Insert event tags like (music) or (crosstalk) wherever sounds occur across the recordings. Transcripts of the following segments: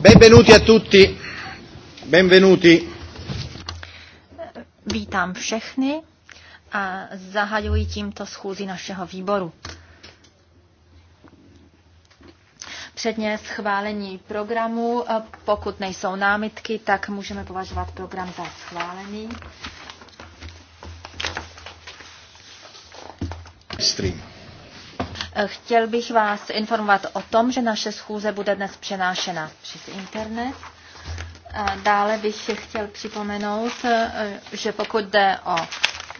Benvenuti a tutti. Benvenuti. Vítám všechny a zahajuji tímto schůzi našeho výboru. Předně schválení programu, pokud nejsou námitky, tak můžeme považovat program za schválený. Stream. Chtěl bych vás informovat o tom, že naše schůze bude dnes přenášena přes internet. Dále bych chtěl připomenout, e, že pokud jde o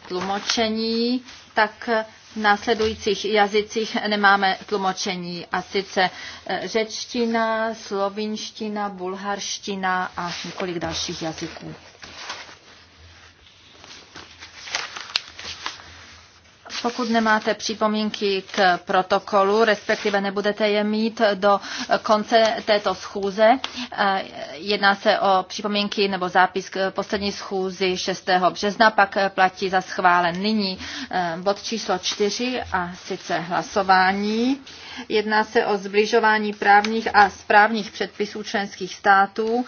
tlumočení, tak v následujících jazycích nemáme tlumočení a sice e, řečtina, slovinština, bulharština a několik dalších jazyků. Pokud nemáte připomínky k protokolu, respektive nebudete je mít do konce této schůze, eh, jedná se o připomínky nebo zápis k poslední schůzi 6. března, pak platí za schválen nyní eh, bod číslo 4 a sice hlasování. Jedná se o zbližování právních a správních předpisů členských států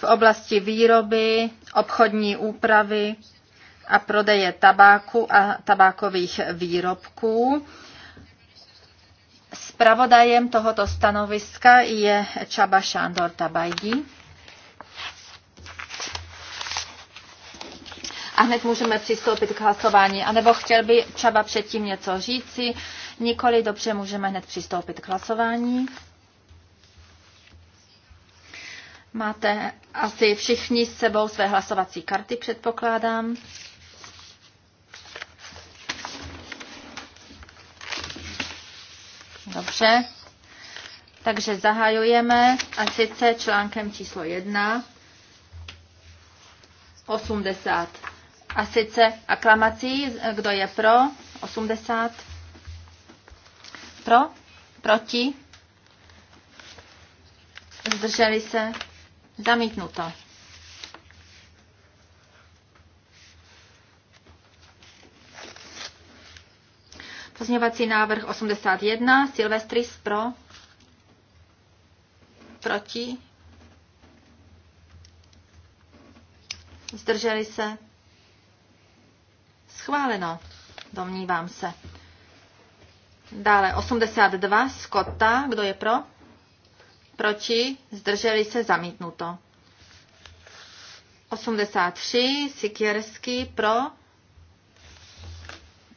v oblasti výroby, obchodní úpravy, a prodeje tabáku a tabákových výrobků. Spravodajem tohoto stanoviska je Čaba Šándor Tabajdi. A hned můžeme přistoupit k hlasování. A nebo chtěl by Čaba předtím něco říci? Nikoli, dobře, můžeme hned přistoupit k hlasování. Máte asi všichni s sebou své hlasovací karty, předpokládám. Dobře. Takže zahajujeme a sice článkem číslo 1, 80. A sice aklamací, kdo je pro, 80. Pro, proti, zdrželi se, zamítnuto. Pozměňovací návrh 81, Silvestris pro, proti, zdrželi se, schváleno, domnívám se. Dále 82, Skota, kdo je pro, proti, zdrželi se, zamítnuto. 83, Sikierský pro,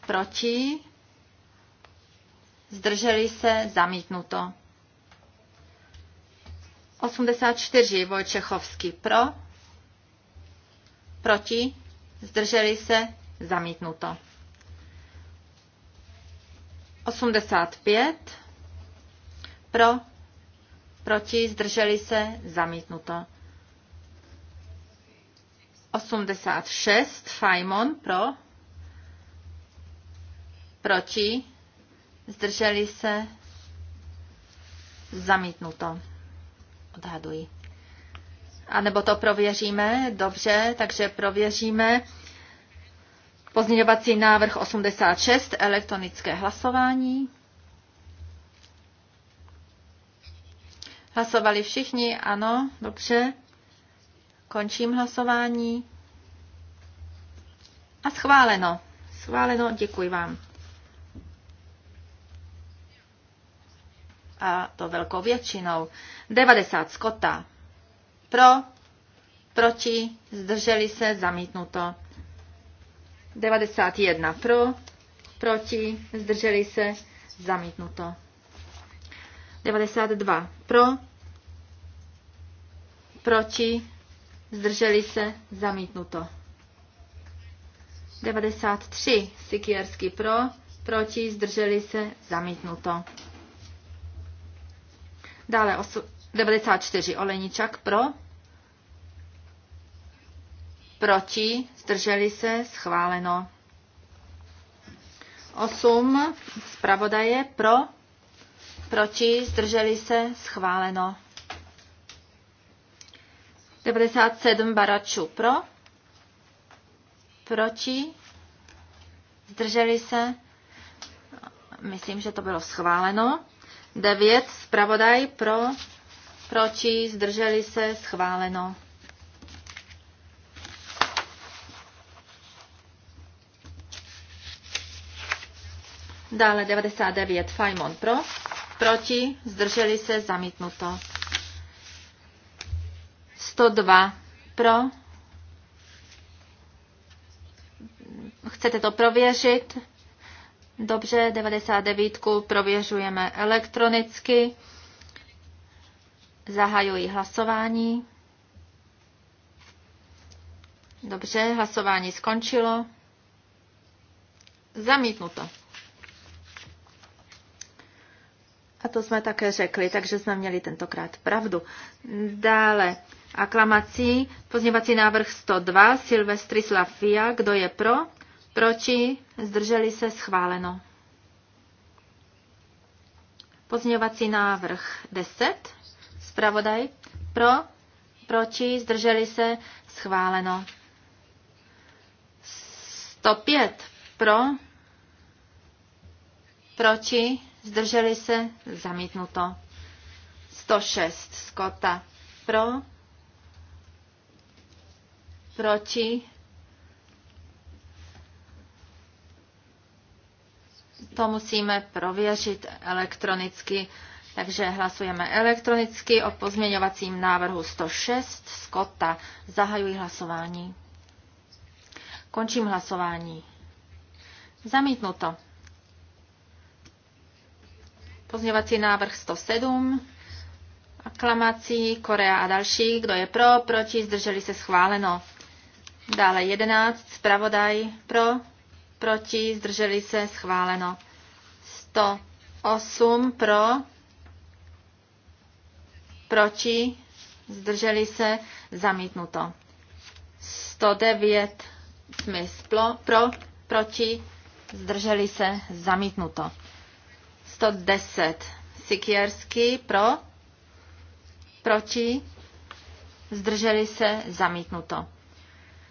proti, zdrželi se, zamítnuto. 84 Vojčechovský pro, proti, zdrželi se, zamítnuto. 85 pro, proti, zdrželi se, zamítnuto. 86 Fajmon pro, proti, zdrželi se, zamítnuto, odhaduji. A nebo to prověříme, dobře, takže prověříme pozměňovací návrh 86, elektronické hlasování. Hlasovali všichni, ano, dobře. Končím hlasování. A schváleno. Schváleno, děkuji vám. a to velkou většinou. 90 Skota. Pro, proti, zdrželi se, zamítnuto. 91 pro, proti, zdrželi se, zamítnuto. 92 pro, proti, zdrželi se, zamítnuto. 93 Sikierský pro, proti, zdrželi se, zamítnuto. Dále 94 Oleničak pro, proti, zdrželi se, schváleno. 8 zpravodaje pro, proti, zdrželi se, schváleno. 97 baraču pro, proti, zdrželi se, myslím, že to bylo schváleno. 9. Spravodaj pro, proti, zdrželi se, schváleno. Dále 99 Fajmon pro, proti, zdrželi se, zamítnuto. 102 pro. Chcete to prověřit? Dobře, 99 prověřujeme elektronicky. Zahajuji hlasování. Dobře, hlasování skončilo. Zamítnuto. A to jsme také řekli, takže jsme měli tentokrát pravdu. Dále aklamací pozněvací návrh 102 Silvestrislav Fia, Kdo je pro? Proti? Zdrželi se schváleno. Pozměňovací návrh 10. Spravodaj. Pro? Proti? Zdrželi se schváleno. 105. Pro? Proti? Zdrželi se zamítnuto. 106. Skota. Pro? Proti? To musíme prověřit elektronicky. Takže hlasujeme elektronicky o pozměňovacím návrhu 106 Skota. Zahajuji hlasování. Končím hlasování. Zamítnuto. Pozměňovací návrh 107. Aklamací Korea a další. Kdo je pro, proti, zdrželi se schváleno. Dále 11. Spravodaj pro, proti, zdrželi se schváleno. 108 pro, proti, zdrželi se, zamítnuto. 109 smysl pro, proti, zdrželi se, zamítnuto. 110 Sikierský pro, proti, zdrželi se, zamítnuto.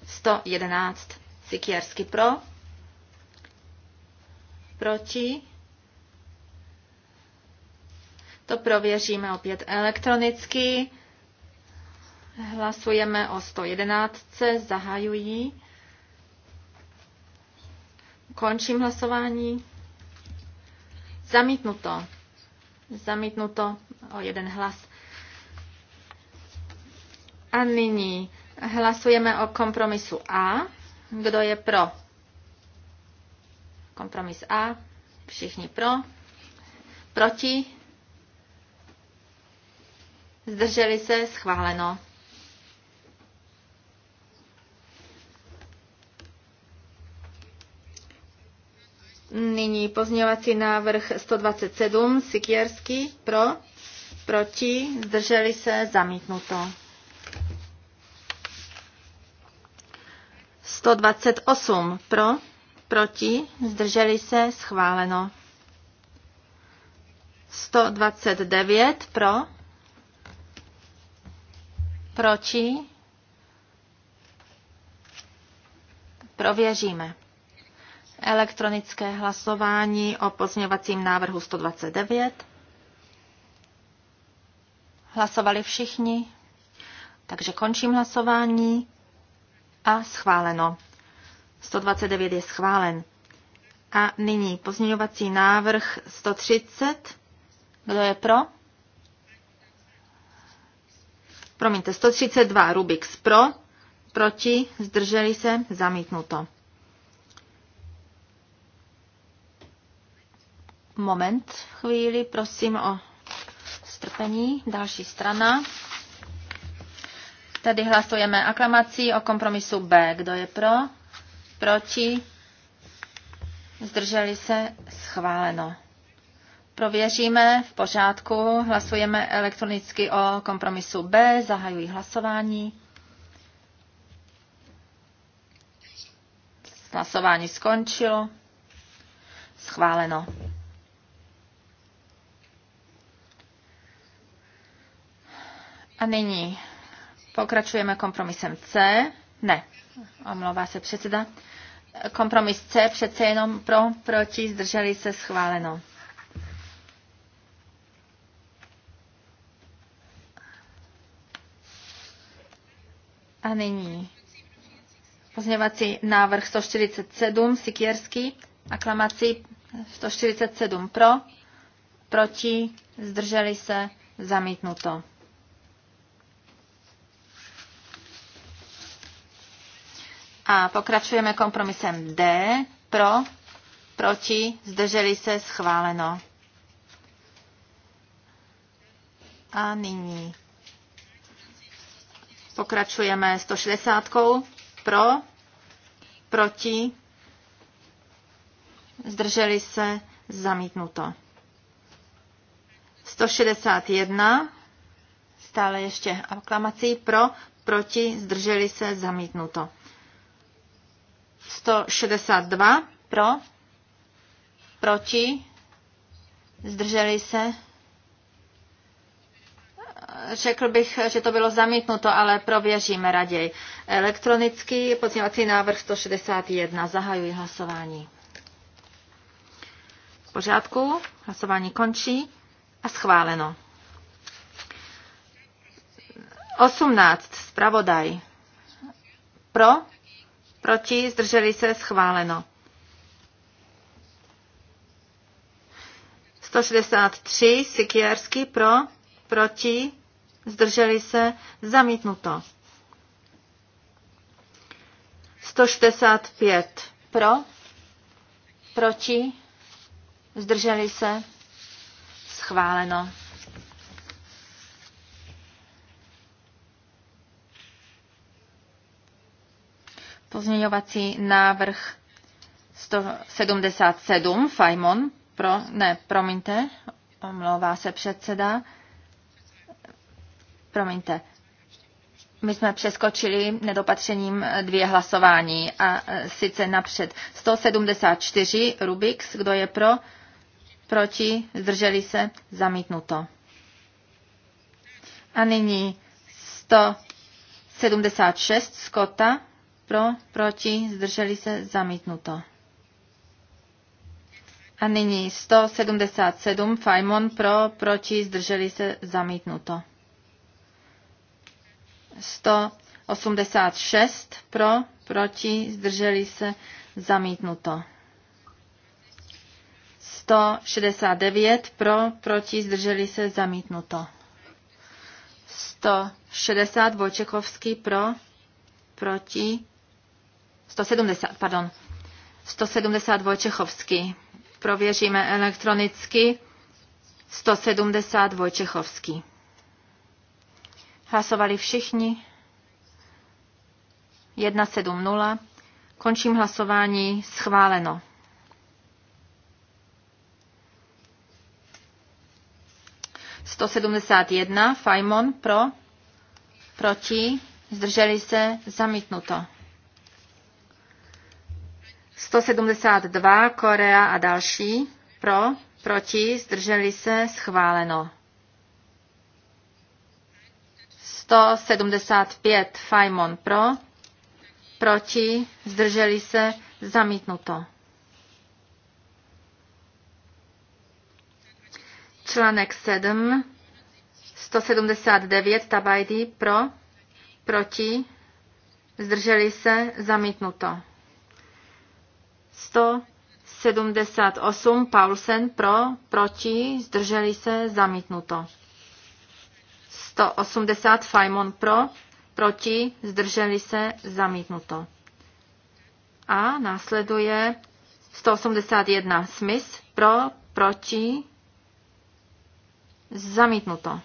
111 Sikierský pro, proti, to prověříme opět elektronicky. Hlasujeme o 111. Zahajují. Končím hlasování. Zamítnuto. Zamítnuto o jeden hlas. A nyní hlasujeme o kompromisu A. Kdo je pro? Kompromis A. Všichni pro. Proti? Zdrželi se? Schváleno. Nyní pozměňovací návrh 127, Sikierský, pro, proti, zdrželi se, zamítnuto. 128, pro, proti, zdrželi se, schváleno. 129, pro, Proti? Prověříme. Elektronické hlasování o pozměňovacím návrhu 129. Hlasovali všichni, takže končím hlasování a schváleno. 129 je schválen. A nyní pozměňovací návrh 130. Kdo je pro? promiňte, 132 rubik pro, proti, zdrželi se, zamítnuto. Moment, chvíli, prosím o strpení. Další strana. Tady hlasujeme aklamací o kompromisu B. Kdo je pro? Proti? Zdrželi se? Schváleno. Prověříme v pořádku, hlasujeme elektronicky o kompromisu B, zahajuji hlasování. Hlasování skončilo. Schváleno. A nyní pokračujeme kompromisem C. Ne, omlouvá se předseda. Kompromis C přece jenom pro, proti, zdrželi se schváleno. A nyní pozměňovací návrh 147, Sikierský, aklamací 147 pro, proti, zdrželi se, zamítnuto. A pokračujeme kompromisem D, pro, proti, zdrželi se, schváleno. A nyní Pokračujeme 160. Pro, proti, zdrželi se, zamítnuto. 161, stále ještě aklamací, pro, proti, zdrželi se, zamítnuto. 162, pro, proti, zdrželi se, Řekl bych, že to bylo zamítnuto, ale prověříme raději. Elektronický pozměňovací návrh 161. Zahajuji hlasování. V pořádku. Hlasování končí a schváleno. 18. Spravodaj. Pro, proti, zdrželi se, schváleno. 163. Sikierský pro, proti, zdrželi se, zamítnuto. 165 pro, proti, zdrželi se, schváleno. Pozměňovací návrh 177, Fajmon, pro, ne, promiňte, omlouvá se předseda. Promiňte. My jsme přeskočili nedopatřením dvě hlasování a e, sice napřed 174 Rubix, kdo je pro, proti, zdrželi se, zamítnuto. A nyní 176 Skota, pro, proti, zdrželi se, zamítnuto. A nyní 177 Fajmon, pro, proti, zdrželi se, zamítnuto. 186 pro, proti, zdrželi se, zamítnuto. 169 pro, proti, zdrželi se, zamítnuto. 160 Vojčekovský pro, proti, 170, pardon, 170 Vojčechovský. Prověříme elektronicky 170 Vojčechovský. Hlasovali všichni. 170. Končím hlasování. Schváleno. Sto sedmdesát jedna. Fajmon pro. Proti. Zdrželi se. Zamítnuto. 172 Korea a další pro, proti, zdrželi se, schváleno. 175 Fajmon pro, proti, zdrželi se, zamítnuto. Článek 7, 179 Tabajdy pro, proti, zdrželi se, zamítnuto. 178 Paulsen pro, proti, zdrželi se, zamítnuto. 180 Fajmon pro, proti, zdrželi se, zamítnuto. A následuje 181 Smith pro, proti, zamítnuto.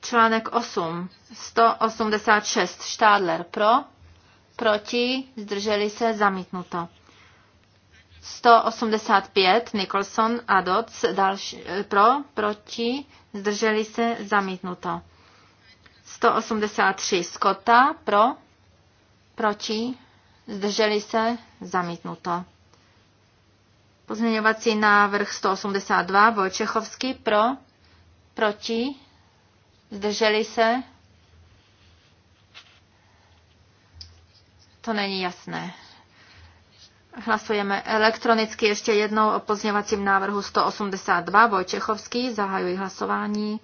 Článek 8, 186 Štádler pro, proti, zdrželi se, zamítnuto. 185 Nicholson a Dodds další, pro, proti, zdrželi se, zamítnuto. 183 Scotta pro, proti, zdrželi se, zamítnuto. Pozměňovací návrh 182 Vojčechovský pro, proti, zdrželi se, to není jasné. Hlasujeme elektronicky ještě jednou o pozněvacím návrhu 182 Vojčechovský. Zahajuji hlasování.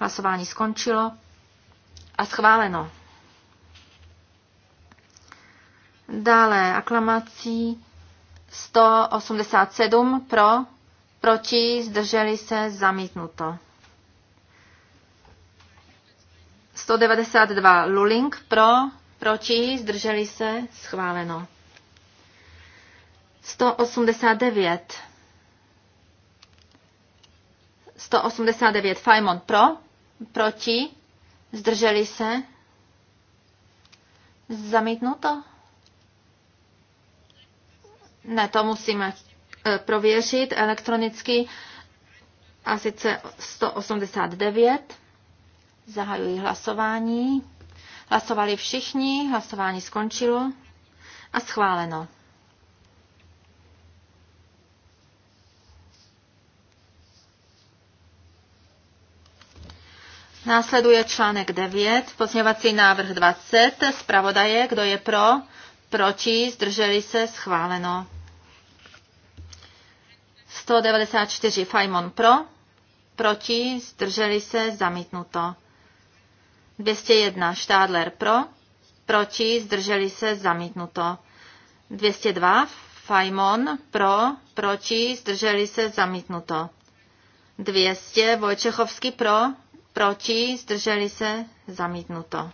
Hlasování skončilo a schváleno. Dále aklamací 187 pro, proti, zdrželi se, zamítnuto. 192 Luling pro, proti, zdrželi se, schváleno. 189. 189 Fajmon pro, proti, zdrželi se, zamítnuto. Ne, to musíme eh, prověřit elektronicky a sice 189. Zahajuji hlasování. Hlasovali všichni, hlasování skončilo a schváleno. Následuje článek 9, pozměňovací návrh 20, zpravodaje, kdo je pro, proti, zdrželi se, schváleno. 194 Fajmon pro, proti, zdrželi se, zamítnuto. 201 Štádler pro, proti, zdrželi se, zamítnuto. 202 Fajmon pro, proti, zdrželi se, zamítnuto. 200 Vojčechovský pro, proti, zdrželi se, zamítnuto.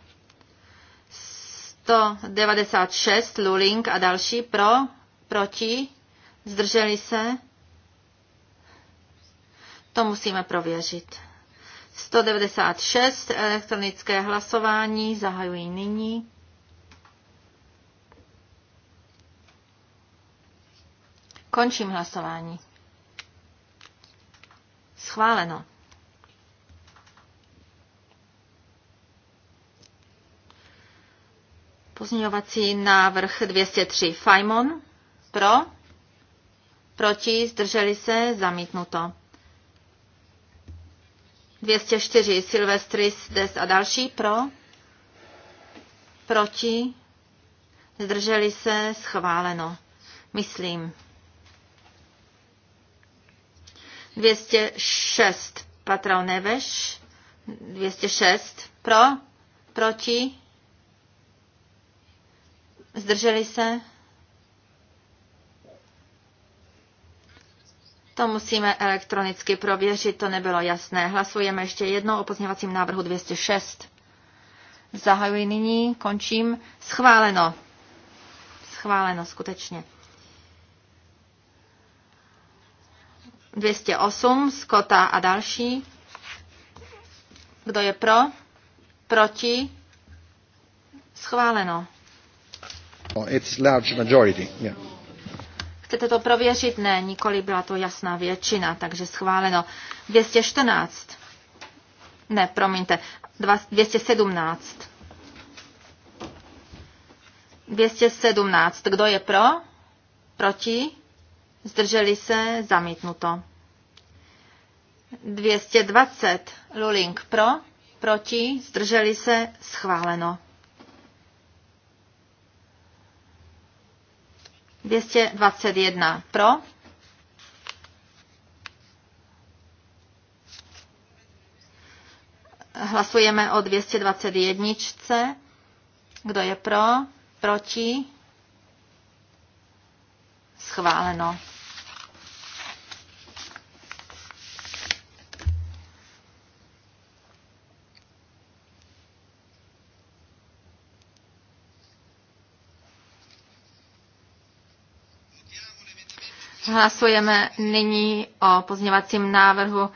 196 Luling a další pro, proti, zdrželi se. To musíme prověřit. 196 elektronické hlasování zahajují nyní. Končím hlasování. Schváleno. Pozměňovací návrh 203 Fajmon. Pro. Proti. Zdrželi se. Zamítnuto. 204 Silvestris Des a další. Pro. Proti. Zdrželi se. Schváleno. Myslím. 206 Patrao Neveš. 206. Pro. Proti Zdrželi se? To musíme elektronicky prověřit, to nebylo jasné. Hlasujeme ještě jednou o pozměňovacím návrhu 206. Zahajuji nyní, končím. Schváleno. Schváleno, skutečně. 208, Skota a další. Kdo je pro? Proti? Schváleno. Oh, Chcete to prověřit? Ne, nikoli byla to jasná většina, takže schváleno. 214. Ne, promiňte, 217. 217. Kdo je pro? Proti? Zdrželi se? Zamítnuto. 220. Luling pro? Proti? Zdrželi se? Schváleno. 221 pro. Hlasujeme o 221. Kdo je pro? Proti? Schváleno. Hlasujeme nyní o pozněvacím návrhu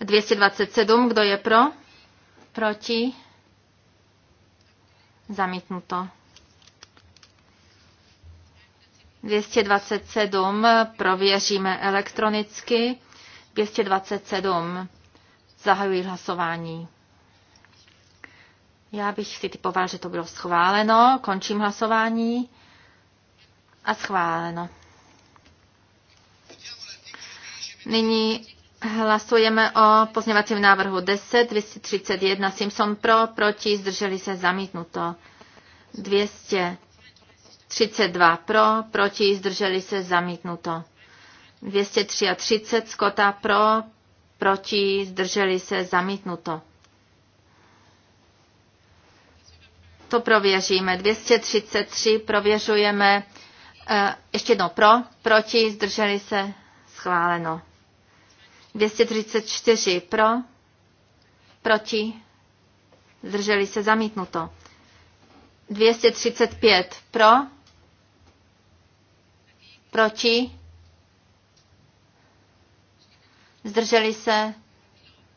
227. Kdo je pro? Proti? Zamítnuto. 227 prověříme elektronicky. 227. Zahajuji hlasování. Já bych si typoval, že to bylo schváleno. Končím hlasování. A schváleno. Nyní hlasujeme o pozměvacím návrhu 10, 231 Simpson pro, proti, zdrželi se zamítnuto. 232 pro, proti, zdrželi se zamítnuto. 233 Skota pro, proti, zdrželi se zamítnuto. To prověříme. 233 prověřujeme. Eh, ještě jedno pro, proti, zdrželi se schváleno. 234 pro, proti, zdrželi se zamítnuto. 235 pro, proti, zdrželi se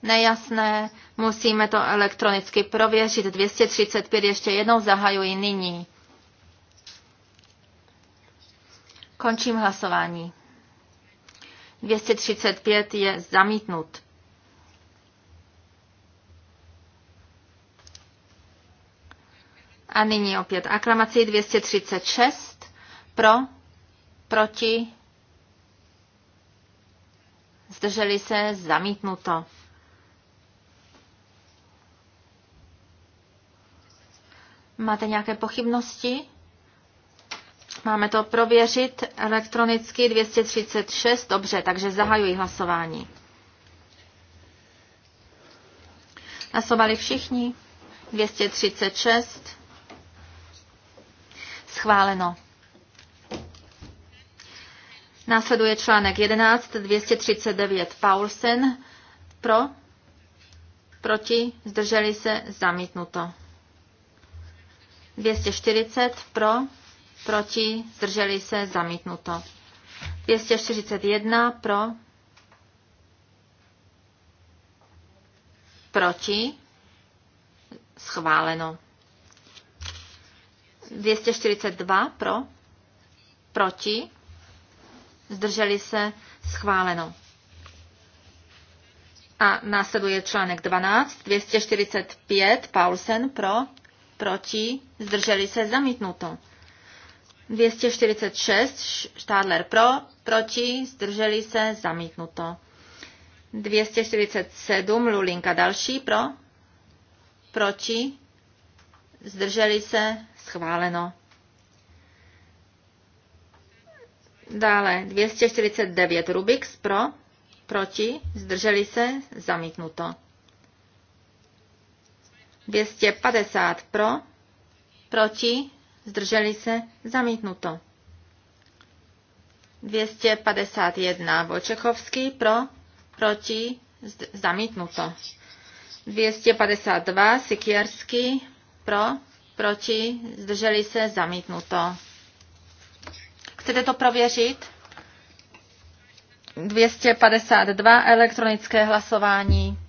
nejasné, musíme to elektronicky prověřit. 235 ještě jednou zahajuji nyní. Končím hlasování. 235 je zamítnut. A nyní opět aklamací 236 pro, proti, zdrželi se, zamítnuto. Máte nějaké pochybnosti? Máme to prověřit elektronicky 236. Dobře, takže zahajuji hlasování. Hlasovali všichni. 236. Schváleno. Následuje článek 11, 239 Paulsen. Pro, proti, zdrželi se, zamítnuto. 240 pro, proti, zdrželi se, zamítnuto. 241 pro, proti, schváleno. 242 pro, proti, zdrželi se, schváleno. A následuje článek 12, 245, Paulsen pro, proti, zdrželi se, zamítnuto. 246 Štádler pro, proti, zdrželi se, zamítnuto. 247 Lulinka další pro, proti, zdrželi se, schváleno. Dále 249 Rubix pro, proti, zdrželi se, zamítnuto. 250 pro, proti, zdrželi se, zamítnuto. 251 Vojčechovský pro, proti, zamítnuto. 252 Sikierský pro, proti, zdrželi se, zamítnuto. Chcete to prověřit? 252 elektronické hlasování.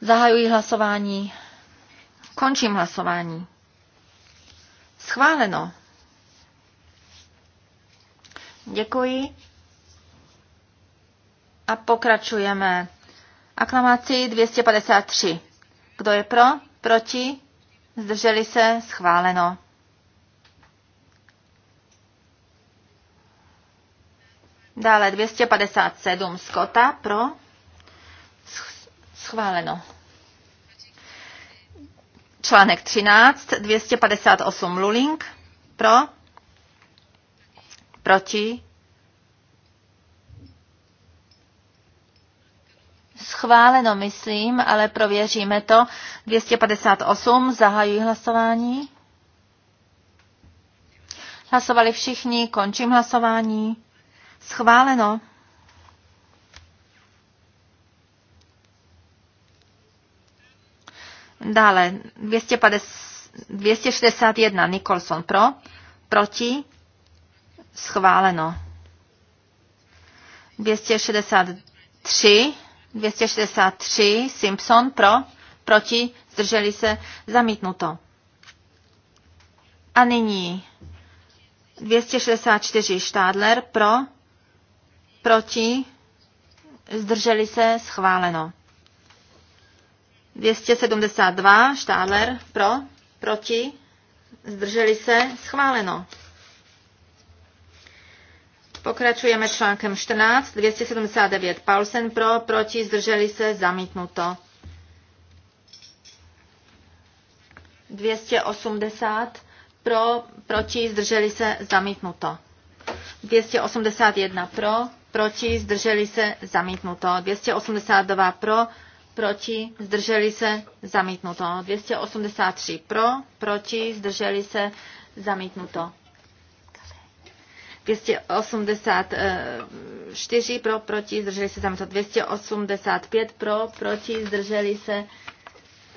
Zahajuji hlasování. Končím hlasování. Schváleno. Děkuji. A pokračujeme. Aklamací 253. Kdo je pro? Proti? Zdrželi se? Schváleno. Dále 257 Skota pro. Schváleno. Článek 13, 258 Luling. Pro? Proti? Schváleno, myslím, ale prověříme to. 258, zahajuji hlasování. Hlasovali všichni, končím hlasování. Schváleno. Dále 250, 261 Nicholson pro, proti, schváleno. 263, 263 Simpson pro, proti, zdrželi se, zamítnuto. A nyní 264 Štádler pro, proti, zdrželi se, schváleno. 272 Štáler pro, proti, zdrželi se, schváleno. Pokračujeme článkem 14, 279 Paulsen pro, proti, zdrželi se, zamítnuto. 280 pro, proti, zdrželi se, zamítnuto. 281 pro, proti, zdrželi se, zamítnuto. 282 pro, proti, zdrželi se, zamítnuto. 283 pro, proti, zdrželi se, zamítnuto. 284 pro, proti, zdrželi se, zamítnuto. 285 pro, proti, zdrželi se,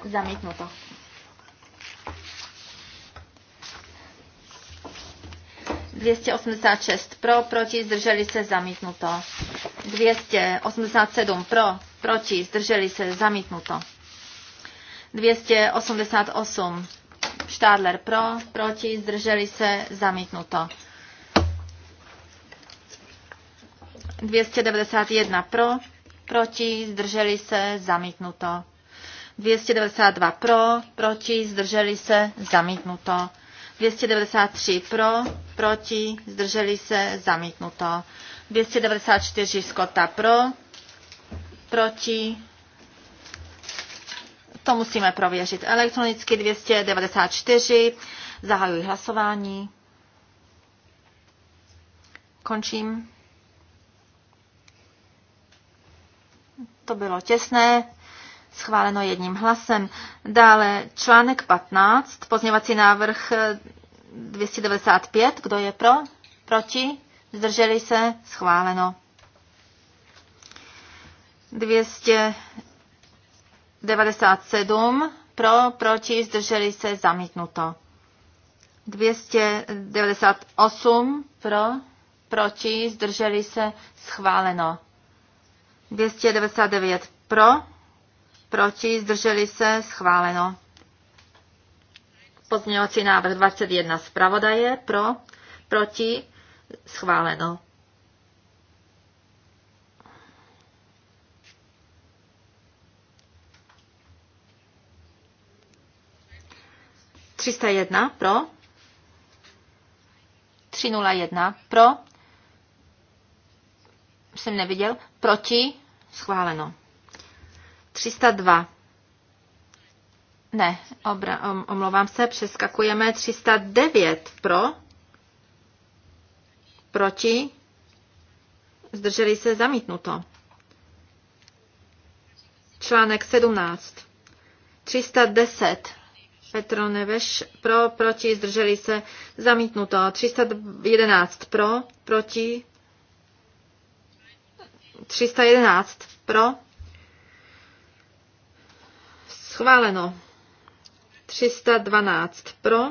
zamítnuto. Dvěstě osmdesát šest pro, proti, zdrželi se, zamítnuto. Dvěstě osmdesát sedm pro, proti, zdrželi se, zamítnuto. 288 Štádler pro, proti, zdrželi se, zamítnuto. 291 pro, proti, zdrželi se, zamítnuto. 292 pro, proti, zdrželi se, zamítnuto. 293 pro, proti, zdrželi se, zamítnuto. 294 Skota pro, proti, to musíme prověřit. Elektronicky 294, zahajuji hlasování. Končím. To bylo těsné, schváleno jedním hlasem. Dále článek 15, pozněvací návrh 295, kdo je pro, proti, zdrželi se, schváleno. 297 pro, proti, zdrželi se, zamítnuto. 298 pro, proti, zdrželi se, schváleno. 299 pro, proti, zdrželi se, schváleno. Pozměňovací návrh 21 zpravodaje pro, proti, schváleno. 301 pro, 301 pro, jsem neviděl, proti, schváleno. 302. Ne, obra, omlouvám se, přeskakujeme 309 pro, proti, zdrželi se zamítnuto. Článek 17. 310 Petro Neveš pro, proti, zdrželi se, zamítnuto. 311 pro, proti, 311 pro, schváleno. 312 pro,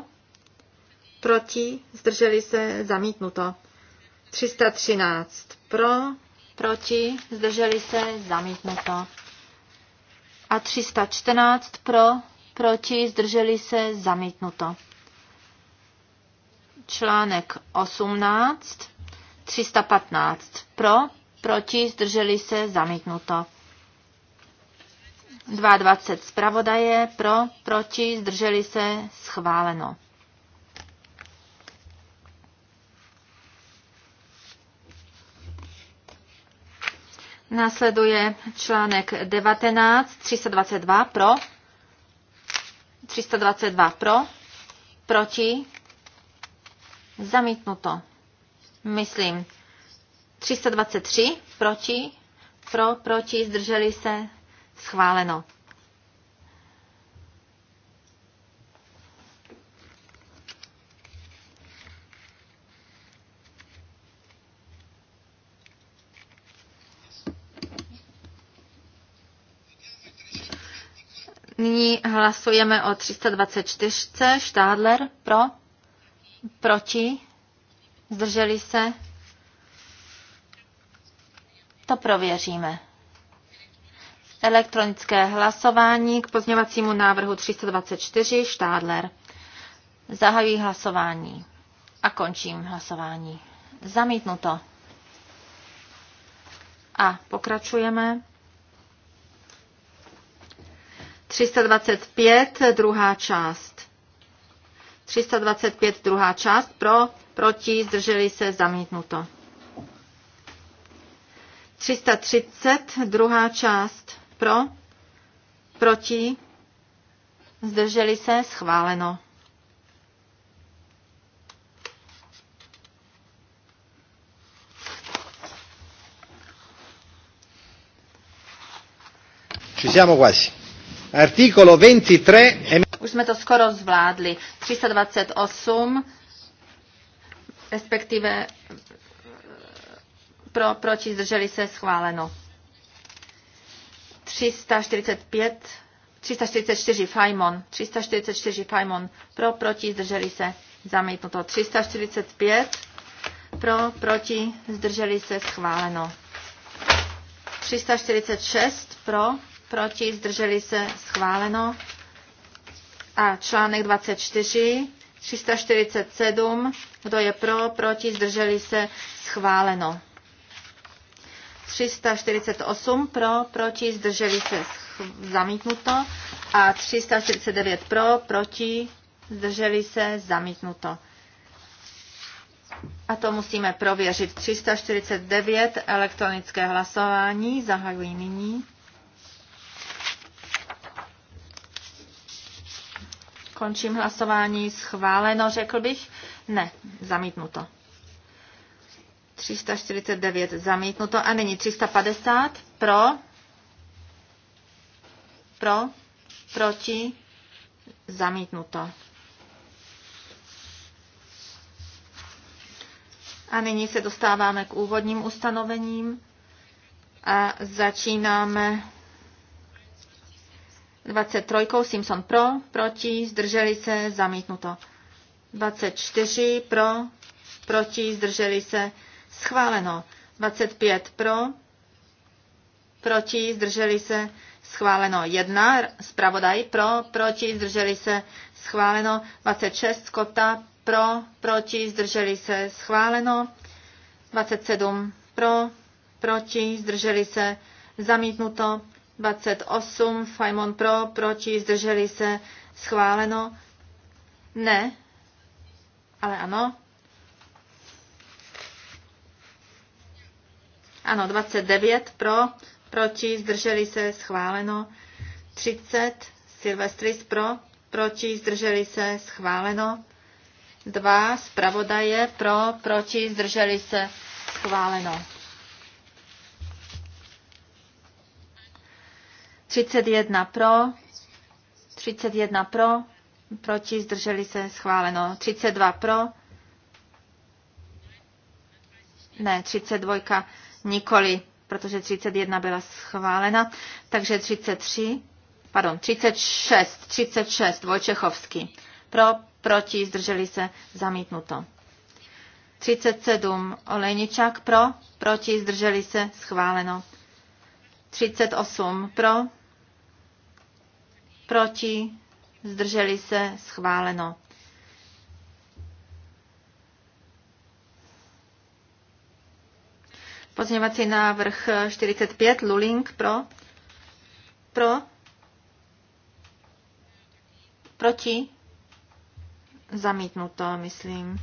proti, zdrželi se, zamítnuto. 313 pro, proti, zdrželi se, zamítnuto. A 314 pro, proti, zdrželi se, zamítnuto. Článek 18, 315, pro, proti, zdrželi se, zamítnuto. 22 zpravodaje, pro, proti, zdrželi se, schváleno. Následuje článek 19, 322 pro, 322 pro, proti, zamítnuto. Myslím, 323 proti, pro, proti, zdrželi se, schváleno. Hlasujeme o 324. Štádler pro? Proti? Zdrželi se? To prověříme. Elektronické hlasování k pozměvacímu návrhu 324 Štádler. Zahajuji hlasování a končím hlasování. Zamítnuto. A pokračujeme. 325, druhá část. 325, druhá část, pro, proti, zdrželi se, zamítnuto. 330, druhá část, pro, proti, zdrželi se, schváleno. Ci siamo quasi. 23. Už jsme to skoro zvládli. 328, respektive pro, proti zdrželi se schváleno. 345, 344 Fajmon, 344 Fajmon, pro, proti, zdrželi se, zamítnuto. 345, pro, proti, zdrželi se, schváleno. 346, pro, proti, zdrželi se, schváleno. A článek 24, 347, kdo je pro, proti, zdrželi se, schváleno. 348 pro, proti, zdrželi se, zamítnuto. A 349 pro, proti, zdrželi se, zamítnuto. A to musíme prověřit. 349 elektronické hlasování zahajují nyní. Končím hlasování. Schváleno, řekl bych? Ne, zamítnuto. 349 zamítnuto a nyní 350 pro, pro, proti, zamítnuto. A nyní se dostáváme k úvodním ustanovením a začínáme 23. Simpson pro, proti, zdrželi se, zamítnuto. 24 pro, proti, zdrželi se, schváleno. 25 pro, proti, zdrželi se, schváleno. 1, zpravodaj pro, proti, zdrželi se, schváleno. 26, Skota pro, proti, zdrželi se, schváleno. 27 pro, proti, zdrželi se, zamítnuto. 28, Fajmon pro, proti, zdrželi se, schváleno. Ne, ale ano. Ano, 29 pro, proti, zdrželi se, schváleno. 30, Silvestris pro, proti, zdrželi se, schváleno. 2, zpravodaje pro, proti, zdrželi se, schváleno. 31 pro, 31 pro, proti, zdrželi se, schváleno. 32 pro, ne, 32 nikoli, protože 31 byla schválena, takže 33, pardon, 36, 36, Vojčechovský. Pro, proti, zdrželi se, zamítnuto. 37, Olejničák, pro, proti, zdrželi se, schváleno. 38, pro, proti, zdrželi se, schváleno. Pozměňovací návrh 45, Luling pro, pro, proti, zamítnuto, myslím.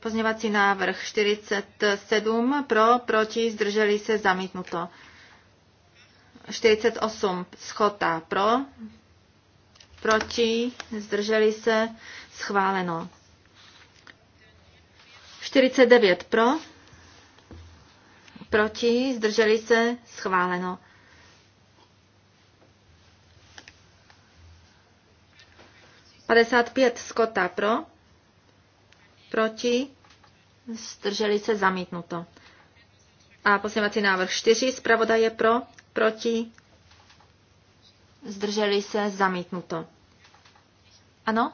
Pozměňovací návrh 47, pro, proti, zdrželi se, zamítnuto. 48 schota pro, proti, zdrželi se, schváleno. 49 pro, proti, zdrželi se, schváleno. 55 skota pro, proti, zdrželi se, zamítnuto. A poslední návrh 4, zpravodaje pro, proti, zdrželi se, zamítnuto. Ano?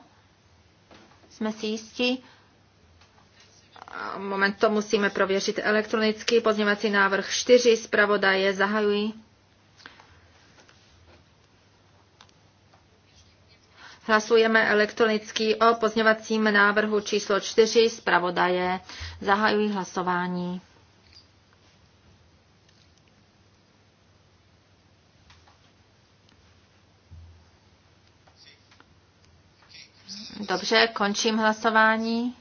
Jsme si jistí? Moment, to musíme prověřit elektronicky. Pozněvací návrh 4, zpravodaje, zahajují. Hlasujeme elektronicky o pozněvacím návrhu číslo 4, zpravodaje, zahajují hlasování. Dobře, končím hlasování.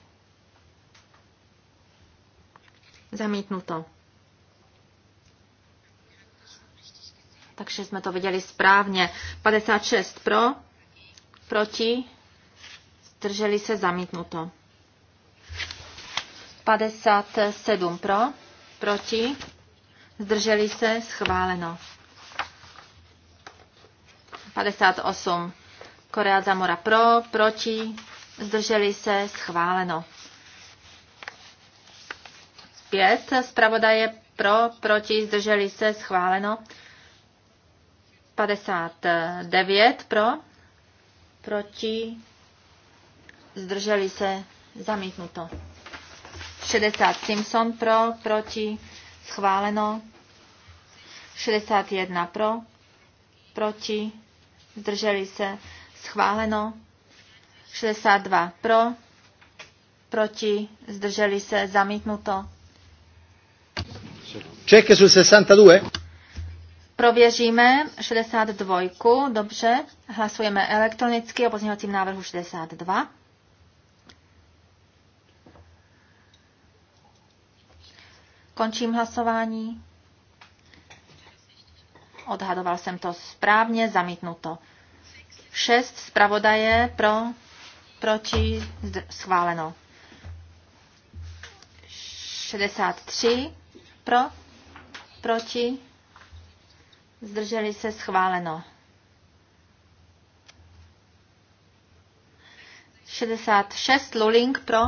Zamítnuto. Takže jsme to viděli správně. 56 pro, proti, zdrželi se zamítnuto. 57 pro, proti, zdrželi se schváleno. 58 Korea Zamora pro, proti, zdrželi se, schváleno. Pět, zpravodaje pro, proti, zdrželi se, schváleno. 59 pro, proti, zdrželi se, zamítnuto. 60 Simpson pro, proti, schváleno. 61 pro, proti, zdrželi se, schváleno. 62 pro, proti, zdrželi se, zamítnuto. Čeky jsou 62. Prověříme 62, dobře. Hlasujeme elektronicky o pozměňovacím návrhu 62. Končím hlasování. Odhadoval jsem to správně, zamítnuto. 6 zpravodaje pro, proti, schváleno. 63 pro, proti, zdrželi se, schváleno. 66 Luling pro,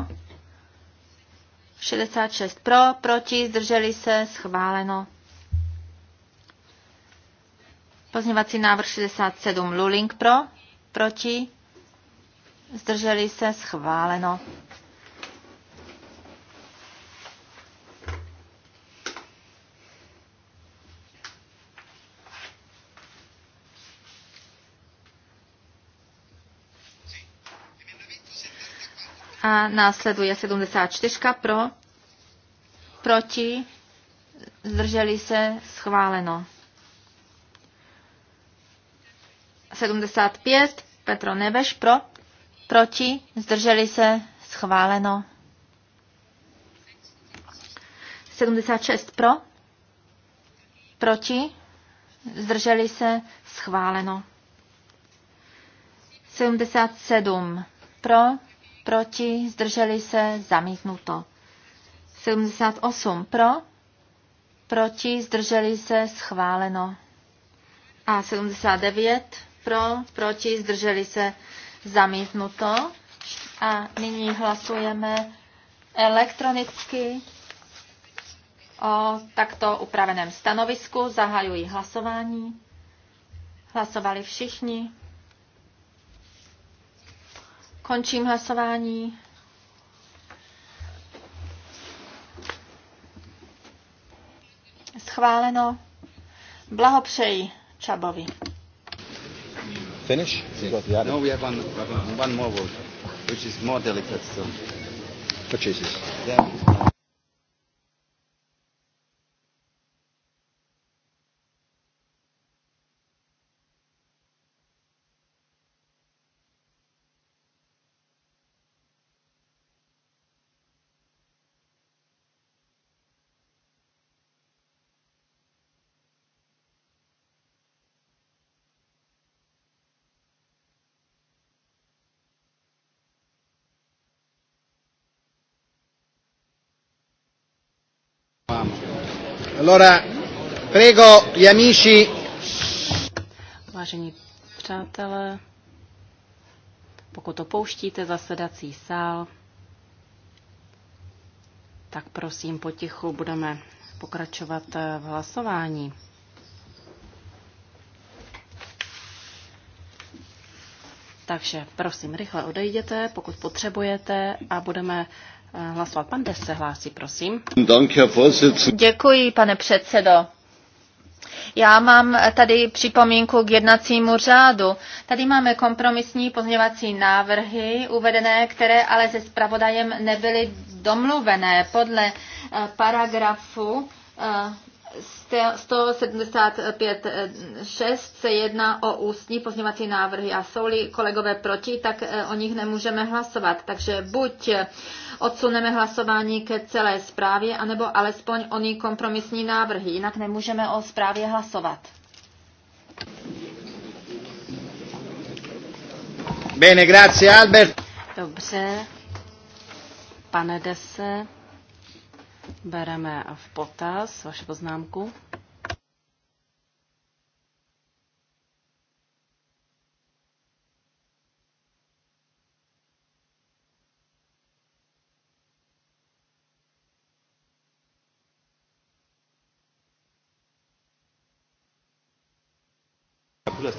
66 pro, proti, zdrželi se, schváleno. Pozměvací návrh 67 Luling pro, proti, zdrželi se, schváleno. A následuje 74 pro, proti, zdrželi se, schváleno. 75 Petro Neveš pro, proti, zdrželi se, schváleno. 76 pro, proti, zdrželi se, schváleno. 77 pro, proti, zdrželi se, zamítnuto. 78 pro, proti, zdrželi se, schváleno. A 79 pro, proti, zdrželi se zamítnuto. A nyní hlasujeme elektronicky o takto upraveném stanovisku. Zahajuji hlasování. Hlasovali všichni. Končím hlasování. Schváleno. Blahopřeji Čabovi. Finish? Yes. No, we have one, one more word, which is more delicate still. Which is Yeah. Allora, prego gli amici. Vážení přátelé, pokud opouštíte zasedací sál, tak prosím potichu budeme pokračovat v hlasování. Takže prosím, rychle odejděte, pokud potřebujete, a budeme hlasovat. Pan Des se hlásí, prosím. Děkuji, pane předsedo. Já mám tady připomínku k jednacímu řádu. Tady máme kompromisní pozměňovací návrhy uvedené, které ale se zpravodajem nebyly domluvené. Podle eh, paragrafu eh, 175.6 se jedná o ústní pozměvací návrhy a jsou-li kolegové proti, tak eh, o nich nemůžeme hlasovat. Takže buď odsuneme hlasování ke celé zprávě, anebo alespoň o ní kompromisní návrhy, jinak nemůžeme o zprávě hlasovat. Bene, grazie Albert. Dobře, pane Dese bereme v potaz vaši poznámku. Uh,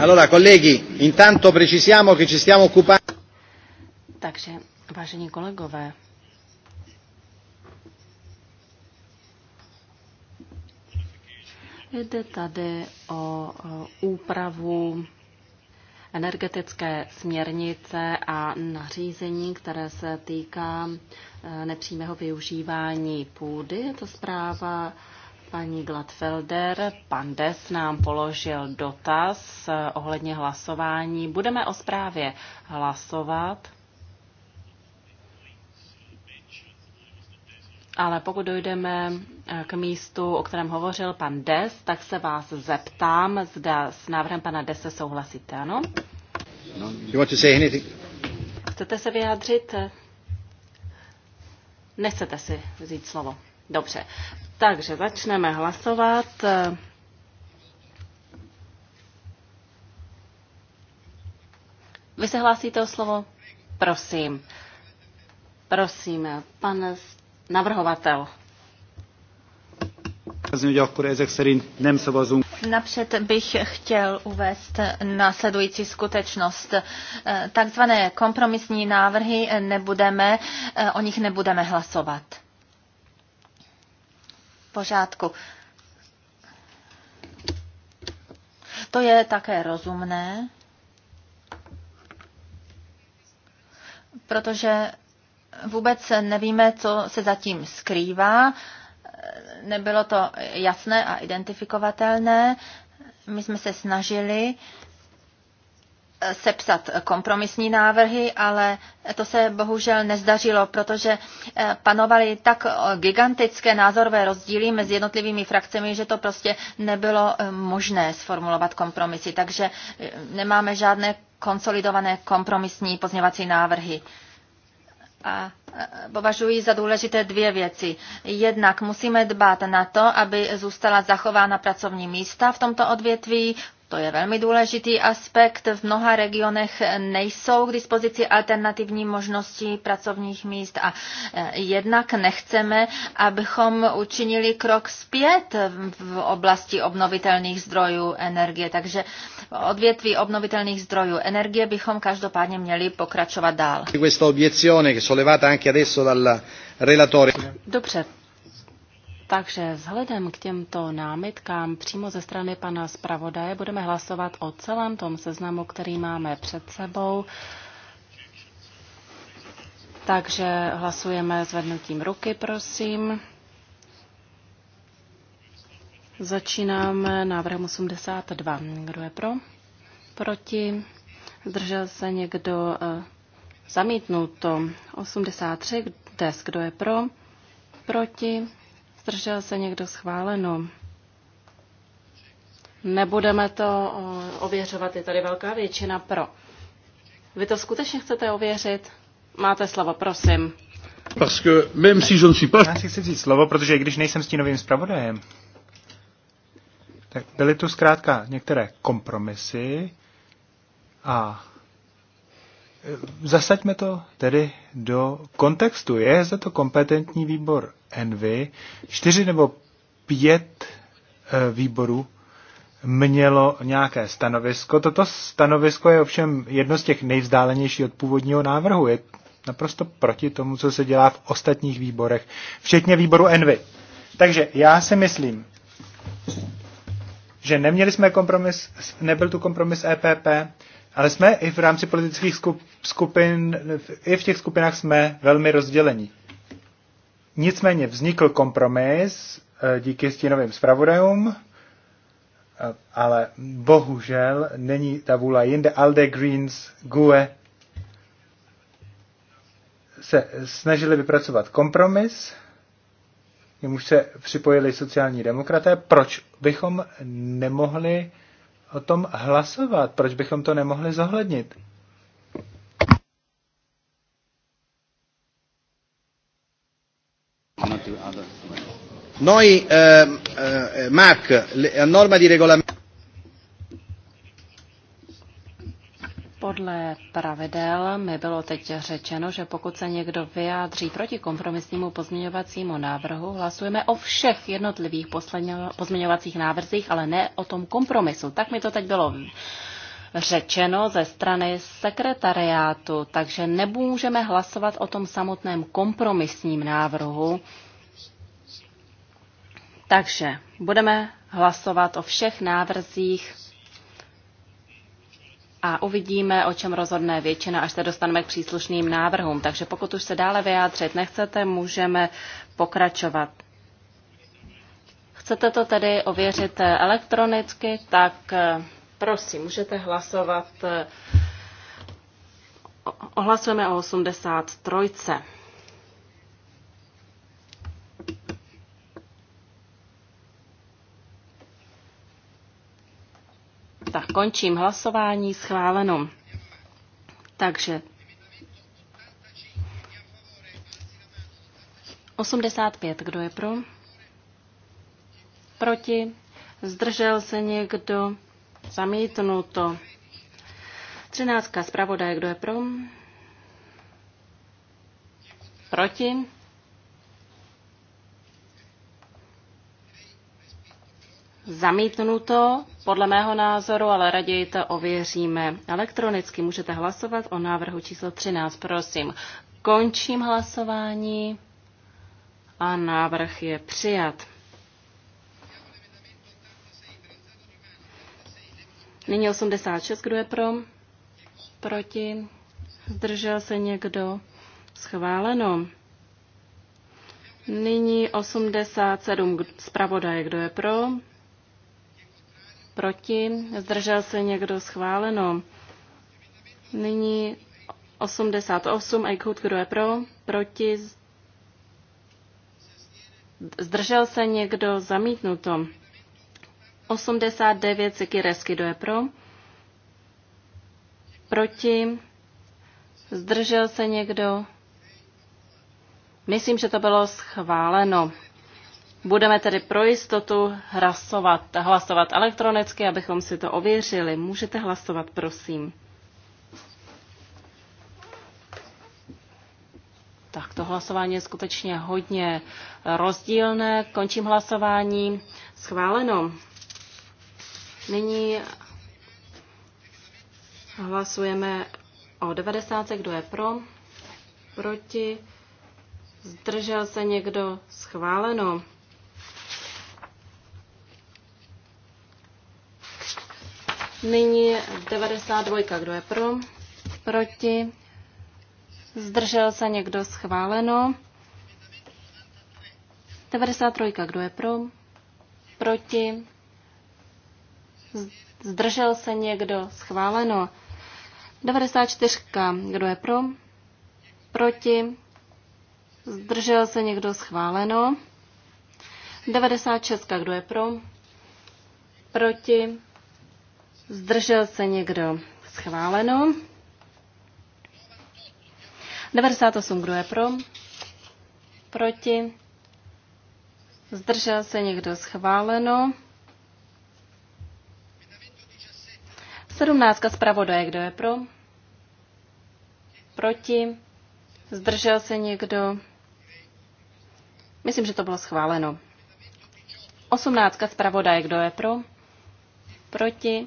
allora colleghi, intanto precisiamo che ci stiamo occupando. Takže Vážení kolegové, jde tady o úpravu energetické směrnice a nařízení, které se týká e, nepřímého využívání půdy. Je to zpráva paní Gladfelder. Pan Des nám položil dotaz e, ohledně hlasování. Budeme o zprávě hlasovat. ale pokud dojdeme eh, k místu, o kterém hovořil pan Des, tak se vás zeptám, zda s návrhem pana Dese souhlasíte, ano? No. You want to say anything? Chcete se vyjádřit? Nechcete si vzít slovo. Dobře. Takže začneme hlasovat. Vy se hlásíte o slovo? Prosím. Prosím, pan navrhovatel. Napřed bych chtěl uvést následující skutečnost. Takzvané kompromisní návrhy nebudeme, o nich nebudeme hlasovat. Pořádku. To je také rozumné, protože vůbec nevíme, co se zatím skrývá. Nebylo to jasné a identifikovatelné. My jsme se snažili eh, sepsat kompromisní návrhy, ale to se bohužel nezdařilo, protože eh, panovaly tak eh, gigantické názorové rozdíly mezi jednotlivými frakcemi, že to prostě nebylo možné sformulovat kompromisy. Takže nemáme žádné konsolidované kompromisní pozněvací návrhy. A považuji za důležité dvě věci. Jednak musíme dbát na to, aby zůstala zachována pracovní místa v tomto odvětví, to je velmi důležitý aspekt. V mnoha regionech nejsou k dispozici alternativní možnosti pracovních míst a eh, jednak nechceme, abychom učinili krok zpět v oblasti obnovitelných zdrojů energie. Takže odvětví obnovitelných zdrojů energie bychom každopádně měli pokračovat dál. Dobře, takže vzhledem k těmto námitkám přímo ze strany pana zpravodaje budeme hlasovat o celém tom seznamu, který máme před sebou. Takže hlasujeme zvednutím ruky, prosím. Začínáme návrhem 82. Kdo je pro? Proti? Zdržel se někdo? Eh, zamítnuto. 83. Des. Kdo je pro? Proti? Zdržel se někdo schváleno? Nebudeme to eh, ověřovat, je tady velká většina pro. Vy to skutečně chcete ověřit? Máte slovo, prosím. Parce même si je ne suis pas... Já si chci vzít slovo, protože i když nejsem stínovým zpravodajem, tak byly tu zkrátka některé kompromisy a Zasaďme to tedy do kontextu. Je za to kompetentní výbor Envy. Čtyři nebo pět eh, výborů mělo nějaké stanovisko. Toto stanovisko je ovšem jedno z těch nejvzdálenějších od původního návrhu. Je naprosto proti tomu, co se dělá v ostatních výborech, včetně výboru Envy. Takže já si myslím, že neměli jsme kompromis, nebyl tu kompromis EPP, ale jsme i v rámci politických skupin, i v těch skupinách jsme velmi rozdělení. Nicméně vznikl kompromis eh, díky stínovým zpravodajům, eh, ale bohužel není ta vůla jinde. Alde Greens, GUE se snažili vypracovat kompromis, jemuž se připojili sociální demokraté. Proč bychom nemohli o tom hlasovat. Proč bychom to nemohli zohlednit? Noi, eh, eh, Mark, a norma di regolamento... Podle pravidel mi bylo teď řečeno, že pokud se někdo vyjádří proti kompromisnímu pozměňovacímu návrhu, hlasujeme o všech jednotlivých pozměňovacích návrzích, ale ne o tom kompromisu. Tak mi to teď bylo řečeno ze strany sekretariátu, takže nemůžeme hlasovat o tom samotném kompromisním návrhu. Takže budeme hlasovat o všech návrzích a uvidíme, o čem rozhodne většina, až se dostaneme k příslušným návrhům. Takže pokud už se dále vyjádřit nechcete, můžeme pokračovat. Chcete to tedy ověřit elektronicky, tak eh, prosím, můžete hlasovat. Ohlasujeme eh, o 83. Tak končím hlasování, schváleno. Takže 85, kdo je pro? Proti? Zdržel se někdo? Zamítnuto. 13. Zpravodaj, kdo je pro? Proti? Zamítnuto, podle mého názoru, ale raději to ověříme. Elektronicky můžete hlasovat o návrhu číslo 13, prosím. Končím hlasování a návrh je přijat. Nyní 86, kdo je pro? Proti? Zdržel se někdo? Schváleno. Nyní 87, zpravodaje, kdo je pro? Proti? Zdržel se někdo? Schváleno. Nyní 88. Eichhout, kdo je pro? Proti? Zdržel se někdo? Zamítnuto. 89. Sikiresky, kdo je pro? Proti? Zdržel se někdo? Myslím, že to bylo schváleno. Budeme tedy pro jistotu hlasovat, hlasovat elektronicky, abychom si to ověřili. Můžete hlasovat, prosím. Tak to hlasování je skutečně hodně rozdílné. Končím hlasování. Schváleno. Nyní hlasujeme o 90. Kdo je pro? Proti? Zdržel se někdo? Schváleno. Nyní 92. Kdo je pro? Proti? Zdržel se někdo schváleno? 93. Kdo je pro? Proti? Zdržel se někdo schváleno? 94. Kdo je pro? Proti? Zdržel se někdo schváleno? 96. Kdo je pro? Proti? Zdržel se někdo? Schváleno. 98, kdo je pro? Proti? Zdržel se někdo? Schváleno. 17. Zpravodaje, kdo je pro? Proti? Zdržel se někdo? Myslím, že to bylo schváleno. 18. Zpravodaje, kdo je pro? Proti?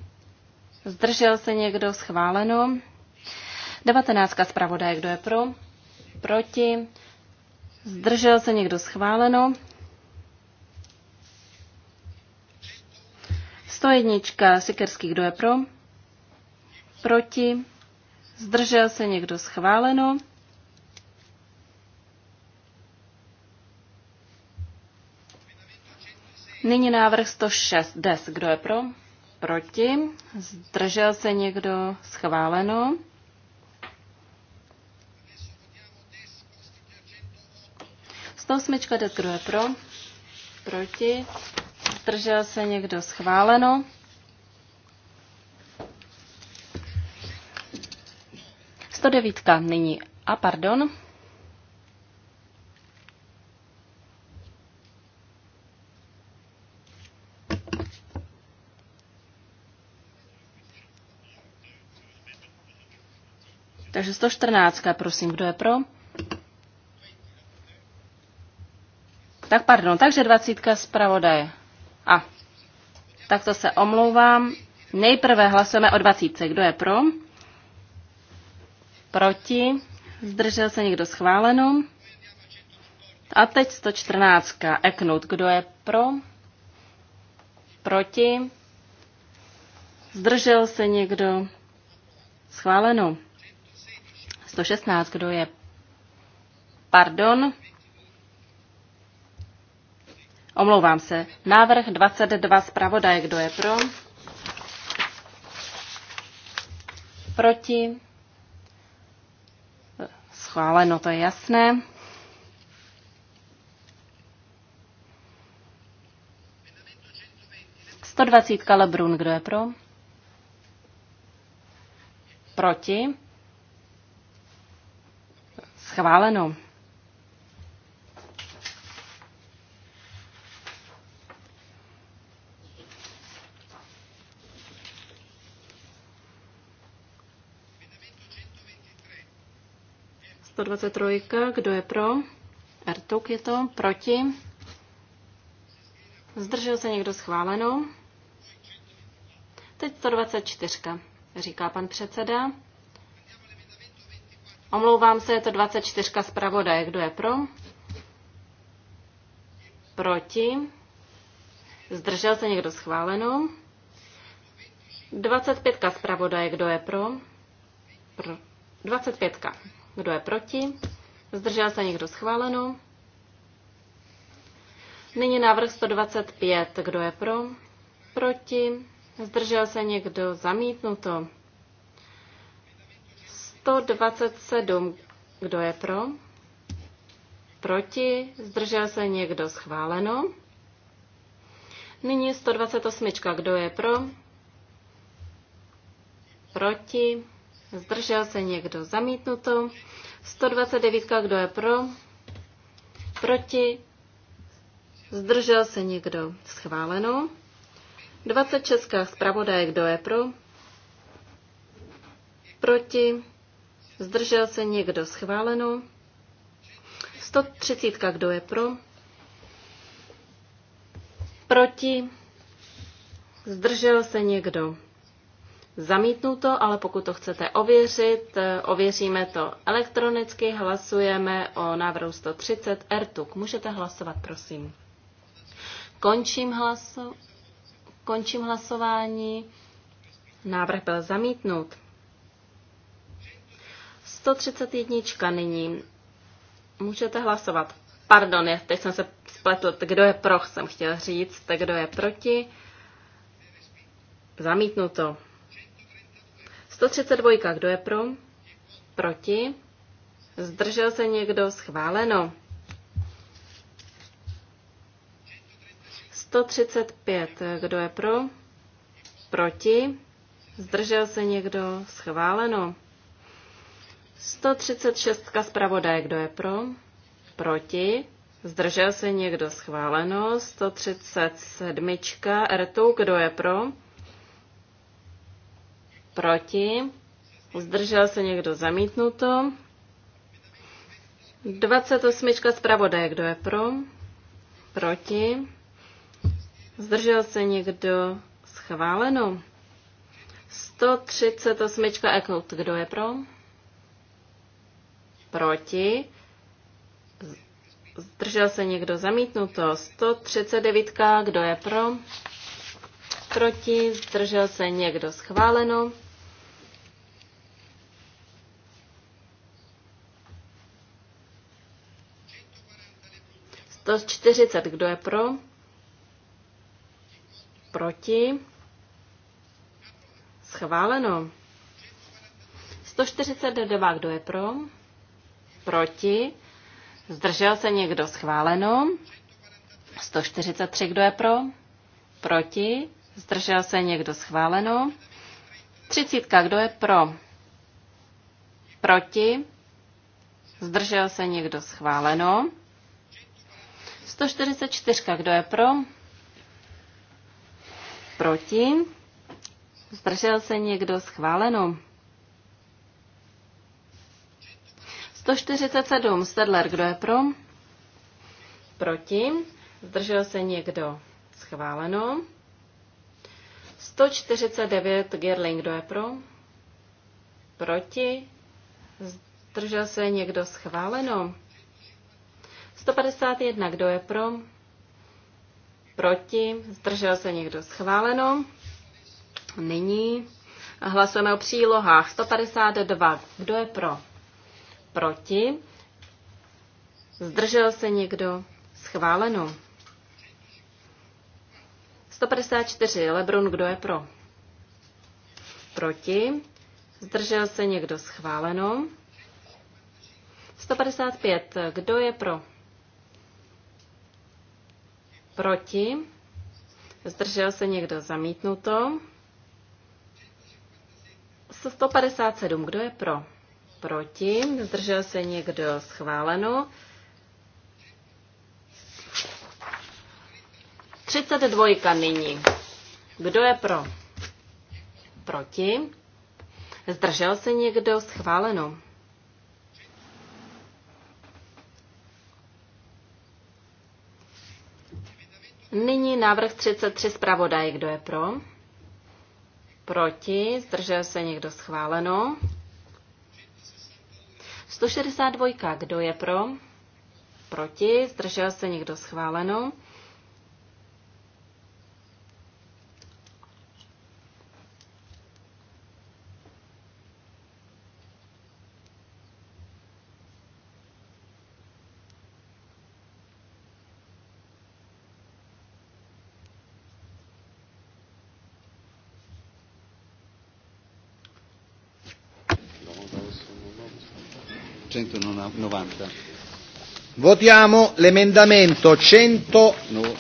Zdržel se někdo? Schváleno. 19. Zpravodaj, kdo je pro? Proti. Zdržel se někdo? Schváleno. 101. Sikerský, kdo je pro? Proti. Zdržel se někdo? Schváleno. Nyní návrh 106. Des, kdo je pro? proti? Zdržel se někdo? Schváleno. Osmička jde kdo je pro, proti, zdržel se někdo schváleno. devítka nyní. A pardon, Takže 114, prosím, kdo je pro? Tak pardon, takže 20 zpravodaje. A, tak to se omlouvám. Nejprve hlasujeme o 20. Kdo je pro? Proti? Zdržel se někdo schváleno? A teď 114. Eknout. Kdo je pro? Proti? Zdržel se někdo? Schváleno. 116, kdo je pardon, omlouvám se, návrh 22 zpravodaje, kdo je pro, proti, schváleno, to je jasné. Sto dvacítka Lebrun, kdo je pro? Proti. Schváleno. trojka, kdo je pro? Ertuk je to, proti. Zdržel se někdo schváleno? Teď 124, říká pan předseda. Omlouvám se, je to 24 zpravodaje. Kdo je pro? Proti? Zdržel se někdo schváleno? 25 zpravodaje. Kdo je pro? pro? 25. Kdo je proti? Zdržel se někdo schváleno? Nyní návrh 125. Kdo je pro? Proti? Zdržel se někdo zamítnuto? 127. Kdo je pro? Proti? Zdržel se někdo? Schváleno. Nyní 128. Kdo je pro? Proti? Zdržel se někdo? Zamítnuto. 129. Kdo je pro? Proti? Zdržel se někdo? Schváleno. 26. Zpravodaj. Kdo je pro? Proti? Zdržel se někdo schváleno? 130. Kdo je pro? Proti? Zdržel se někdo? Zamítnuto, ale pokud to chcete ověřit, eh, ověříme to elektronicky, hlasujeme o návrhu 130 RTUK. Můžete hlasovat, prosím. Končím, hlasu, končím hlasování. Návrh byl zamítnut. 131 nyní. Můžete hlasovat. Pardon, já teď jsem se spletl. Kdo je pro, jsem chtěl říct. Tak kdo je proti? Zamítnuto. 132. Kdo je pro? Proti? Zdržel se někdo? Schváleno. 135. Kdo je pro? Proti? Zdržel se někdo? Schváleno. 136 zpravodaje, kdo je pro? Proti? Zdržel se někdo schváleno? 137 RTU, kdo je pro? Proti? Zdržel se někdo zamítnuto? 28 zpravodaje, kdo je pro? Proti? Zdržel se někdo schváleno? 138 ekout, kdo je pro? proti, zdržel se někdo zamítnuto, 139, kdo je pro, proti, zdržel se někdo schváleno, To 40, kdo je pro? Proti? Schváleno. 142, kdo je pro? Proti? Zdržel se někdo schváleno? 143, kdo je pro? Proti? Zdržel se někdo schváleno? 30, kdo je pro? Proti? Zdržel se někdo schváleno? 144, kdo je pro? Proti? Zdržel se někdo schváleno? 147 Stedler, kdo je pro? Proti. Zdržel se někdo? Schváleno. 149 Gerling, kdo je pro? Proti. Zdržel se někdo? Schváleno. 151, kdo je pro? Proti. Zdržel se někdo? Schváleno. Nyní hlasujeme o přílohách. 152, kdo je pro? proti, zdržel se někdo, schváleno. 154. Lebron, kdo je pro? Proti. Zdržel se někdo schváleno? 155. Kdo je pro? Proti. Zdržel se někdo zamítnuto? 157. Kdo je pro? proti, zdržel se někdo schváleno. 32 nyní. Kdo je pro? Proti. Zdržel se někdo schváleno. Nyní návrh 33 zpravodaj. Kdo je pro? Proti. Zdržel se někdo schváleno. 162. Kdo je pro? Proti? Zdržel se někdo schváleno? 190. Votiamo l'emendamento 100... No, no,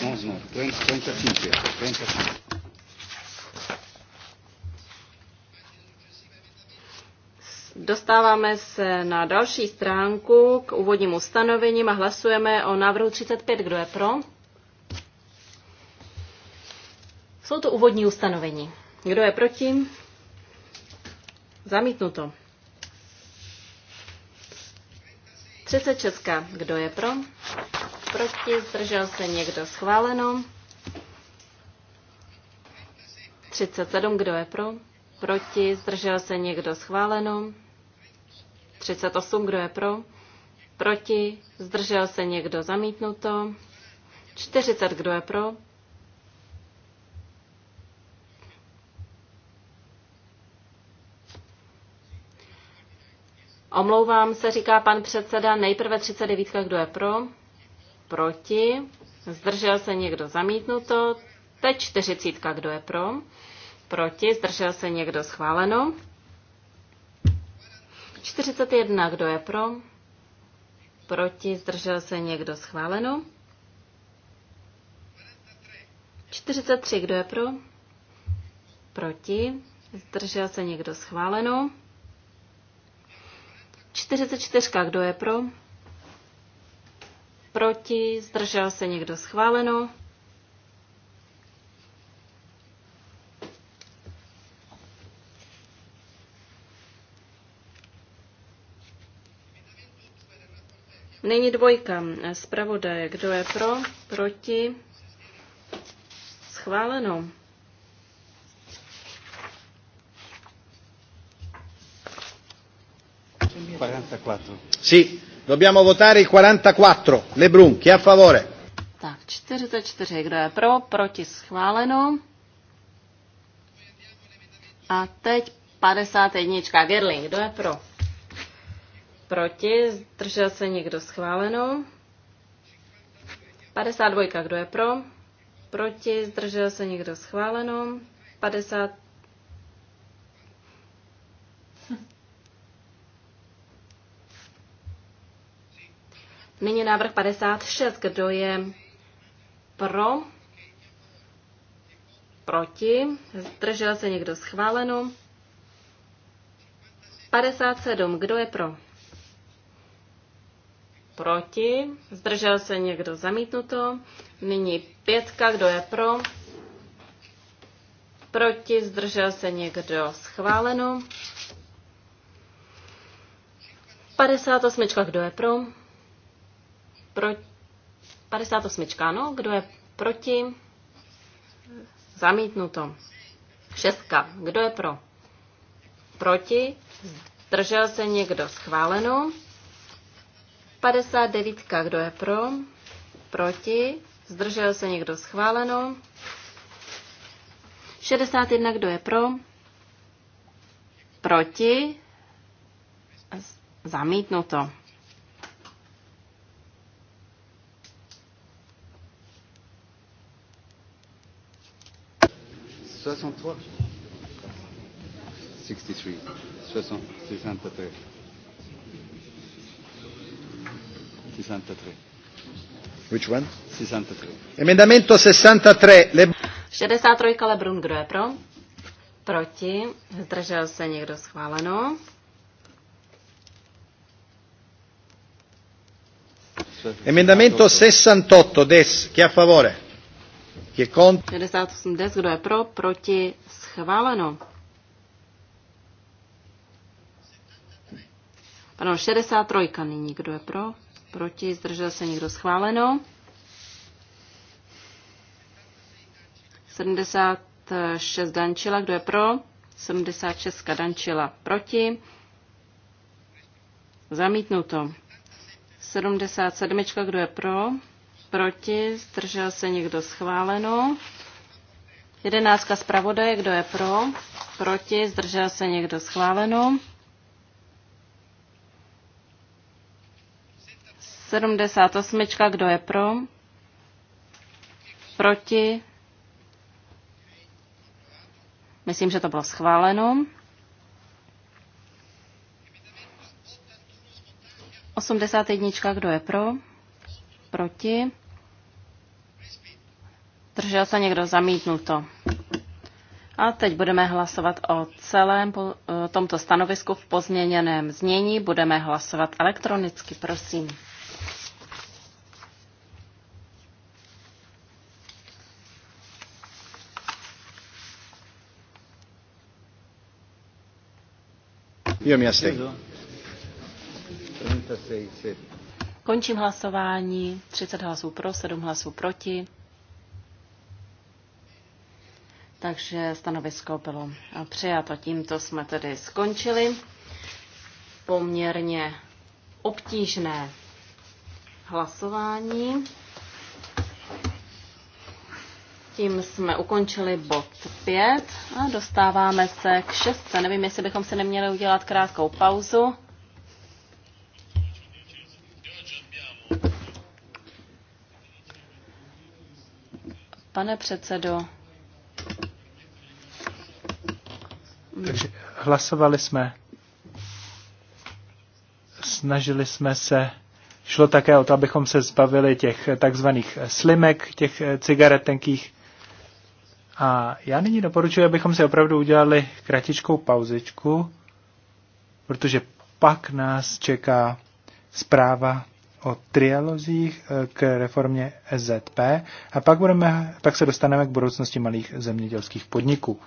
no, no, 35, 35. Dostáváme se na další stránku k úvodním ustanovením a hlasujeme o návrhu 35. Kdo je pro? Jsou to úvodní ustanovení. Kdo je proti? Zamítnuto. 36. Kdo je pro? Proti? Zdržel se někdo? Schváleno. 37. Kdo je pro? Proti? Zdržel se někdo? Schváleno. 38. Kdo je pro? Proti? Zdržel se někdo? Zamítnuto. 40. Kdo je pro? Omlouvám se, říká pan předseda, nejprve 39, kdo je pro, proti, zdržel se někdo zamítnuto, teď 40, kdo je pro, proti, zdržel se někdo schváleno, 41, kdo je pro, proti, zdržel se někdo schváleno, 43, kdo je pro, proti, zdržel se někdo schváleno, 44. Kdo je pro? Proti? Zdržel se někdo schváleno? Nyní dvojka. Zpravodaje. Kdo je pro? Proti? Schváleno. 44. Sì, dobbiamo votare il 44. Lebrun, chi è a favore? Tak, 44. Kdo je pro? Proti schváleno. A teď 51. Gerling, kdo je pro? Proti, držel se někdo schváleno. 52. Kdo je pro? Proti, zdržel se někdo schváleno. 50 Nyní návrh 56. Kdo je pro? Proti? Zdržel se někdo schváleno? 57. Kdo je pro? Proti? Zdržel se někdo zamítnuto? Nyní pětka. Kdo je pro? Proti? Zdržel se někdo schváleno? 58. Kdo je pro? pro 58. Ano, kdo je proti? Zamítnuto. Šestka. Kdo je pro? Proti? Zdržel se někdo? Schváleno. 59. Kdo je pro? Proti? Zdržel se někdo? Schváleno. 61. Kdo je pro? Proti? Zamítnuto. 63 63 63 Which one? 63 Emendamento 63 Le... 63 Lebrun, kdo je pro? Proti. Zdržel se někdo schváleno. Emendamento 68 Des, chi a favore? Je kont... 68 des, kdo je pro, proti, schváleno. Pardon, 63 nyní, kdo je pro, proti, zdržel se někdo schváleno. 76 Dančila, kdo je pro, 76 Dančila proti, zamítnuto. 77, kdo je pro, proti, zdržel se někdo schváleno. Jedenáctka zpravodaje, kdo je pro, proti, zdržel se někdo schváleno. 78, kdo je pro, proti, myslím, že to bylo schváleno. 81, kdo je pro, proti. Držel se někdo zamítnul to. A teď budeme hlasovat o celém tomto stanovisku v pozměněném znění. Budeme hlasovat elektronicky, prosím. Jo, mi Končím hlasování. 30 hlasů pro, 7 hlasů proti. Takže stanovisko bylo přijato. Tímto jsme tedy skončili poměrně obtížné hlasování. Tím jsme ukončili bod 5 a dostáváme se k 6. Nevím, jestli bychom si neměli udělat krátkou pauzu. Pane předsedo, Takže hlasovali jsme, snažili jsme se, šlo také o to, abychom se zbavili těch takzvaných slimek, těch eh, cigaret tenkých. A já nyní doporučuji, abychom si opravdu udělali kratičkou pauzičku, protože pak nás čeká zpráva o trialozích eh, k reformě SZP e a pak, budeme, pak se dostaneme k budoucnosti malých zemědělských podniků.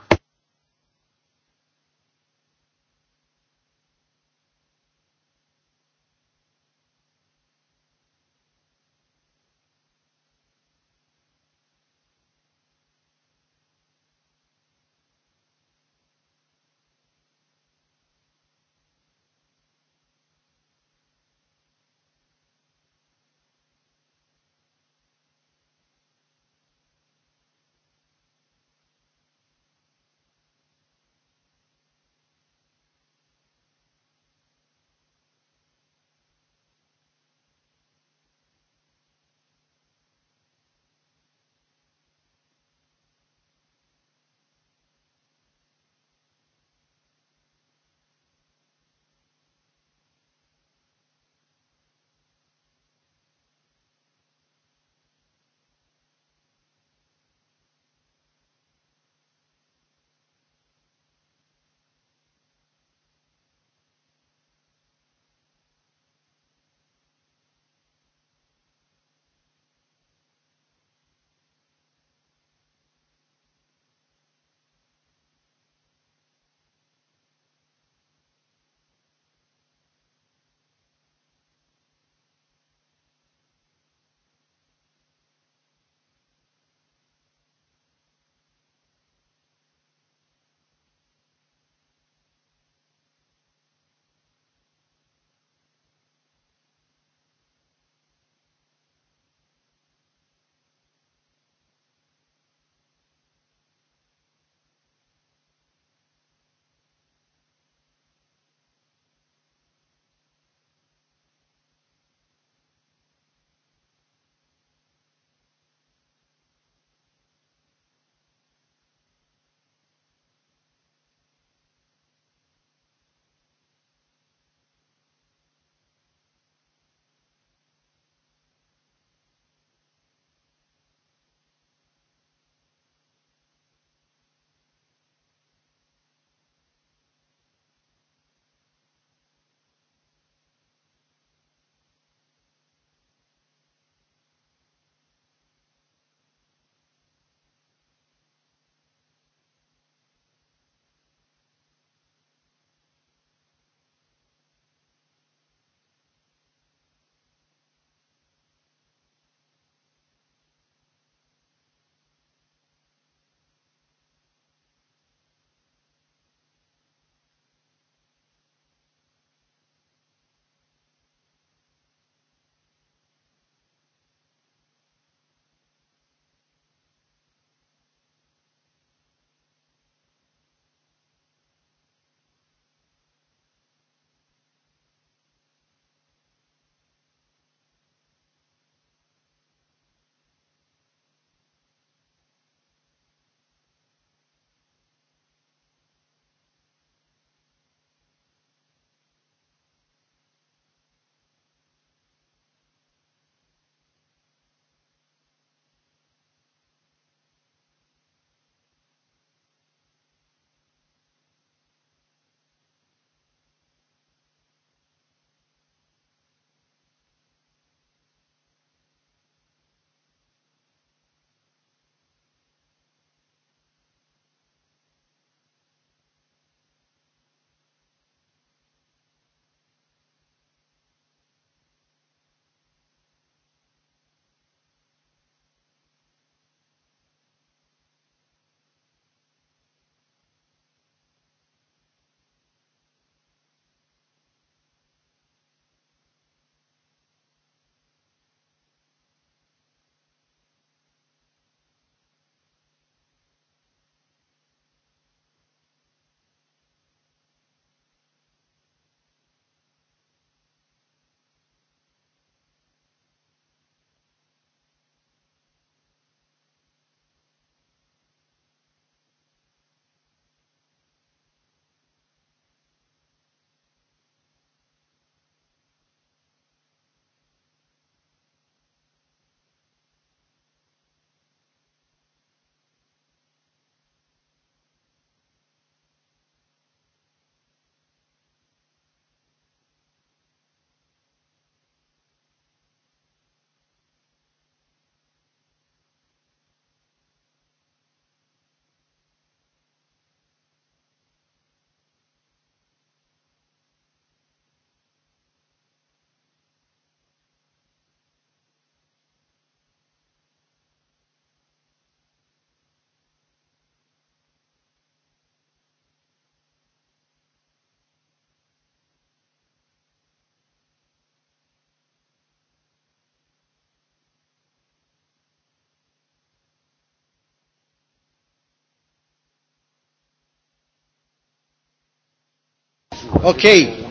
Ok.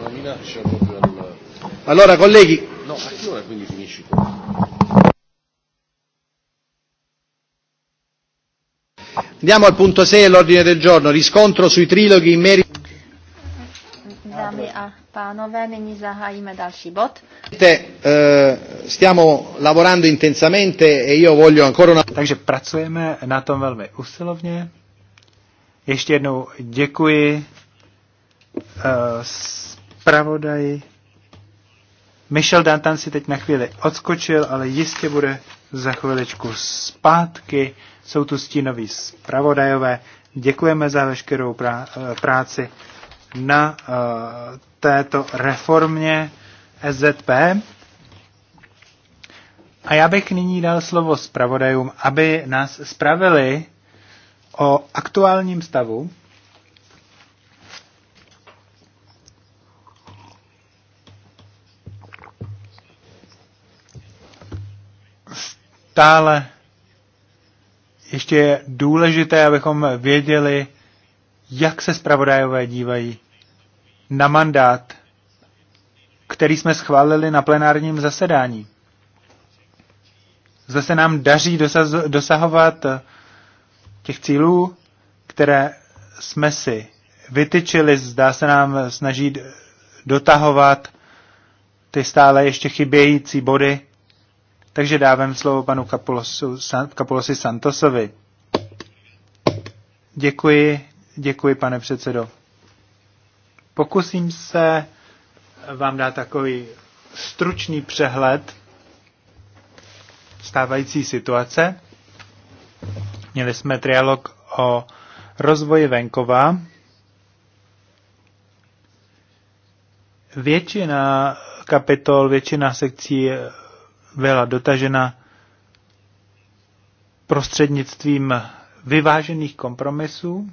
Allora, colleghi. No, a che ora quindi finisci tu? Andiamo al punto 6 dell'ordine del giorno, riscontro sui triloghi in merito. Dámy a eh, Stiamo lavorando intensamente e io voglio ancora una... Takže pracujeme na tom velmi usilovně. Ještě jednou děkuji zpravodaji. Michel Dantan si teď na chvíli odskočil, ale jistě bude za chviličku zpátky. Jsou tu stínoví zpravodajové. Děkujeme za veškerou prá- eh, práci na uh, této reformě SZP. A já bych nyní dal slovo zpravodajům, aby nás zpravili o aktuálním stavu Stále ještě je důležité, abychom věděli, jak se spravodajové dívají na mandát, který jsme schválili na plenárním zasedání. Zase nám daří dosahovat těch cílů, které jsme si vytyčili, zdá se nám snažit dotahovat ty stále ještě chybějící body takže dávám slovo panu Kapolosu, Kapolosi Santosovi. Děkuji, děkuji, pane předsedo. Pokusím se vám dát takový stručný přehled stávající situace. Měli jsme trialog o rozvoji venkova. Většina kapitol, většina sekcí byla dotažena prostřednictvím vyvážených kompromisů.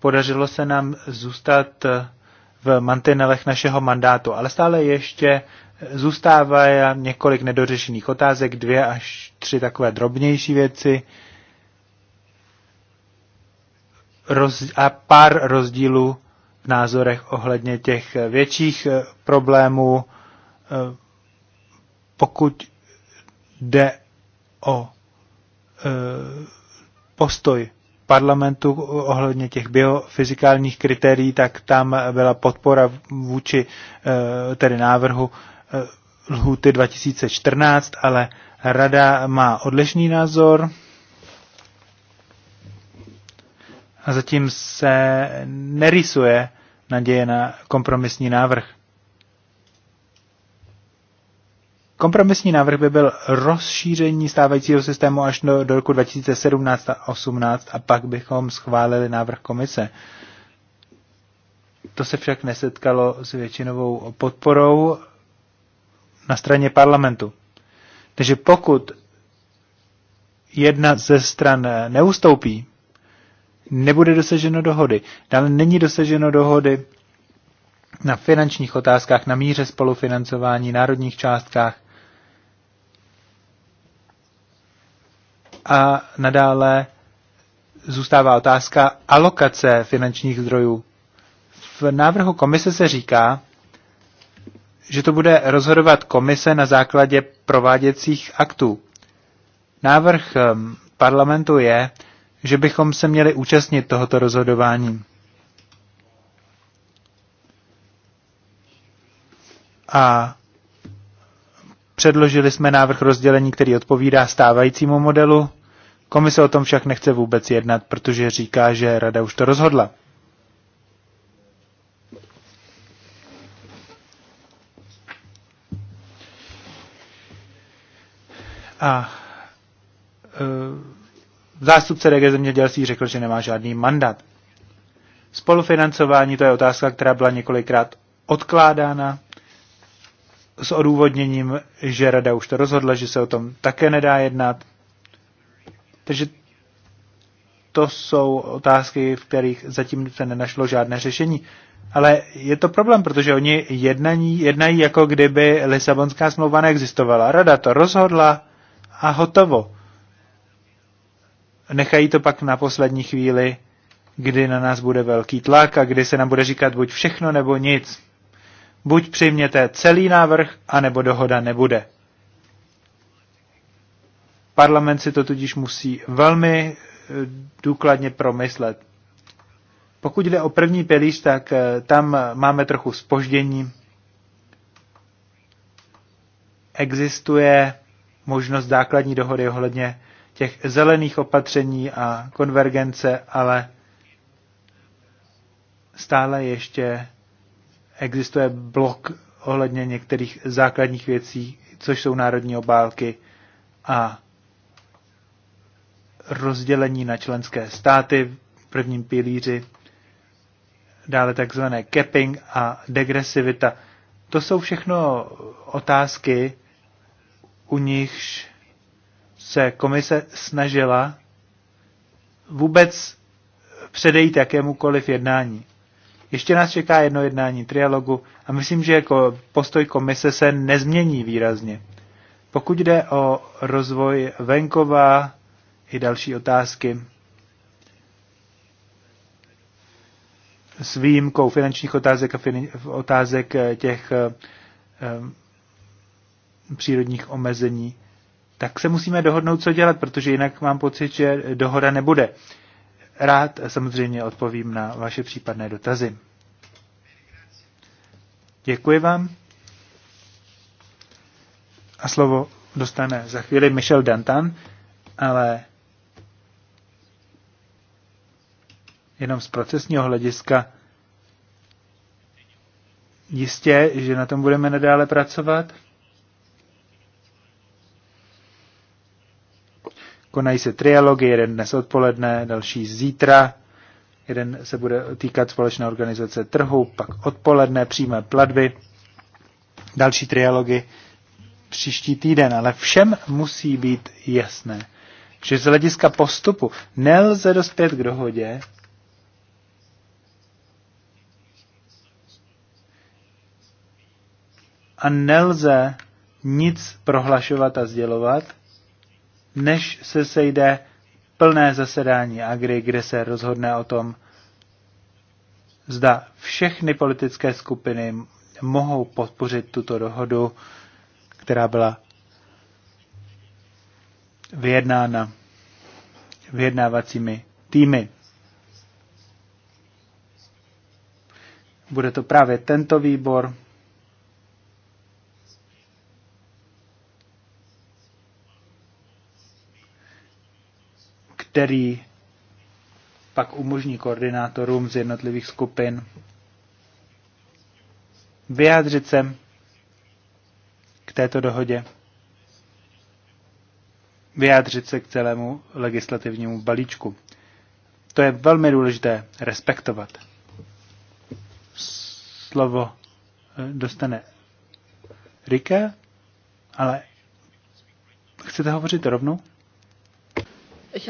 Podařilo se nám zůstat v mantinelech našeho mandátu, ale stále ještě zůstává několik nedořešených otázek, dvě až tři takové drobnější věci a pár rozdílů v názorech ohledně těch větších eh, problémů eh, pokud jde o e, postoj parlamentu ohledně těch biofyzikálních kritérií, tak tam byla podpora vůči e, tedy návrhu e, lhuty 2014, ale rada má odlišný názor. A zatím se nerysuje naděje na kompromisní návrh. Kompromisní návrh by byl rozšíření stávajícího systému až do, do roku 2017 a 18 a pak bychom schválili návrh komise. To se však nesetkalo s většinovou podporou na straně parlamentu. Takže pokud jedna ze stran neustoupí, nebude dosaženo dohody. Dále není dosaženo dohody na finančních otázkách, na míře spolufinancování, národních částkách. A nadále zůstává otázka alokace finančních zdrojů. V návrhu komise se říká, že to bude rozhodovat komise na základě prováděcích aktů. Návrh ehm, parlamentu je, že bychom se měli účastnit tohoto rozhodování. A Předložili jsme návrh rozdělení, který odpovídá stávajícímu modelu. Komise o tom však nechce vůbec jednat, protože říká, že rada už to rozhodla. A e, zástupce DG zemědělství řekl, že nemá žádný mandát. Spolufinancování to je otázka, která byla několikrát odkládána s odůvodněním, že rada už to rozhodla, že se o tom také nedá jednat. Takže to jsou otázky, v kterých zatím se nenašlo žádné řešení. Ale je to problém, protože oni jednaní, jednají jako kdyby Lisabonská smlouva neexistovala. Rada to rozhodla a hotovo. Nechají to pak na poslední chvíli, kdy na nás bude velký tlak a kdy se nám bude říkat buď všechno nebo nic. Buď přijměte celý návrh, anebo dohoda nebude. Parlament si to tudíž musí velmi eh, důkladně promyslet. Pokud jde o první pilíř, tak eh, tam máme trochu spoždění. Existuje možnost základní dohody ohledně těch zelených opatření a konvergence, ale stále ještě existuje blok ohledně některých základních věcí, což jsou národní obálky a rozdělení na členské státy v prvním pilíři, dále takzvané capping a degresivita. To jsou všechno otázky, u nichž se komise snažila vůbec předejít jakémukoliv jednání. Ještě nás čeká jedno jednání trialogu a myslím, že jako postoj komise se nezmění výrazně. Pokud jde o rozvoj venkova i další otázky, s výjimkou finančních otázek a otázek eh, těch eh, eh, přírodních omezení, tak se musíme dohodnout, co dělat, protože jinak mám pocit, že dohoda nebude. Rád samozřejmě odpovím na vaše případné dotazy. Děkuji vám. A slovo dostane za chvíli Michel Dantan, ale jenom z procesního hlediska jistě, že na tom budeme nadále pracovat. Konají se trialogy, jeden dnes odpoledne, další zítra. Jeden se bude týkat společné organizace trhu, pak odpoledne přímé platby, další trialogy příští týden. Ale všem musí být jasné, že z hlediska postupu nelze dospět k dohodě, a nelze nic prohlašovat a sdělovat, než se sejde plné zasedání Agri, kde se rozhodne o tom, zda všechny politické skupiny mohou podpořit tuto dohodu, která byla vyjednána vyjednávacími týmy. Bude to právě tento výbor, který pak umožní koordinátorům z jednotlivých skupin vyjádřit se k této dohodě, vyjádřit se k celému legislativnímu balíčku. To je velmi důležité respektovat. Slovo eh, dostane Rike, ale chcete hovořit rovnou?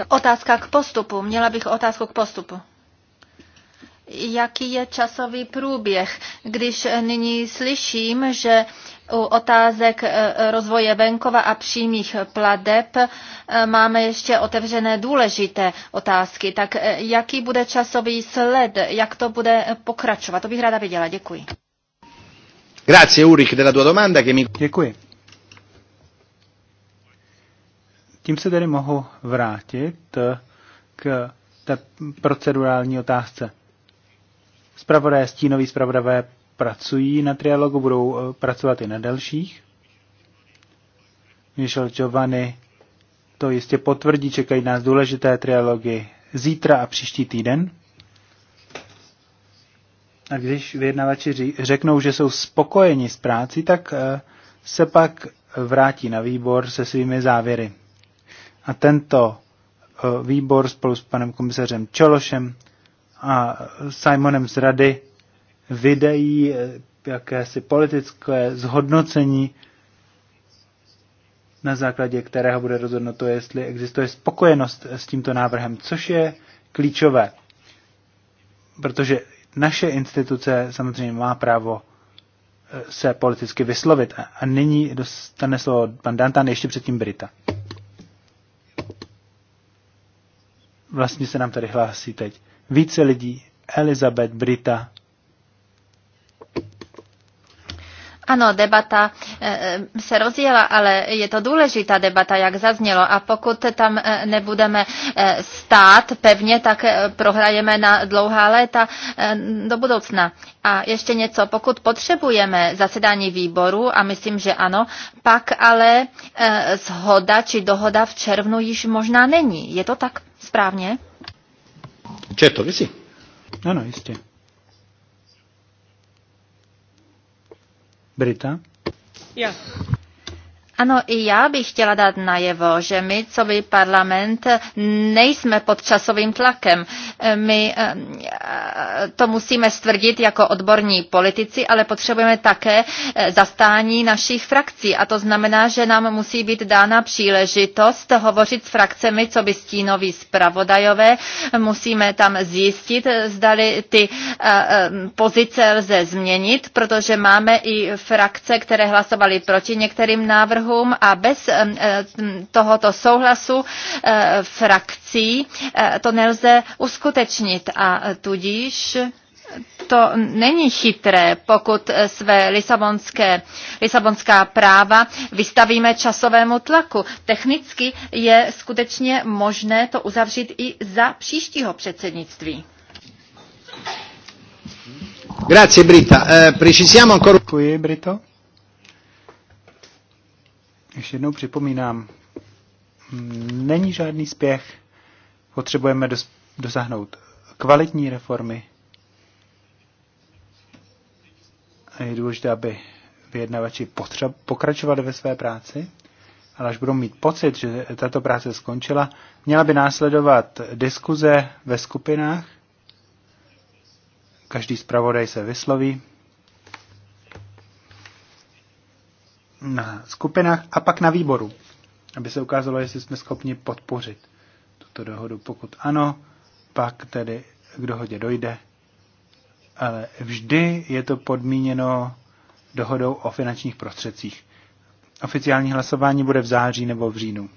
Otázka k postupu. Měla bych otázku k postupu jaký je časový průběh, když nyní slyším, že u otázek e, rozvoje venkova a přímých pladeb e, máme ještě otevřené důležité otázky. Tak e, jaký bude časový sled, jak to bude pokračovat? To bych ráda viděla. Děkuji. Grazie Ulrich della tua domanda che mi... Děkuji. Tím se tedy mohu vrátit eh, k té procedurální otázce. Spravodaje, stínoví spravodavé pracují na trialogu, budou eh, pracovat i na dalších. Michel Giovanni to jistě potvrdí, čekají nás důležité trialogy zítra a příští týden. A když vyjednavači řeknou, že jsou spokojeni s práci, tak eh, se pak vrátí na výbor se svými závěry. A tento eh, výbor spolu s panem komisařem Čološem a Simonem z Rady vydají eh, jakési politické zhodnocení, na základě kterého bude rozhodnuto, jestli existuje spokojenost s tímto návrhem, což je klíčové. Protože naše instituce samozřejmě má právo eh, se politicky vyslovit. A nyní dostane slovo pan Dantan, ještě předtím Brita. vlastně se nám tady hlásí teď více lidí. Elizabeth Brita. Ano, debata eh, eh, se rozjela, ale je to důležitá debata, jak zaznělo. A pokud tam eh, nebudeme stát pevně, tak prohrajeme na dlouhá léta do budoucna. A ještě něco, pokud potřebujeme zasedání výboru, a myslím, že ano, pak ale shoda či dohoda v červnu již možná není. Je to tak? správně? Certo že si. Ano, no, jistě. Brita? Ja. Ano, i já bych chtěla dát najevo, že my, co by parlament, nejsme pod časovým tlakem. My eh, to musíme stvrdit jako odborní politici, ale potřebujeme také eh, zastání našich frakcí. A to znamená, že nám musí být dána příležitost hovořit s frakcemi, co by stínoví zpravodajové. Musíme tam zjistit, eh, zdali ty pozice lze změnit, protože máme i frakce, které hlasovaly proti některým návrhům návrhům a bez eh, eh, tohoto souhlasu eh, frakcí to nelze uskutečnit a tudíž to není chytré, pokud své lisabonské, lisabonská práva vystavíme časovému tlaku. Technicky je skutečně možné to uzavřít i za příštího předsednictví. Grazie Brita. Eh, precisiamo ancora... Qui, Brito. Ještě jednou připomínám, není žádný spěch, potřebujeme dos- dosáhnout kvalitní reformy. A je důležité, aby vyjednavači potře- pokračovali ve své práci, ale až budou mít pocit, že tato práce skončila, měla by následovat diskuze ve skupinách. Každý zpravodaj se vysloví na skupinách a pak na výboru, aby se ukázalo, jestli jsme schopni podpořit tuto dohodu. Pokud ano, pak tedy k dohodě dojde. Ale vždy je to podmíněno dohodou o finančních prostředcích. Oficiální hlasování bude v září nebo v říjnu.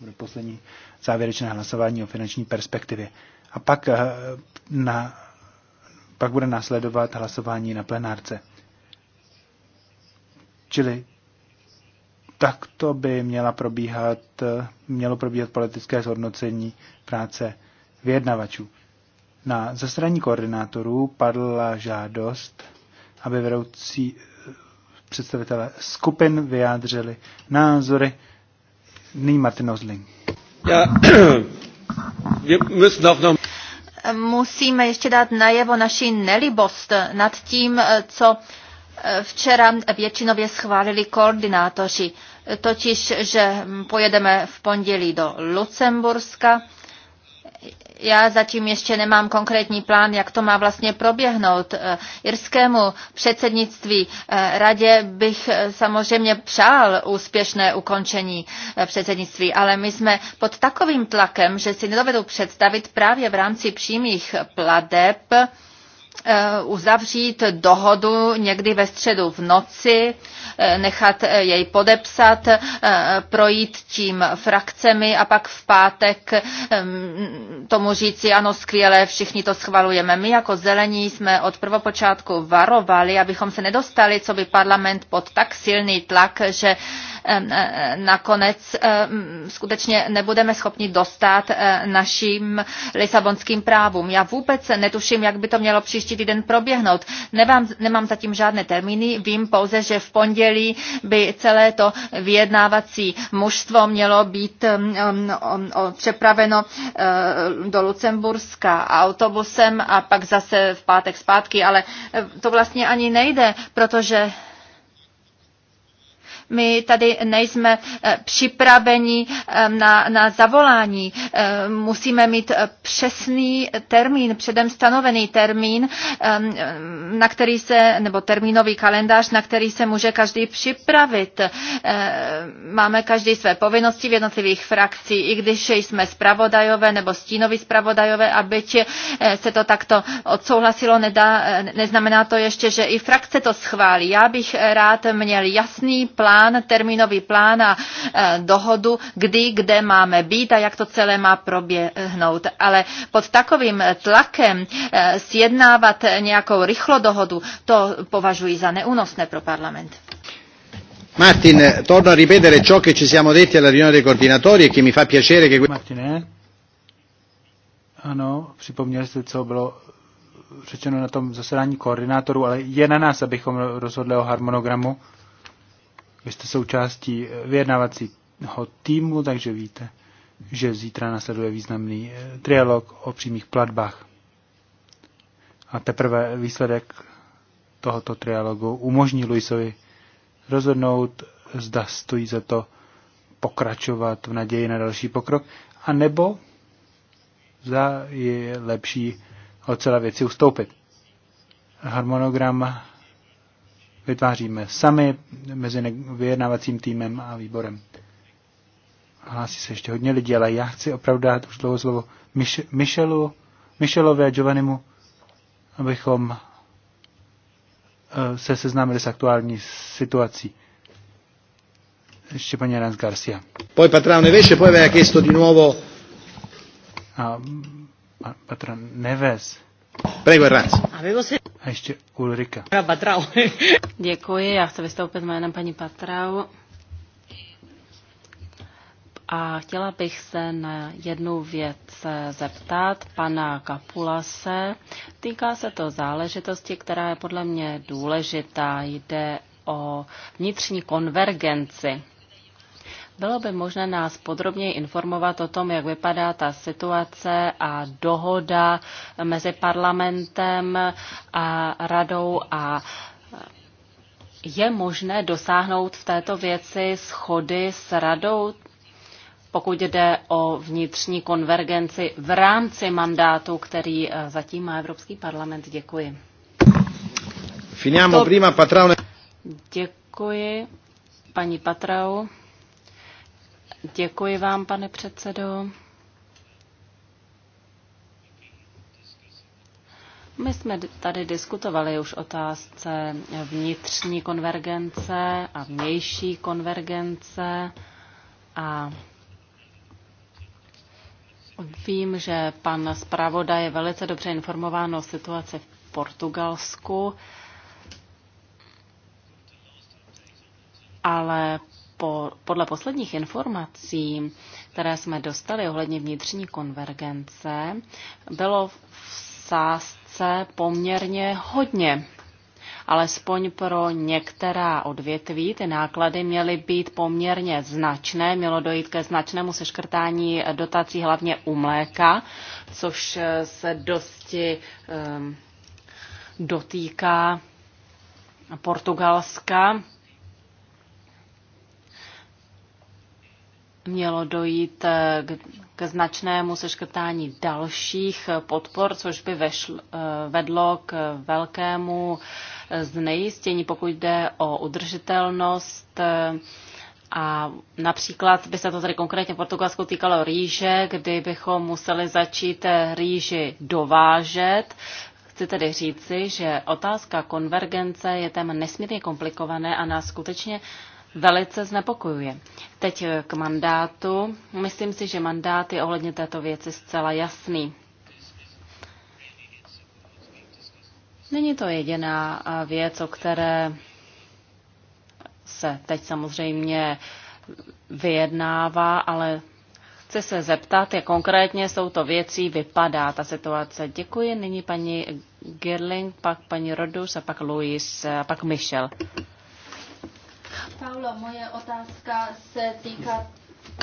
Bude poslední závěrečné hlasování o finanční perspektivě. A pak, eh, na, pak bude následovat hlasování na plenárce. Čili takto by měla probíhat, mělo probíhat politické zhodnocení práce vyjednavačů. Na zastraní koordinátorů padla žádost, aby vedoucí eh, představitelé skupin vyjádřili názory. Nyní Martin Ozling. Já, (clears throat) Musíme ještě dát najevo naši nelibost nad tím, eh, co včera většinově schválili koordinátoři, totiž, že pojedeme v pondělí do Lucemburska. Já zatím ještě nemám konkrétní plán, jak to má vlastně proběhnout. Irskému předsednictví eh, radě bych eh, samozřejmě přál úspěšné ukončení eh, předsednictví, ale my jsme pod takovým tlakem, že si nedovedu představit právě v rámci přímých pladeb, Eh, uzavřít dohodu někdy ve středu v noci, eh, nechat jej podepsat, eh, projít tím frakcemi a pak v pátek tomu říci, ano, skvěle, všichni to schvalujeme. My jako zelení jsme od prvopočátku varovali, abychom se nedostali, co by parlament pod tak silný tlak, že Eh, nakonec skutečně nebudeme schopni dostat eh, našim lisabonským právům. Já vůbec netuším, jak by to mělo příští týden proběhnout. Nemám, nemám zatím žádné termíny, vím pouze, že v pondělí by celé to vyjednávací mužstvo mělo být přepraveno eh, do Lucemburska autobusem a pak zase v pátek zpátky, ale to vlastně ani nejde, protože my tady nejsme eh, připraveni eh, na, na zavolání. Eh, musíme mít přesný termín, předem stanovený termín, na který se, nebo termínový kalendář, na který se může každý připravit. Máme každý své povinnosti v jednotlivých frakcí, i když jsme zpravodajové nebo stínoví zpravodajové a byť se to takto odsouhlasilo, nedá, neznamená to ještě, že i frakce to schválí. Já bych rád měl jasný plán, plán, termínový plán a e, dohodu, kdy, kde máme být a jak to celé má proběhnout. Ale pod takovým tlakem e, sjednávat nějakou rychlo dohodu, to považuji za neúnosné pro parlament. Martin, torno a ripetere ciò che ci siamo detti alla riunione dei coordinatori e che mi fa piacere che... Martin, ano, připomněl jste, co bylo řečeno na tom zasedání koordinátorů, ale je na nás, abychom rozhodli o harmonogramu. Vy jste součástí eh, vyjednávacího týmu, takže víte, že zítra nasleduje významný eh, trialog o přímých platbách. A teprve výsledek tohoto trialogu umožní Luisovi rozhodnout, zda stojí za to pokračovat v naději na další pokrok, anebo za je lepší od celé věci ustoupit. Harmonogram vytváříme sami mezi vyjednávacím týmem a výborem. Hlásí se ještě hodně lidí, ale já chci opravdu dát už dlouho slovo Michelu, Michelovi a Giovannimu, abychom eh, se seznámili s aktuální situací. Ještě paní Rans Garcia. Poi Patrán nevěš, poi aveva chiesto di nuovo... A, Patrán Neves. Prego, Rans. Avevo se... A ještě Ulrika. Patrau. (laughs) Děkuji, já chci vystoupit jménem paní Patrau. A chtěla bych se na jednu věc zeptat pana Kapulase. Týká se to záležitosti, která je podle mě důležitá. Jde o vnitřní konvergenci bylo by možné nás podrobněji informovat o tom, jak vypadá ta situace a dohoda mezi parlamentem a radou a je možné dosáhnout v této věci schody s radou, pokud jde o vnitřní konvergenci v rámci mandátu, který eh, zatím má Evropský parlament. Děkuji. Finiamo prima, Patrao. Děkuji, paní Patrau. Děkuji vám, pane předsedo. My jsme tady diskutovali už otázce vnitřní konvergence a vnější konvergence a vím, že pan zpravodaj je velice dobře informován o situaci v Portugalsku, ale po, podle posledních informací, které jsme dostali ohledně vnitřní konvergence, bylo v sázce poměrně hodně. Alespoň pro některá odvětví ty náklady měly být poměrně značné. Mělo dojít ke značnému seškrtání dotací hlavně u mléka, což se dosti um, dotýká Portugalska mělo dojít eh, k, k značnému seškrtání dalších eh, podpor, což by vešl, eh, vedlo k velkému znejistění, pokud jde o udržitelnost a například by se to tady konkrétně v Portugalsku týkalo rýže, kdy bychom museli začít rýži dovážet. Chci tedy říci, že otázka konvergence je téma nesmírně komplikované a nás skutečně uh, velice znepokojuje. Teď eh, k mandátu. Myslím si, že mandát je ohledně této věci zcela jasný. Není to jediná eh, věc, o které se teď samozřejmě vyjednává, ale chci se zeptat, jak konkrétně s touto věcí vypadá ta situace. Děkuji. Nyní paní Girling, pak paní Rodus a pak Louis a pak Michel. Paulo, moje otázka se týká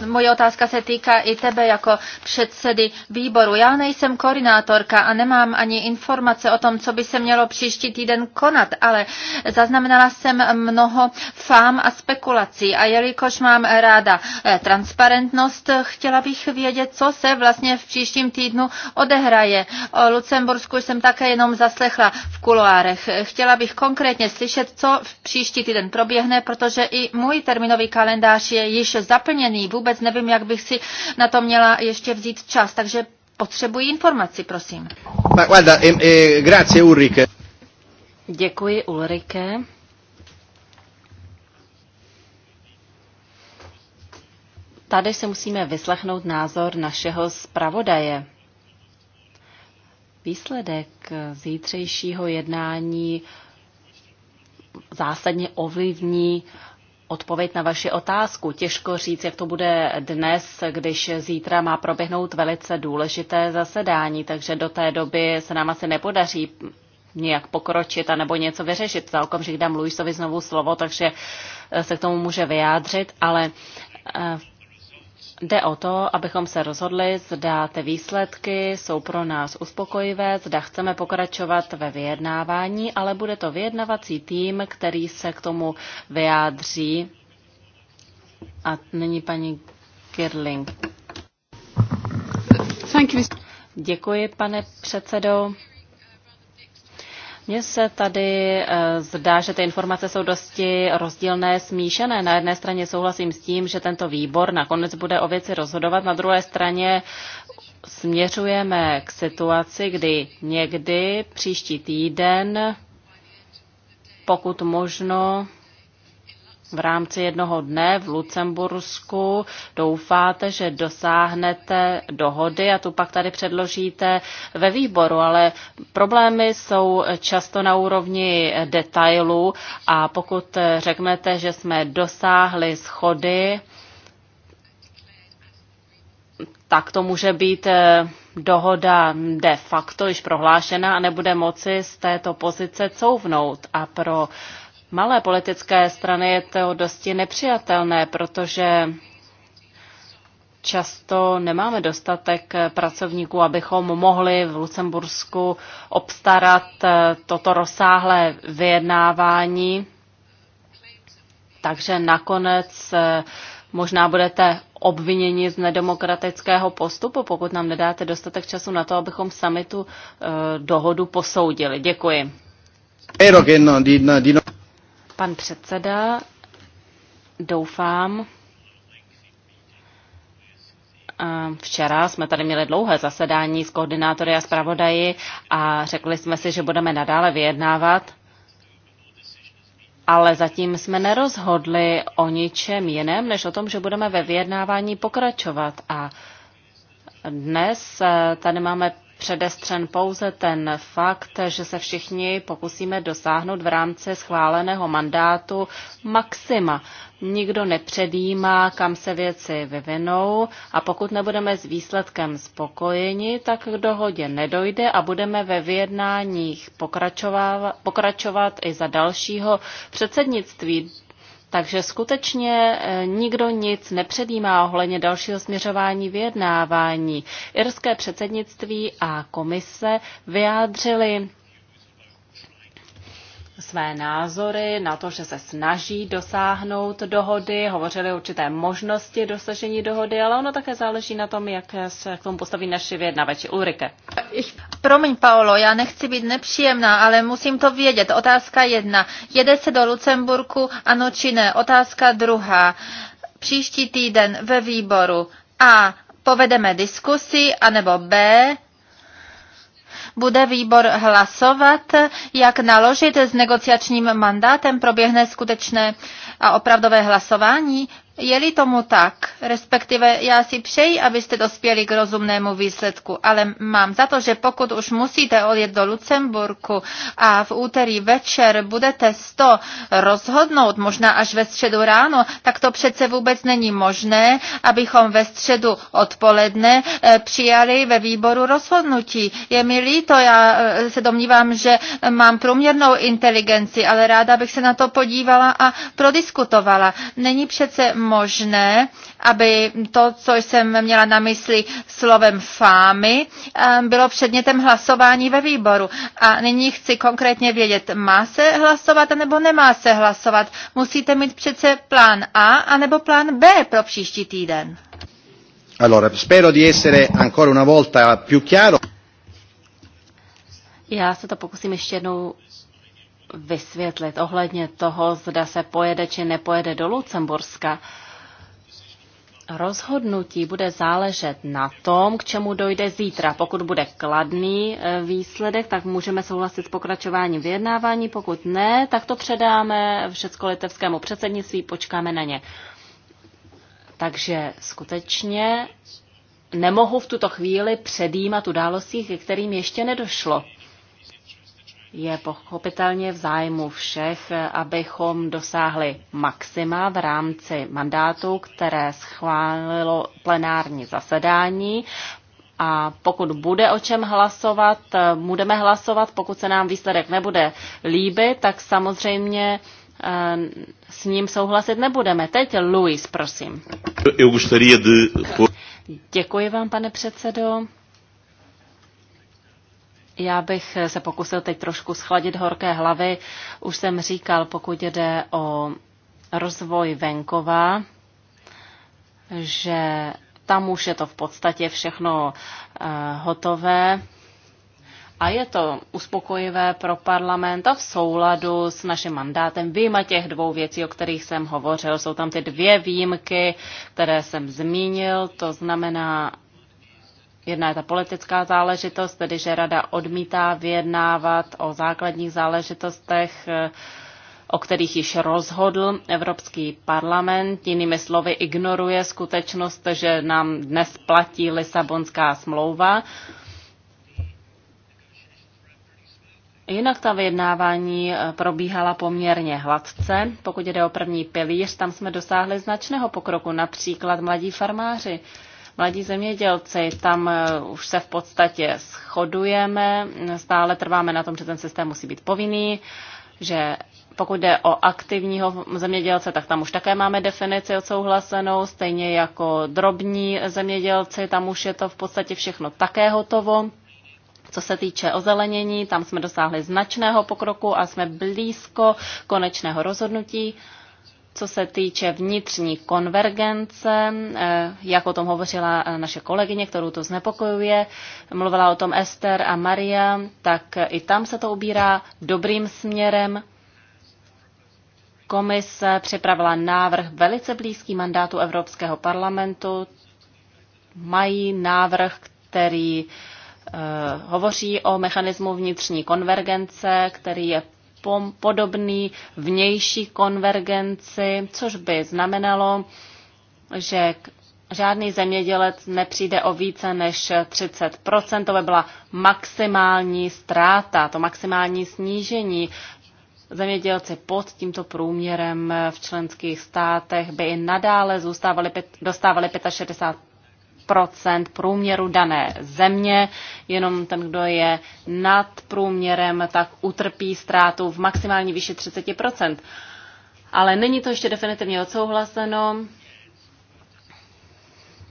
Moje otázka se týká i tebe jako předsedy výboru. Já nejsem koordinátorka a nemám ani informace o tom, co by se mělo příští týden konat, ale zaznamenala jsem mnoho fám a spekulací a jelikož mám ráda eh, transparentnost, chtěla bych vědět, co se vlastně v příštím týdnu odehraje. O Lucembursku jsem také jenom zaslechla v kuloárech. Chtěla bych konkrétně slyšet, co v příští týden proběhne, protože i můj terminový kalendář je již zaplněný vůbec nevím, jak bych si na to měla ještě vzít čas, takže potřebuji informaci, prosím. Ma, guarda, e, e, grazie Ulrike. Děkuji Ulrike. Tady se musíme vyslechnout názor našeho zpravodaje. Výsledek zítřejšího jednání zásadně ovlivní odpověď na vaši otázku. Těžko říct, jak to bude dnes, když zítra má proběhnout velice důležité zasedání, takže do té doby se nám asi nepodaří nějak pokročit a nebo něco vyřešit. Za okamžik dám Luisovi znovu slovo, takže se k tomu může vyjádřit, ale v eh, Jde o to, abychom se rozhodli, zda ty výsledky jsou pro nás uspokojivé, zda chceme pokračovat ve vyjednávání, ale bude to vyjednavací tým, který se k tomu vyjádří. A nyní paní Girling. Děkuji, pane předsedo. Mně se tady eh, zdá, že ty informace jsou dosti rozdílné, smíšené. Na jedné straně souhlasím s tím, že tento výbor nakonec bude o věci rozhodovat, na druhé straně směřujeme k situaci, kdy někdy příští týden, pokud možno, v rámci jednoho dne v Lucembursku. Doufáte, že dosáhnete dohody a tu pak tady předložíte ve výboru, ale problémy jsou často na úrovni detailů a pokud řeknete, že jsme dosáhli schody, tak to může být eh, dohoda de facto již prohlášena a nebude moci z této pozice couvnout. A pro malé politické strany je to dosti nepřijatelné, protože často nemáme dostatek pracovníků, abychom mohli v Lucembursku obstarat eh, toto rozsáhlé vyjednávání. Takže nakonec eh, možná budete obviněni z nedemokratického postupu, pokud nám nedáte dostatek času na to, abychom sami tu eh, dohodu posoudili. Děkuji. Pan předseda, doufám, Včera jsme tady měli dlouhé zasedání s koordinátory a zpravodaji a řekli jsme si, že budeme nadále vyjednávat, ale zatím jsme nerozhodli o ničem jiném, než o tom, že budeme ve vyjednávání pokračovat. A dnes eh, tady máme předestřen pouze ten fakt, že se všichni pokusíme dosáhnout v rámci schváleného mandátu maxima. Nikdo nepředjímá, kam se věci vyvinou a pokud nebudeme s výsledkem spokojeni, tak k dohodě nedojde a budeme ve vyjednáních pokračovat, pokračovat i za dalšího předsednictví. Takže skutečně eh, nikdo nic nepředjímá ohledně dalšího směřování vyjednávání. Irské předsednictví a komise vyjádřili své názory na to, že se snaží dosáhnout dohody, hovořili o určité možnosti dosažení dohody, ale ono také záleží na tom, jak se k tomu postaví naši vyjednavači. Ulrike. Promiň, Paolo, já nechci být nepříjemná, ale musím to vědět. Otázka jedna. Jede se do Lucemburku, ano či ne? Otázka druhá. Příští týden ve výboru. A povedeme diskusi, anebo B, bude výbor hlasovat, jak naložit s negociačním mandátem? Proběhne skutečné a opravdové hlasování? Je-li tomu tak, respektive já si přeji, abyste dospěli k rozumnému výsledku, ale mám za to, že pokud už musíte odjet do Lucemburku a v úterý večer budete to rozhodnout, možná až ve středu ráno, tak to přece vůbec není možné, abychom ve středu odpoledne eh, přijali ve výboru rozhodnutí. Je mi líto, já eh, se domnívám, že mám průměrnou inteligenci, ale ráda bych se na to podívala a prodiskutovala. Není přece možné, aby to, co jsem měla na mysli slovem fámy, eh, bylo předmětem hlasování ve výboru. A nyní chci konkrétně vědět, má se hlasovat nebo nemá se hlasovat. Musíte mít přece plán A anebo plán B pro příští týden. Allora, spero di essere ancora una volta più chiaro. Já se to pokusím ještě jednou vysvětlit ohledně toho, zda se pojede či nepojede do Lucemburska. Rozhodnutí bude záležet na tom, k čemu dojde zítra. Pokud bude kladný e, výsledek, tak můžeme souhlasit s pokračováním vyjednávání. Pokud ne, tak to předáme všecko litevskému předsednictví, počkáme na ně. Takže skutečně nemohu v tuto chvíli předjímat událostí, ke kterým ještě nedošlo. Je pochopitelně v zájmu všech, abychom dosáhli maxima v rámci mandátu, které schválilo plenární zasedání. A pokud bude o čem hlasovat, budeme hlasovat. Pokud se nám výsledek nebude líbit, tak samozřejmě eh, s ním souhlasit nebudeme. Teď Luis, prosím. Děkuji vám, pane předsedo. Já bych se pokusil teď trošku schladit horké hlavy. Už jsem říkal, pokud jde o rozvoj venkova, že tam už je to v podstatě všechno eh, hotové. A je to uspokojivé pro parlament a v souladu s naším mandátem výjima těch dvou věcí, o kterých jsem hovořil. Jsou tam ty dvě výjimky, které jsem zmínil, to znamená Jedna je ta politická záležitost, tedy že rada odmítá vyjednávat o základních záležitostech, eh, o kterých již rozhodl Evropský parlament. Jinými slovy, ignoruje skutečnost, že nám dnes platí Lisabonská smlouva. Jinak ta vyjednávání eh, probíhala poměrně hladce. Pokud jde o první pilíř, tam jsme dosáhli značného pokroku, například mladí farmáři mladí zemědělci. Tam eh, už se v podstatě shodujeme, stále trváme na tom, že ten systém musí být povinný, že pokud jde o aktivního zemědělce, tak tam už také máme definici odsouhlasenou, stejně jako drobní zemědělci, tam už je to v podstatě všechno také hotovo. Co se týče ozelenění, tam jsme dosáhli značného pokroku a jsme blízko konečného rozhodnutí co se týče vnitřní konvergence, eh, jak o tom hovořila eh, naše kolegyně, kterou to znepokojuje, mluvila o tom Ester a Maria, tak eh, i tam se to ubírá dobrým směrem. Komise připravila návrh velice blízký mandátu Evropského parlamentu. Mají návrh, který hovoří o mechanismu vnitřní konvergence, který je podobný vnější konvergenci, což by znamenalo, že žádný zemědělec nepřijde o více než 30 To by byla maximální ztráta, to maximální snížení. Zemědělci pod tímto průměrem v členských státech by i nadále zůstávali, dostávali průměru dané země, jenom ten, kdo je nad průměrem, tak utrpí ztrátu v maximální výši 30 Ale není to ještě definitivně odsouhlaseno.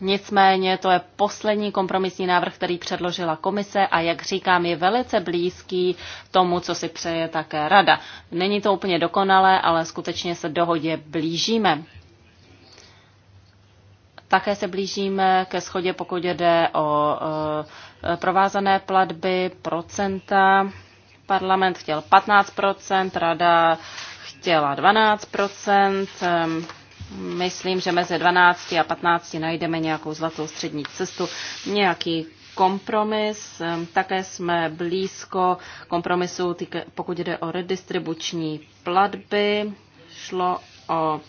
Nicméně to je poslední kompromisní návrh, který předložila komise a jak říkám, je velice blízký tomu, co si přeje také rada. Není to úplně dokonalé, ale skutečně se dohodě blížíme. Také se blížíme ke schodě, pokud jde o eh, provázané platby, procenta. Parlament chtěl 15%, rada chtěla 12%. Ehm, myslím, že mezi 12 a 15 najdeme nějakou zlatou střední cestu, nějaký kompromis. Ehm, také jsme blízko kompromisu, pokud jde o redistribuční platby. Šlo o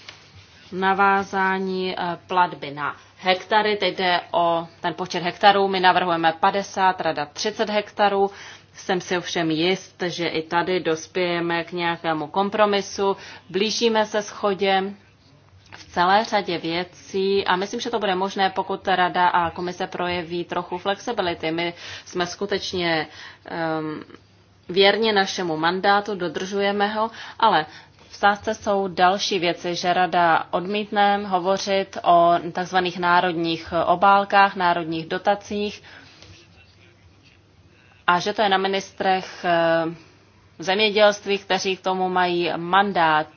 navázání eh, platby na hektary. Teď jde o ten počet hektarů. My navrhujeme 50, rada 30 hektarů. Jsem si ovšem jist, že i tady dospějeme k nějakému kompromisu. Blížíme se schodě v celé řadě věcí a myslím, že to bude možné, pokud rada a komise projeví trochu flexibility. My jsme skutečně um, věrně našemu mandátu, dodržujeme ho, ale v sázce jsou další věci, že rada odmítne hovořit o tzv. národních obálkách, národních dotacích a že to je na ministrech eh, zemědělství, kteří k tomu mají mandát.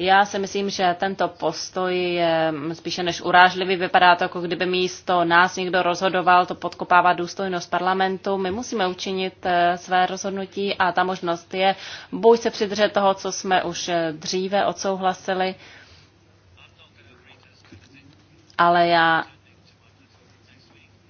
Já si myslím, že tento postoj je spíše než urážlivý. Vypadá to, jako kdyby místo nás někdo rozhodoval, to podkopává důstojnost parlamentu. My musíme učinit eh, své rozhodnutí a ta možnost je buď se přidržet toho, co jsme už eh, dříve odsouhlasili, ale já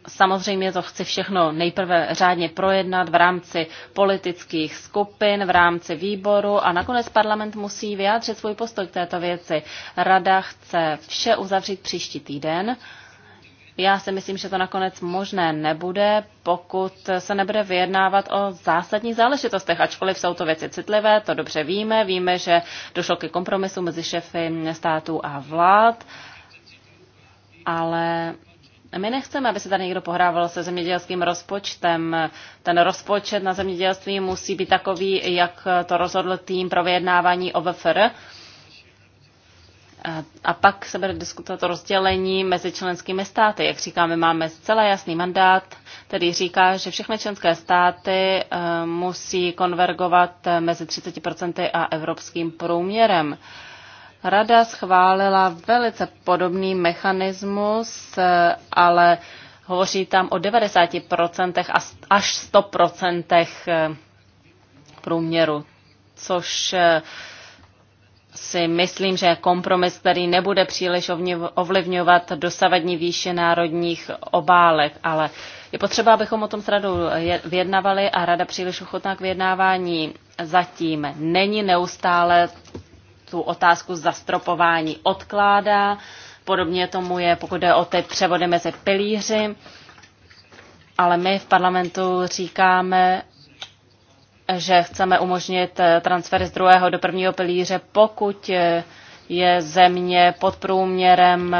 Samozřejmě to chci všechno nejprve řádně projednat v rámci politických skupin, v rámci výboru a nakonec parlament musí vyjádřit svůj postoj k této věci. Rada chce vše uzavřít příští týden. Já si myslím, že to nakonec možné nebude, pokud se nebude vyjednávat o zásadních záležitostech, ačkoliv jsou to věci citlivé, to dobře víme. Víme, že došlo ke kompromisu mezi šefy států a vlád, ale my nechceme, aby se tady někdo pohrával se zemědělským rozpočtem. Ten rozpočet na zemědělství musí být takový, jak to rozhodl tým pro vyjednávání OVFR. A pak se bude diskutovat o rozdělení mezi členskými státy. Jak říkáme, máme zcela jasný mandát, který říká, že všechny členské státy eh, musí konvergovat mezi 30% a evropským průměrem. Rada schválila velice podobný mechanismus, eh, ale hovoří tam o 90% až 100% eh, průměru, což eh, si myslím, že je kompromis, který nebude příliš ovlivňovat dosavadní výše národních obálek, ale je potřeba, abychom o tom s radou vyjednavali a rada příliš ochotná k vyjednávání zatím není neustále tu otázku zastropování odkládá. Podobně tomu je, pokud jde o ty převody mezi pilíři. Ale my v parlamentu říkáme, že chceme umožnit transfer z druhého do prvního pilíře, pokud je země pod průměrem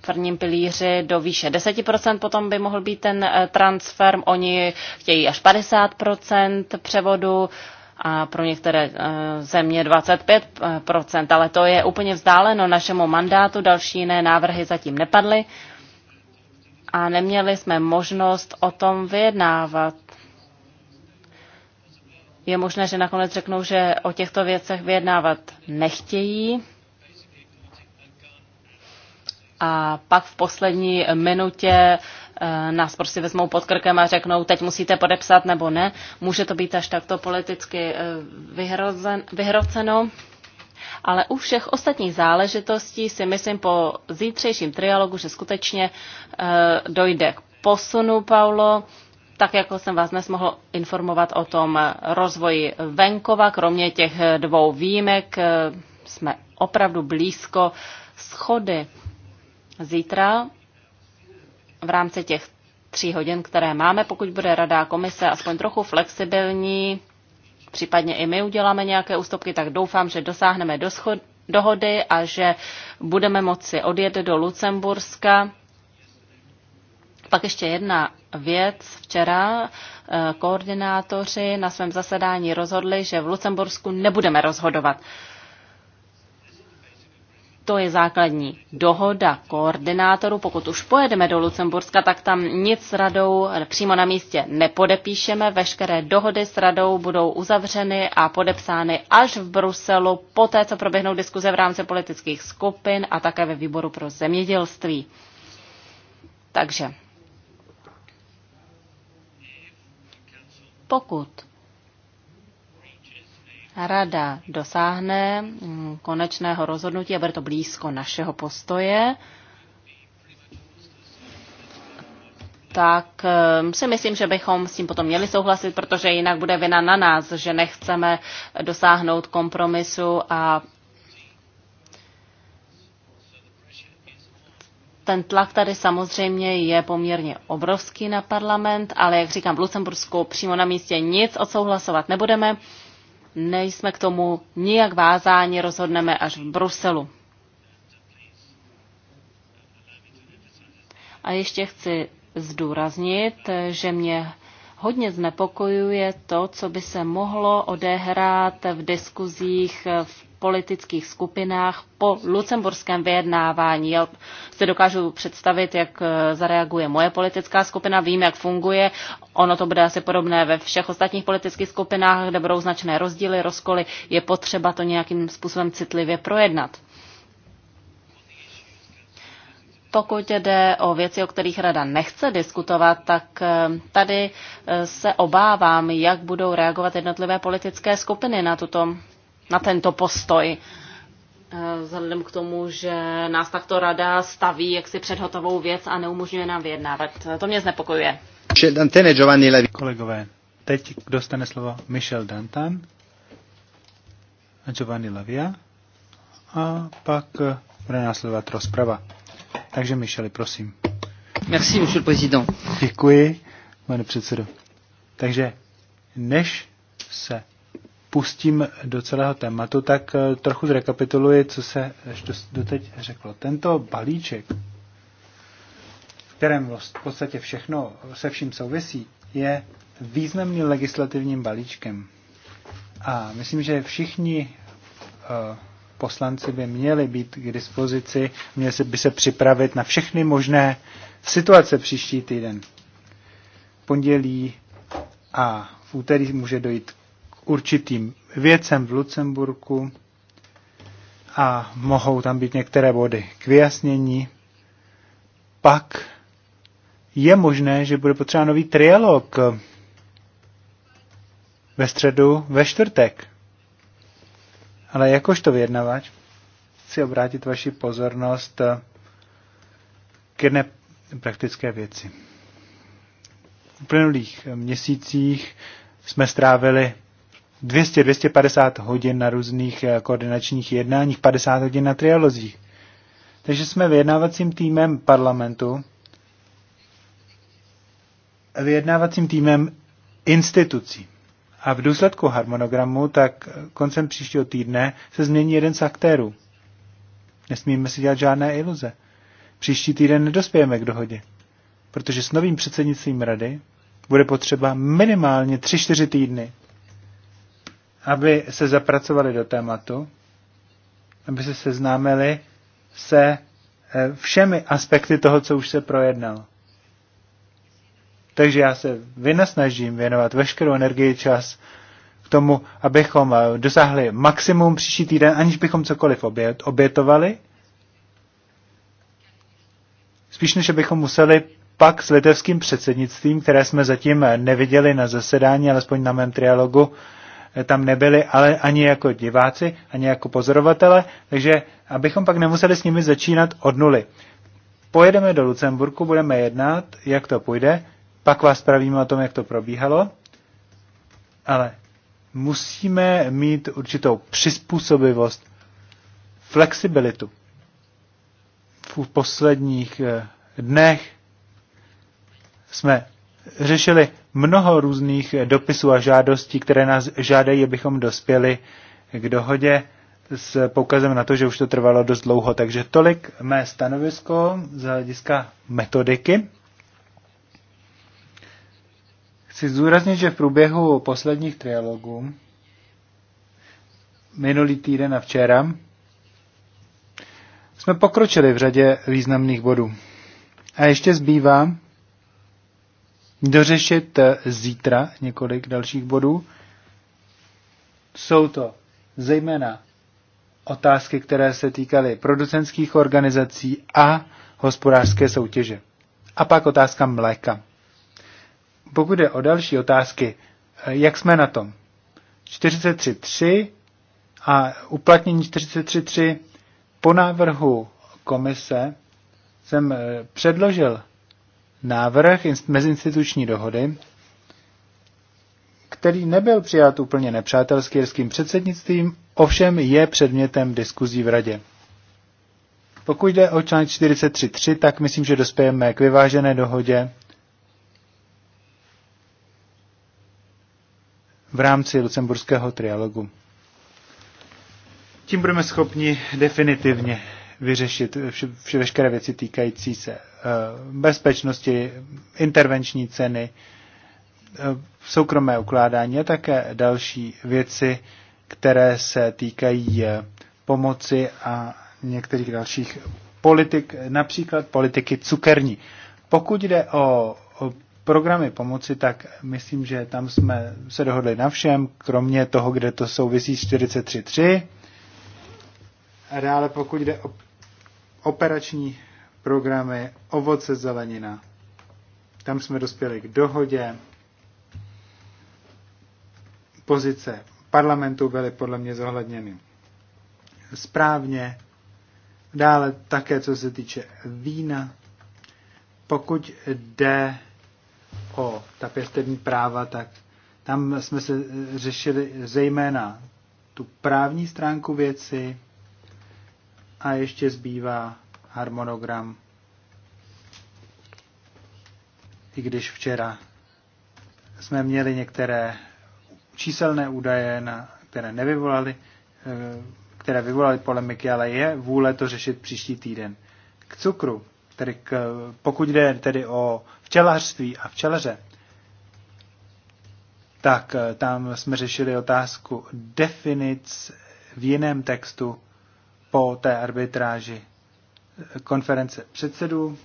v prvním pilíři do výše 10%, potom by mohl být ten transfer, oni chtějí až 50% převodu, a pro některé eh, země 25%, eh, ale to je úplně vzdáleno našemu mandátu, další jiné návrhy zatím nepadly a neměli jsme možnost o tom vyjednávat. Je možné, že nakonec řeknou, že o těchto věcech vyjednávat nechtějí, a pak v poslední minutě eh, nás prostě vezmou pod krkem a řeknou, teď musíte podepsat nebo ne. Může to být až takto politicky eh, vyhrozen, vyhroceno. Ale u všech ostatních záležitostí si myslím po zítřejším trialogu, že skutečně eh, dojde k posunu, Paulo tak jako jsem vás dnes mohl informovat o tom rozvoji venkova, kromě těch dvou výjimek, jsme opravdu blízko schody. Zítra v rámci těch tří hodin, které máme, pokud bude rada komise aspoň trochu flexibilní, případně i my uděláme nějaké ústupky, tak doufám, že dosáhneme do schod, dohody a že budeme moci odjet do Lucemburska. Pak ještě jedna věc. Včera eh, koordinátoři na svém zasedání rozhodli, že v Lucembursku nebudeme rozhodovat to je základní dohoda koordinátorů. Pokud už pojedeme do Lucemburska, tak tam nic s radou přímo na místě nepodepíšeme. Veškeré dohody s radou budou uzavřeny a podepsány až v Bruselu, poté co proběhnou diskuze v rámci politických skupin a také ve výboru pro zemědělství. Takže pokud rada dosáhne mm, konečného rozhodnutí a bude to blízko našeho postoje, tak mm, si myslím, že bychom s tím potom měli souhlasit, protože jinak bude vina na nás, že nechceme dosáhnout kompromisu a ten tlak tady samozřejmě je poměrně obrovský na parlament, ale jak říkám, v Lucembursku přímo na místě nic odsouhlasovat nebudeme nejsme k tomu nijak vázáni, rozhodneme až v Bruselu. A ještě chci zdůraznit, že mě hodně znepokojuje to, co by se mohlo odehrát v diskuzích v politických skupinách po lucemburském vyjednávání. Já se dokážu představit, jak eh, zareaguje moje politická skupina, vím, jak funguje. Ono to bude asi podobné ve všech ostatních politických skupinách, kde budou značné rozdíly, rozkoly. Je potřeba to nějakým způsobem citlivě projednat. Pokud jde o věci, o kterých rada nechce diskutovat, tak eh, tady eh, se obávám, jak budou reagovat jednotlivé politické skupiny na tuto na tento postoj. Eh, vzhledem k tomu, že nás takto rada staví jaksi předhotovou věc a neumožňuje nám vyjednávat. To mě znepokojuje. Kolegové, teď dostane slovo Michel Dantan a Giovanni Lavia a pak eh, bude následovat rozprava. Takže Micheli, prosím. Merci, monsieur le président. Děkuji, pane předsedo. Takže než se pustím do celého tématu, tak eh, trochu zrekapituluji, co se doteď řeklo. Tento balíček, v kterém v podstatě všechno se vším souvisí, je významným legislativním balíčkem. A myslím, že všichni eh, poslanci by měli být k dispozici, měli by se připravit na všechny možné situace příští týden. V pondělí a v úterý může dojít určitým věcem v Lucemburku a mohou tam být některé body k vyjasnění, pak je možné, že bude potřeba nový trialog ve středu, ve čtvrtek. Ale jakožto vyjednavač chci obrátit vaši pozornost k jedné praktické věci. V uplynulých měsících jsme strávili 200-250 hodin na různých eh, koordinačních jednáních, 50 hodin na trialozích. Takže jsme vyjednávacím týmem parlamentu, vyjednávacím týmem institucí. A v důsledku harmonogramu, tak eh, koncem příštího týdne se změní jeden z aktérů. Nesmíme si dělat žádné iluze. Příští týden nedospějeme k dohodě, protože s novým předsednictvím rady bude potřeba minimálně 3-4 týdny aby se zapracovali do tématu, aby se seznámili se eh, všemi aspekty toho, co už se projednalo. Takže já se vynasnažím věnovat veškerou energii, čas k tomu, abychom eh, dosáhli maximum příští týden, aniž bychom cokoliv obět, obětovali. Spíš než abychom museli pak s litevským předsednictvím, které jsme zatím eh, neviděli na zasedání, alespoň na mém trialogu, tam nebyli ale ani jako diváci, ani jako pozorovatele, takže abychom pak nemuseli s nimi začínat od nuly. Pojedeme do Lucemburku, budeme jednat, jak to půjde, pak vás pravíme o tom, jak to probíhalo, ale musíme mít určitou přizpůsobivost, flexibilitu. V posledních eh, dnech jsme řešili mnoho různých eh, dopisů a žádostí, které nás žádají, abychom dospěli k dohodě s poukazem na to, že už to trvalo dost dlouho. Takže tolik mé stanovisko z hlediska metodiky. Chci zúraznit, že v průběhu posledních trialogů minulý týden a včera jsme pokročili v řadě významných bodů. A ještě zbývá dořešit eh, zítra několik dalších bodů. Jsou to zejména otázky, které se týkaly producentských organizací a hospodářské soutěže. A pak otázka mléka. Pokud je o další otázky, eh, jak jsme na tom? 43.3 a uplatnění 43.3 po návrhu komise jsem eh, předložil návrh mezinstituční dohody, který nebyl přijat úplně nepřátelsky předsednictvím, ovšem je předmětem diskuzí v radě. Pokud jde o článek 43.3, tak myslím, že dospějeme k vyvážené dohodě v rámci lucemburského trialogu. Tím budeme schopni definitivně vyřešit vše, veškeré věci týkající se eh, bezpečnosti, intervenční ceny, eh, soukromé ukládání a také další věci, které se týkají eh, pomoci a některých dalších politik, například politiky cukerní. Pokud jde o programy pomoci, tak myslím, že tam jsme se dohodli na všem, kromě toho, kde to souvisí s 43.3. A dále pokud jde o operační programy, ovoce, zelenina. Tam jsme dospěli k dohodě. Pozice parlamentu byly podle mě zohledněny správně. Dále také, co se týče vína. Pokud jde o ta pěstební práva, tak tam jsme se řešili zejména tu právní stránku věci, a ještě zbývá harmonogram. I když včera jsme měli některé číselné údaje, na, které nevyvolali, eh, které vyvolaly polemiky, ale je vůle to řešit příští týden. K cukru, tedy k, pokud jde tedy o včelařství a včelaře, tak eh, tam jsme řešili otázku definic v jiném textu po té arbitráži konference předsedů.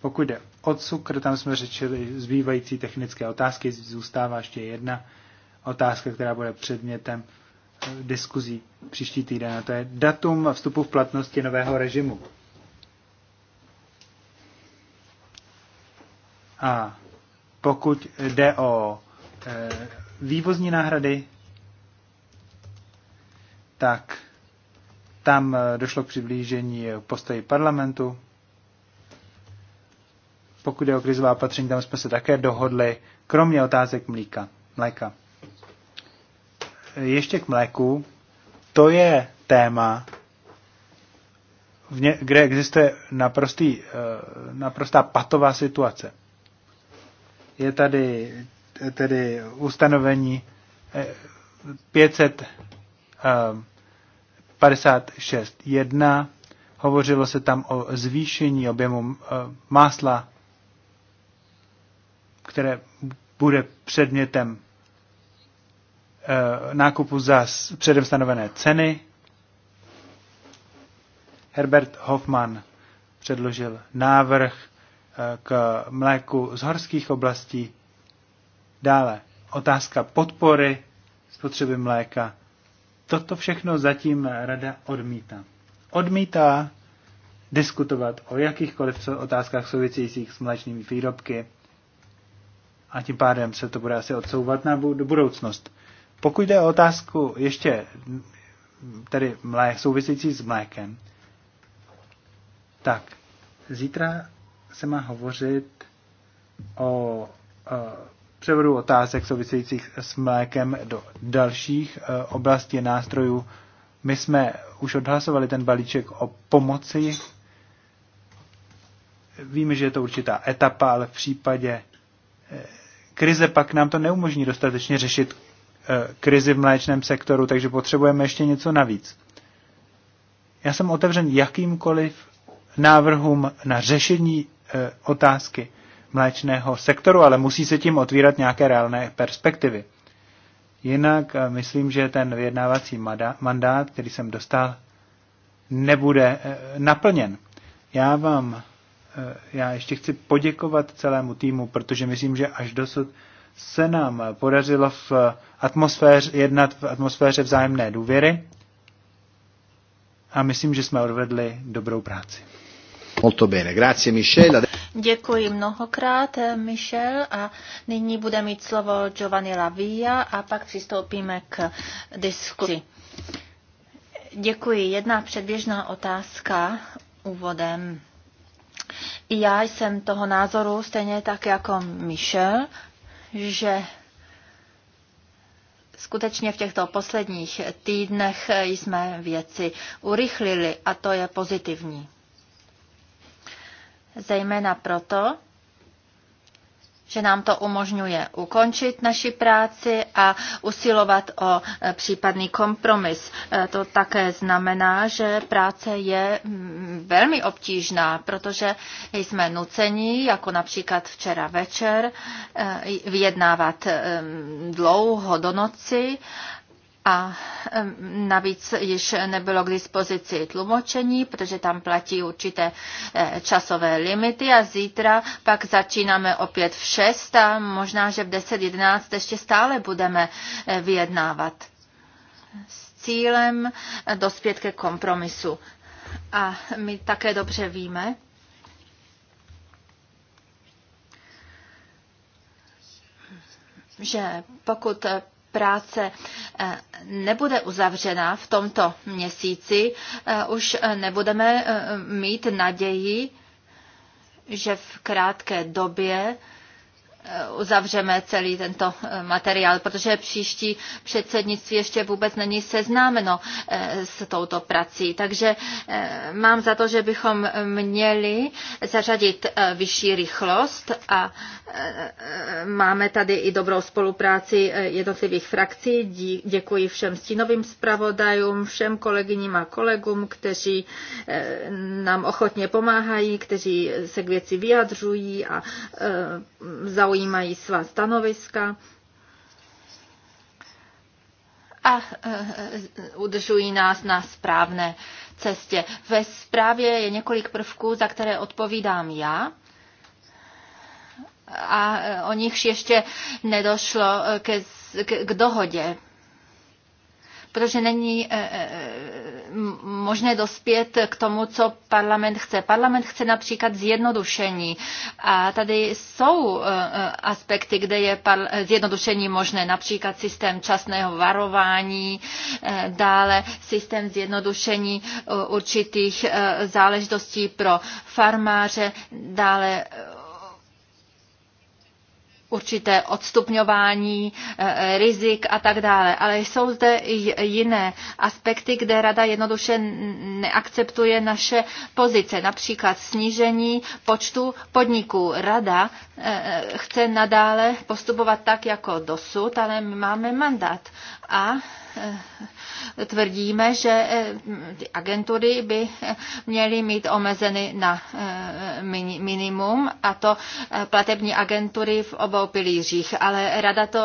Pokud jde o cukr, tam jsme řečili zbývající technické otázky, zůstává ještě jedna otázka, která bude předmětem eh, diskuzí příští týden, a to je datum vstupu v platnosti nového režimu. A pokud jde o eh, vývozní náhrady, tak tam eh, došlo k přiblížení eh, postoji parlamentu. Pokud je o krizová opatření, tam jsme se také dohodli, kromě otázek mlíka, mléka. Eh, ještě k mléku. To je téma, kde existuje naprostý, naprostá patová situace. Je tady tedy ustanovení 556.1. Eh, eh, Hovořilo se tam o zvýšení objemu eh, másla, které bude předmětem nákupu za předem stanovené ceny. Herbert Hoffman předložil návrh k mléku z horských oblastí Dále otázka podpory spotřeby mléka. Toto všechno zatím rada odmítá. Odmítá diskutovat o jakýchkoliv otázkách souvisejících s mléčnými výrobky a tím pádem se to bude asi odsouvat na do budoucnost. Pokud jde o otázku ještě tedy mlék, související s mlékem, tak zítra se má hovořit o, o převodu otázek souvisejících s mlékem do dalších eh, oblastí nástrojů. My jsme už odhlasovali ten balíček o pomoci. Víme, že je to určitá etapa, ale v případě eh, krize pak nám to neumožní dostatečně řešit eh, krizi v mléčném sektoru, takže potřebujeme ještě něco navíc. Já jsem otevřen jakýmkoliv návrhům na řešení otázky mléčného sektoru, ale musí se tím otvírat nějaké reálné perspektivy. Jinak eh, myslím, že ten vyjednávací mandát, který jsem dostal, nebude eh, naplněn. Já vám, eh, já ještě chci poděkovat celému týmu, protože myslím, že až dosud se nám podařilo v atmosféře, jednat v atmosféře vzájemné důvěry a myslím, že jsme odvedli dobrou práci. Molto bene, grazie Michele. Děkuji mnohokrát, eh, Michel, a nyní bude mít slovo Giovanni Lavia a pak přistoupíme k diskusi. Děkuji. Jedna předběžná otázka úvodem. I já jsem toho názoru, stejně tak jako Michel, že skutečně v těchto posledních týdnech jsme věci urychlili a to je pozitivní zejména proto, že nám to umožňuje ukončit naši práci a usilovat o e, případný kompromis. E, to také znamená, že práce je mm, velmi obtížná, protože jsme nuceni, jako například včera večer, e, vyjednávat dlouho do noci a navíc již nebylo k dispozici tlumočení, protože tam platí určité e, časové limity a zítra pak začínáme opět v 6 a možná, že v 10.11 ještě stále budeme e, vyjednávat s cílem e, dospět ke kompromisu. A my také dobře víme, že pokud práce eh, nebude uzavřena v tomto měsíci, eh, už eh, nebudeme mít naději, že v krátké době uzavřeme celý tento eh, materiál, protože příští předsednictví ještě vůbec není seznámeno eh, s touto prací. Takže eh, mám za to, že bychom měli zařadit vyšší rychlost a máme tady i dobrou spolupráci jednotlivých frakcí. Děkuji všem stínovým zpravodajům, všem kolegyním a kolegům, kteří nám ochotně pomáhají, kteří se k věci vyjadřují a zaují zaujímají svá stanoviska a eh, eh, udržují nás na správné cestě. Ve zprávě je několik prvků, za které odpovídám já a eh, o nichž ještě nedošlo ke, k, k dohodě, protože není možné dospět k tomu, co parlament chce. Parlament chce například zjednodušení a tady jsou e, e, aspekty, kde je zjednodušení možné, například systém časného varování, e, dále systém zjednodušení určitých záležitostí pro farmáře, dále určité odstupňování eh, eh, rizik a tak dále. Ale jsou zde i jiné aspekty, kde rada jednoduše neakceptuje naše pozice, například snížení počtu podniků. Rada eh, chce nadále postupovat tak jako dosud, ale my máme mandát a Eh, tvrdíme, že eh, ty agentury by měly mít omezeny na eh, minimum, a to platební agentury v obou pilířích, ale rada to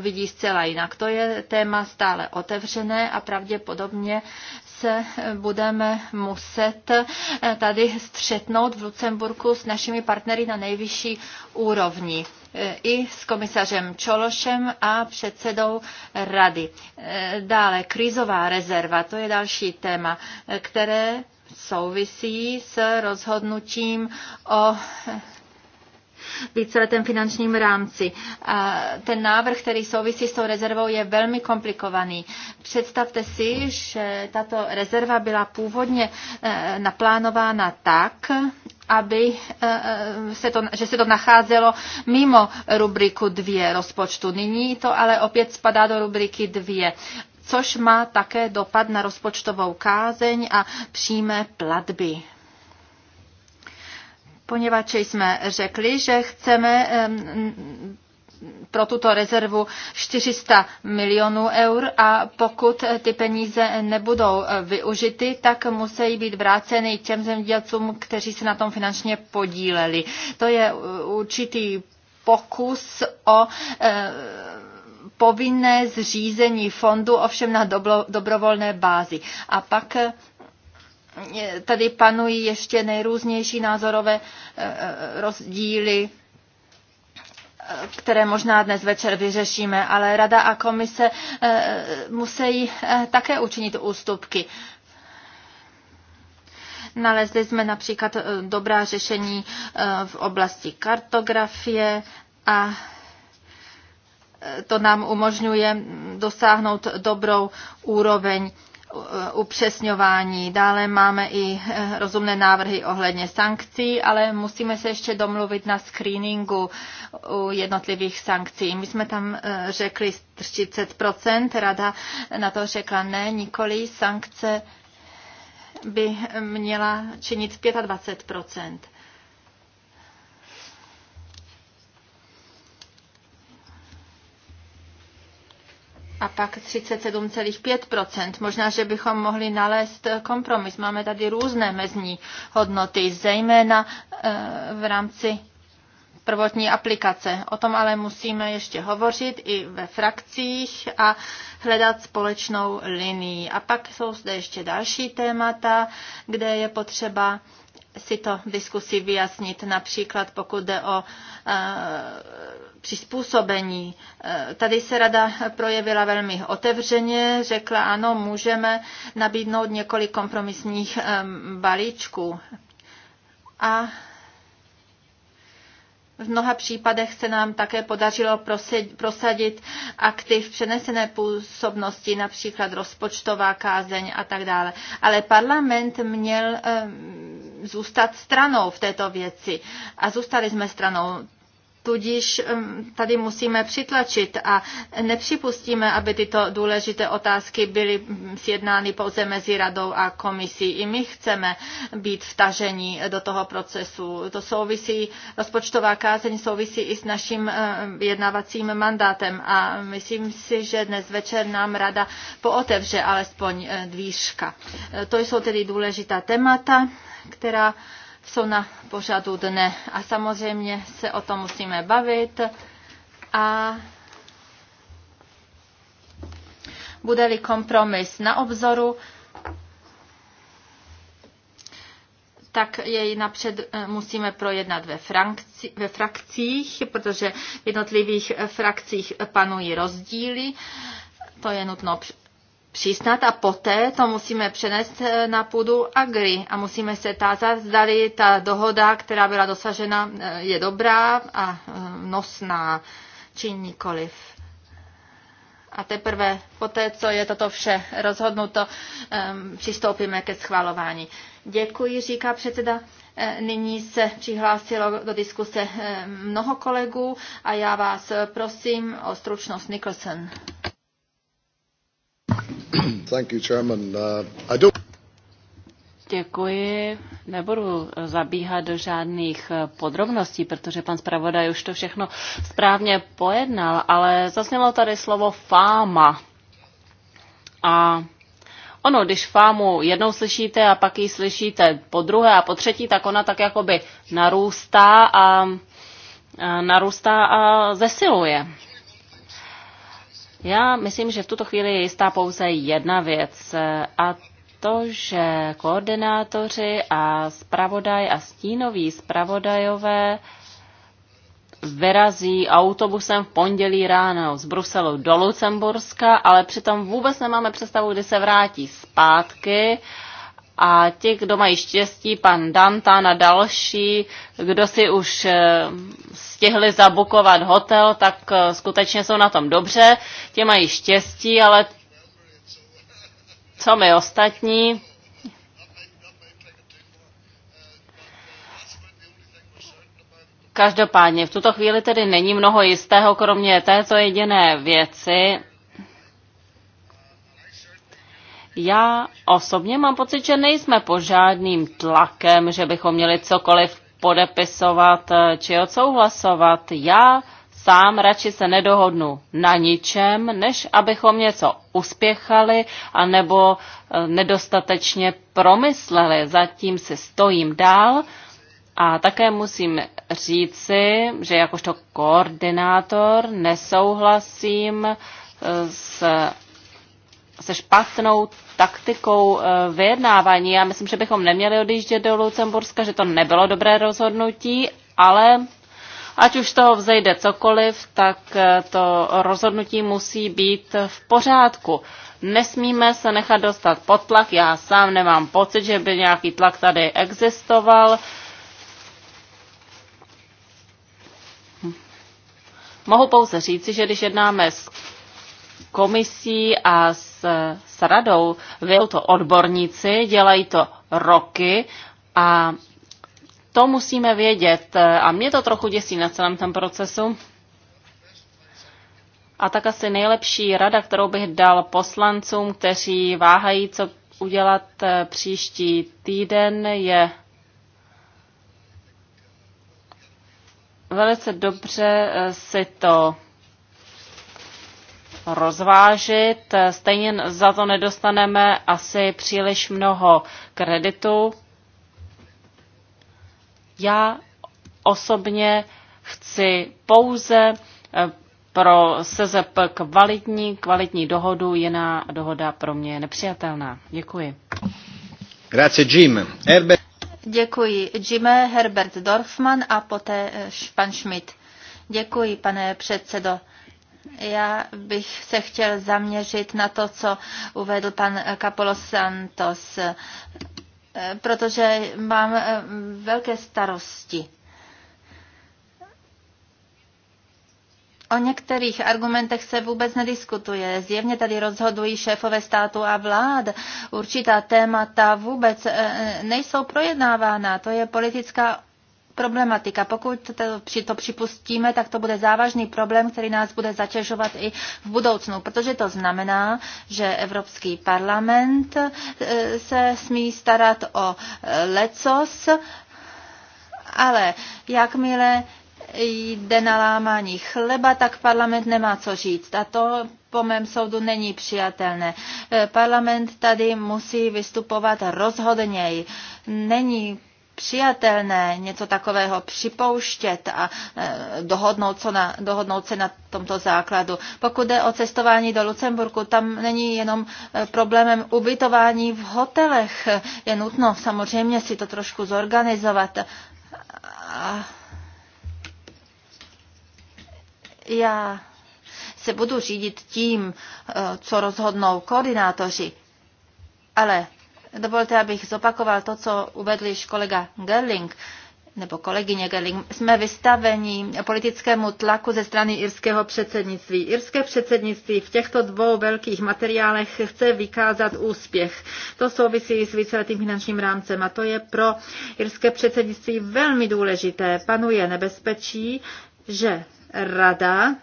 vidí zcela jinak. To je téma stále otevřené a pravděpodobně se budeme muset tady střetnout v Lucemburku s našimi partnery na nejvyšší úrovni i s komisařem Čološem a předsedou rady. Dále krizová rezerva, to je další téma, které souvisí s rozhodnutím o víceletém finančním rámci. Ten návrh, který souvisí s tou rezervou, je velmi komplikovaný. Představte si, že tato rezerva byla původně e, naplánována tak, aby e, se to, že se to nacházelo mimo rubriku 2 rozpočtu. Nyní to ale opět spadá do rubriky 2 což má také dopad na rozpočtovou kázeň a přímé platby poněvadž jsme řekli, že chceme pro tuto rezervu 400 milionů eur a pokud ty peníze nebudou eh, využity, tak musí být vráceny těm zemědělcům, kteří se na tom finančně podíleli. To je eh, určitý pokus o eh, povinné zřízení fondu, ovšem na dobrovolné bázi. A pak Eh, tady panují ještě nejrůznější názorové eh, eh, rozdíly které možná dnes večer vyřešíme, ale Rada a komise musí také učinit ústupky. Nalezli jsme například dobrá řešení v oblasti kartografie a to nám umožňuje dosáhnout dobrou úroveň upřesňování. Dále máme i eh, rozumné návrhy ohledně sankcí, ale musíme se ještě domluvit na screeningu u jednotlivých sankcí. My jsme tam eh, řekli 30%, rada na to řekla ne, nikoli sankce by měla činit 25%. a pak 37,5%. Možná, že bychom mohli nalézt kompromis. Máme tady různé mezní hodnoty, zejména eh, v rámci prvotní aplikace. O tom ale musíme ještě hovořit i ve frakcích a hledat společnou linii. A pak jsou zde ještě další témata, kde je potřeba si to v diskusi vyjasnit, například pokud jde o eh, přizpůsobení. Eh, tady se rada projevila velmi otevřeně, řekla ano, můžeme nabídnout několik kompromisních eh, balíčků. A v mnoha případech se nám také podařilo prosadit aktiv přenesené působnosti, například rozpočtová kázeň a tak dále. Ale parlament měl eh, zůstat stranou v této věci a zůstali jsme stranou. Tudíž tady musíme přitlačit a nepřipustíme, aby tyto důležité otázky byly sjednány pouze mezi radou a komisí. I my chceme být vtaženi do toho procesu. To souvisí, rozpočtová kázeň souvisí i s naším jednávacím mandátem a myslím si, že dnes večer nám rada pootevře alespoň e, dvířka. E, to jsou tedy důležitá témata, která jsou na pořadu dne. A samozřejmě se o tom musíme bavit a bude-li kompromis na obzoru, tak jej napřed eh, musíme projednat ve, frakci, ve frakcích, protože v jednotlivých frakcích panují rozdíly. To je nutno přísnat a poté to musíme přenést eh, na půdu Agri a musíme se tázat, zda ta dohoda, která byla dosažena, eh, je dobrá a eh, nosná, či nikoliv. A teprve poté, co je toto vše rozhodnuto, přistoupíme ke schvalování. Děkuji, říká předseda. Nyní se přihlásilo do diskuse mnoho kolegů a já vás prosím o stručnost Nicholson. Uh, Děkuji. Nebudu zabíhat do žádných eh, podrobností, protože pan zpravodaj už to všechno správně pojednal, ale zaznělo tady slovo fáma. A ono, když fámu jednou slyšíte a pak ji slyšíte po druhé a po třetí, tak ona tak jakoby narůstá a, a narůstá a zesiluje. Já myslím, že v tuto chvíli je jistá pouze jedna věc a to, že koordinátoři a spravodaj a stínoví spravodajové vyrazí autobusem v pondělí ráno z Bruselu do Lucemburska, ale přitom vůbec nemáme představu, kdy se vrátí zpátky. Uh, a ti, kdo mají štěstí, pan Danta na další, kdo si už eh, stihli zabukovat hotel, tak eh, skutečně jsou na tom dobře, ti mají štěstí, ale co my ostatní? Každopádně v tuto chvíli tedy není mnoho jistého, kromě této jediné věci, Já osobně mám pocit, že nejsme pod žádným tlakem, že bychom měli cokoliv podepisovat eh, či odsouhlasovat. Já sám radši se nedohodnu na ničem, než abychom něco uspěchali anebo eh, nedostatečně promysleli. Zatím si stojím dál a také musím říci, že jakožto koordinátor nesouhlasím eh, s se špatnou taktikou eh, vyjednávání. Já myslím, že bychom neměli odjíždět do Lucemburska, že to nebylo dobré rozhodnutí, ale ať už toho vzejde cokoliv, tak eh, to rozhodnutí musí být v pořádku. Nesmíme se nechat dostat pod tlak. Já sám nemám pocit, že by nějaký tlak tady existoval. Mohu pouze říci, že když jednáme s komisí a s, s radou. Vyjou to odborníci, dělají to roky a to musíme vědět. A mě to trochu děsí na celém tom procesu. A tak asi nejlepší rada, kterou bych dal poslancům, kteří váhají, co udělat eh, příští týden, je velice dobře eh, si to rozvážit. Stejně za to nedostaneme asi příliš mnoho kreditu. Já osobně chci pouze eh, pro SZP kvalitní, kvalitní dohodu, jiná dohoda pro mě je nepřijatelná. Děkuji. Grazie Jim. Herbert. Děkuji. Jim Herbert Dorfman a poté eh, pan Schmidt. Děkuji, pane předsedo. Já bych se chtěl zaměřit na to, co uvedl pan Kapolos Santos, eh, protože mám eh, velké starosti. O některých argumentech se vůbec nediskutuje. Zjevně tady rozhodují šéfové státu a vlád. Určitá témata vůbec eh, nejsou projednávána. To je politická problematika. Pokud to připustíme, tak to bude závažný problém, který nás bude zatěžovat i v budoucnu, protože to znamená, že Evropský parlament e, se smí starat o e, lecos, ale jakmile jde na lámání chleba, tak parlament nemá co říct. A to po mém soudu není přijatelné. E, parlament tady musí vystupovat rozhodněji. Není přijatelné něco takového připouštět a e, dohodnout, co na, dohodnout se na tomto základu. Pokud jde o cestování do Lucemburku, tam není jenom e, problémem ubytování v hotelech. Je nutno samozřejmě si to trošku zorganizovat. A já se budu řídit tím, e, co rozhodnou koordinátoři, ale Dovolte, abych zopakoval to, co uvedl již kolega Gerling nebo kolegyně Gerling, jsme vystaveni politickému tlaku ze strany irského předsednictví. Irské předsednictví v těchto dvou velkých materiálech chce vykázat úspěch. To souvisí s víceletým finančním rámcem a to je pro irské předsednictví velmi důležité. Panuje nebezpečí, že rada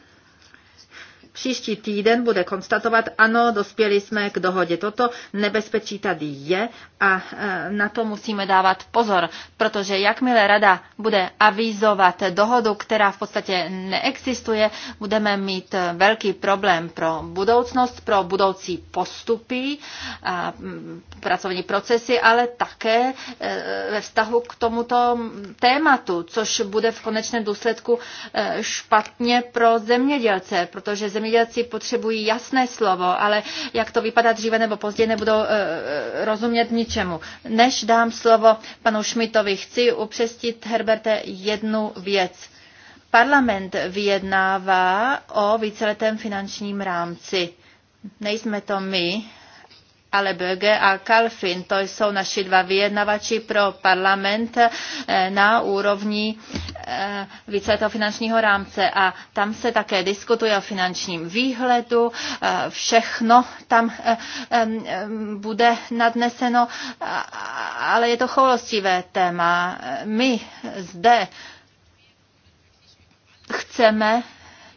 příští týden bude konstatovat, ano, dospěli jsme k dohodě. Toto nebezpečí tady je a e, na to musíme dávat pozor, protože jakmile rada bude avizovat dohodu, která v podstatě neexistuje, budeme mít e, velký problém pro budoucnost, pro budoucí postupy, a pracovní procesy, ale také e, ve vztahu k tomuto tématu, což bude v konečném důsledku špatně pro zemědělce, protože zemědělce zemědělci potřebují jasné slovo, ale jak to vypadá dříve nebo později, nebudou eh, eh, rozumět ničemu. Než dám slovo panu Šmitovi, chci upřestit, Herberte, jednu věc. Parlament vyjednává o víceletém finančním rámci. Nejsme to my, ale Böge a Kalfin, to jsou naši dva vyjednavači pro parlament eh, na úrovni eh, víceletého finančního rámce a tam se také diskutuje o finančním výhledu, eh, všechno tam bude nadneseno, ale je to choulostivé téma. My zde chceme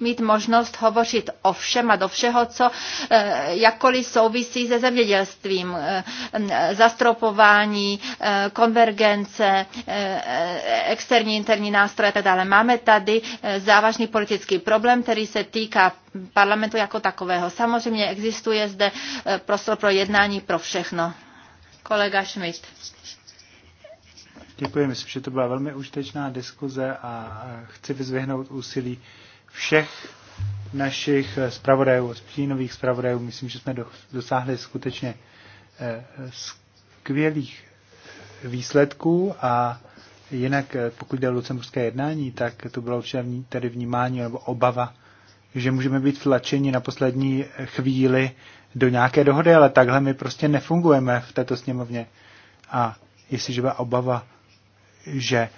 mít možnost hovořit o všem a do všeho, co eh, jakkoliv souvisí se zemědělstvím. Eh, eh, zastropování, konvergence, externí, interní nástroje a tak dále. Máme tady závažný politický problém, který se týká parlamentu jako takového. Samozřejmě existuje zde prostor pro jednání pro všechno. Kolega Schmidt. Děkuji, myslím, že to byla velmi užitečná diskuze a chci vyzvihnout úsilí všech našich eh, zpravodajů, stínových zpravodajů. Myslím, že jsme dosáhli skutečně eh, skvělých výsledků a jinak, eh, pokud jde o lucemburské jednání, tak to bylo určitě tady vnímání nebo obava, že můžeme být vlačeni na poslední chvíli do nějaké dohody, ale takhle my prostě nefungujeme v této sněmovně. A jestliže byla obava, že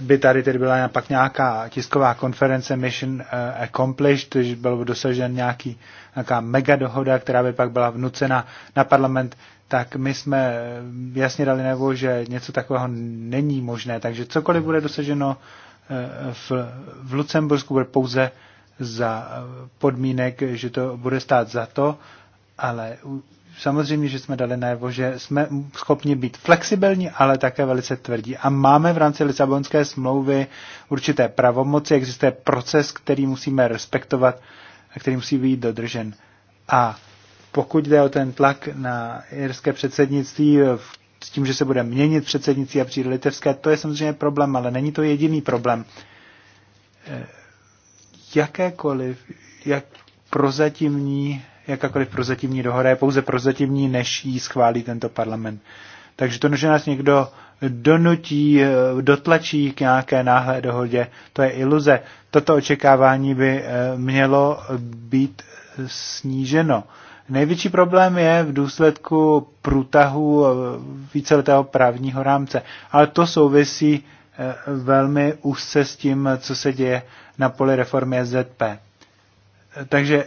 by tady tedy byla pak nějaká tisková konference Mission eh, Accomplished, že byl dosažen nějaký, nějaká mega dohoda, která by pak byla vnucena na parlament, tak my jsme eh, jasně dali nebo, že něco takového není možné. Takže cokoliv bude dosaženo eh, v, v Lucembursku bude pouze za podmínek, že to bude stát za to, ale samozřejmě, že jsme dali najevo, že jsme schopni být flexibilní, ale také velice tvrdí. A máme v rámci Lisabonské smlouvy určité pravomoci, existuje proces, který musíme respektovat a který musí být dodržen. A pokud jde o ten tlak na jirské předsednictví s tím, že se bude měnit předsednictví a přijde litevské, to je samozřejmě problém, ale není to jediný problém. Eh, jakékoliv, jak prozatímní jakákoliv prozatímní dohoda je pouze prozatímní, než ji schválí tento parlament. Takže to, že nás někdo donutí, eh, dotlačí k nějaké náhlé dohodě, to je iluze. Toto očekávání by eh, mělo být sníženo. Největší problém je v důsledku průtahu eh, víceletého právního rámce, ale to souvisí velmi úzce s tím, co se děje na poli reformy ZP. Takže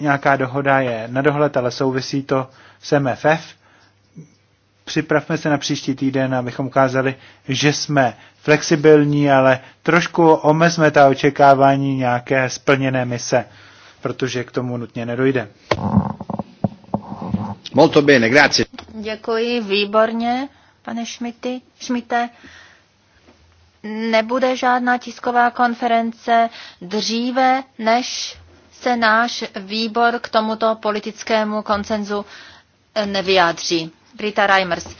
nějaká dohoda je na dohled, ale souvisí to s MFF. Připravme se na příští týden, abychom ukázali, že jsme flexibilní, ale trošku omezme ta očekávání nějaké splněné mise, protože k tomu nutně nedojde. Molto bene, grazie. Děkuji, výborně, pane Šmity, Šmite. Nebude žádná tisková konference dříve než se náš výbor k tomuto politickému koncenzu eh, nevyjádří. Brita Reimers.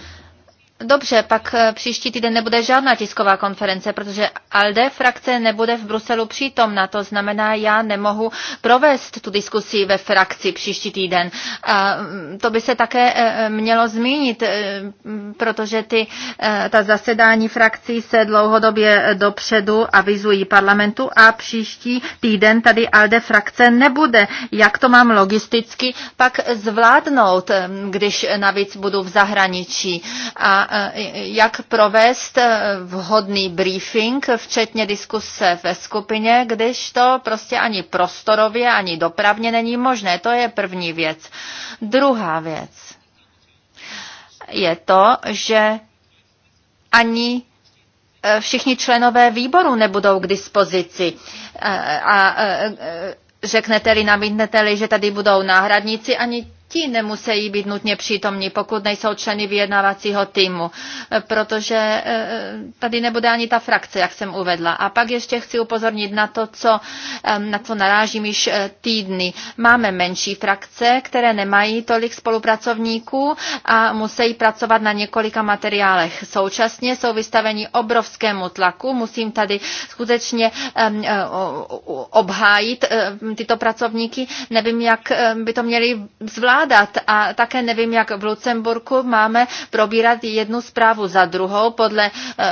Dobře, pak eh, příští týden nebude žádná tisková konference, protože ALDE frakce nebude v Bruselu přítomna. To znamená, já nemohu provést tu diskusi ve frakci příští týden. A mm, to by se také eh, mělo zmínit, eh, protože ty, ta zasedání frakcí se dlouhodobě dopředu avizují parlamentu a příští týden tady ALDE frakce nebude. Jak to mám logisticky pak zvládnout, když navíc budu v zahraničí? A Eh, jak provést eh, vhodný briefing, včetně diskuse ve skupině, když to prostě ani prostorově, ani dopravně není možné. To je první věc. Druhá věc je to, že ani eh, všichni členové výboru nebudou k dispozici. a řeknete-li, nabídnete-li, že tady budou náhradníci, ani ti nemusí být nutně přítomní, pokud nejsou členy vyjednávacího týmu, protože eh, tady nebude ani ta frakce, jak jsem uvedla. A pak ještě chci upozornit na to, co, na co narážím již eh, týdny. Máme menší frakce, které nemají tolik spolupracovníků a musí pracovat na několika materiálech. Současně jsou vystaveni obrovskému tlaku. Musím tady skutečně eh, obhájit tyto pracovníky. Nevím, jak by to měli zvládat zvládat. A také nevím, jak v Lucemburku máme probírat jednu zprávu za druhou, podle, eh, eh,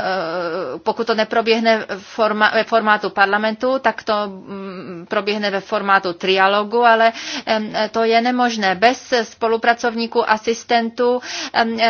pokud to neproběhne forma, ve formátu parlamentu, tak to mm, proběhne ve formátu trialogu, ale to je nemožné. Bez spolupracovníků, asistentů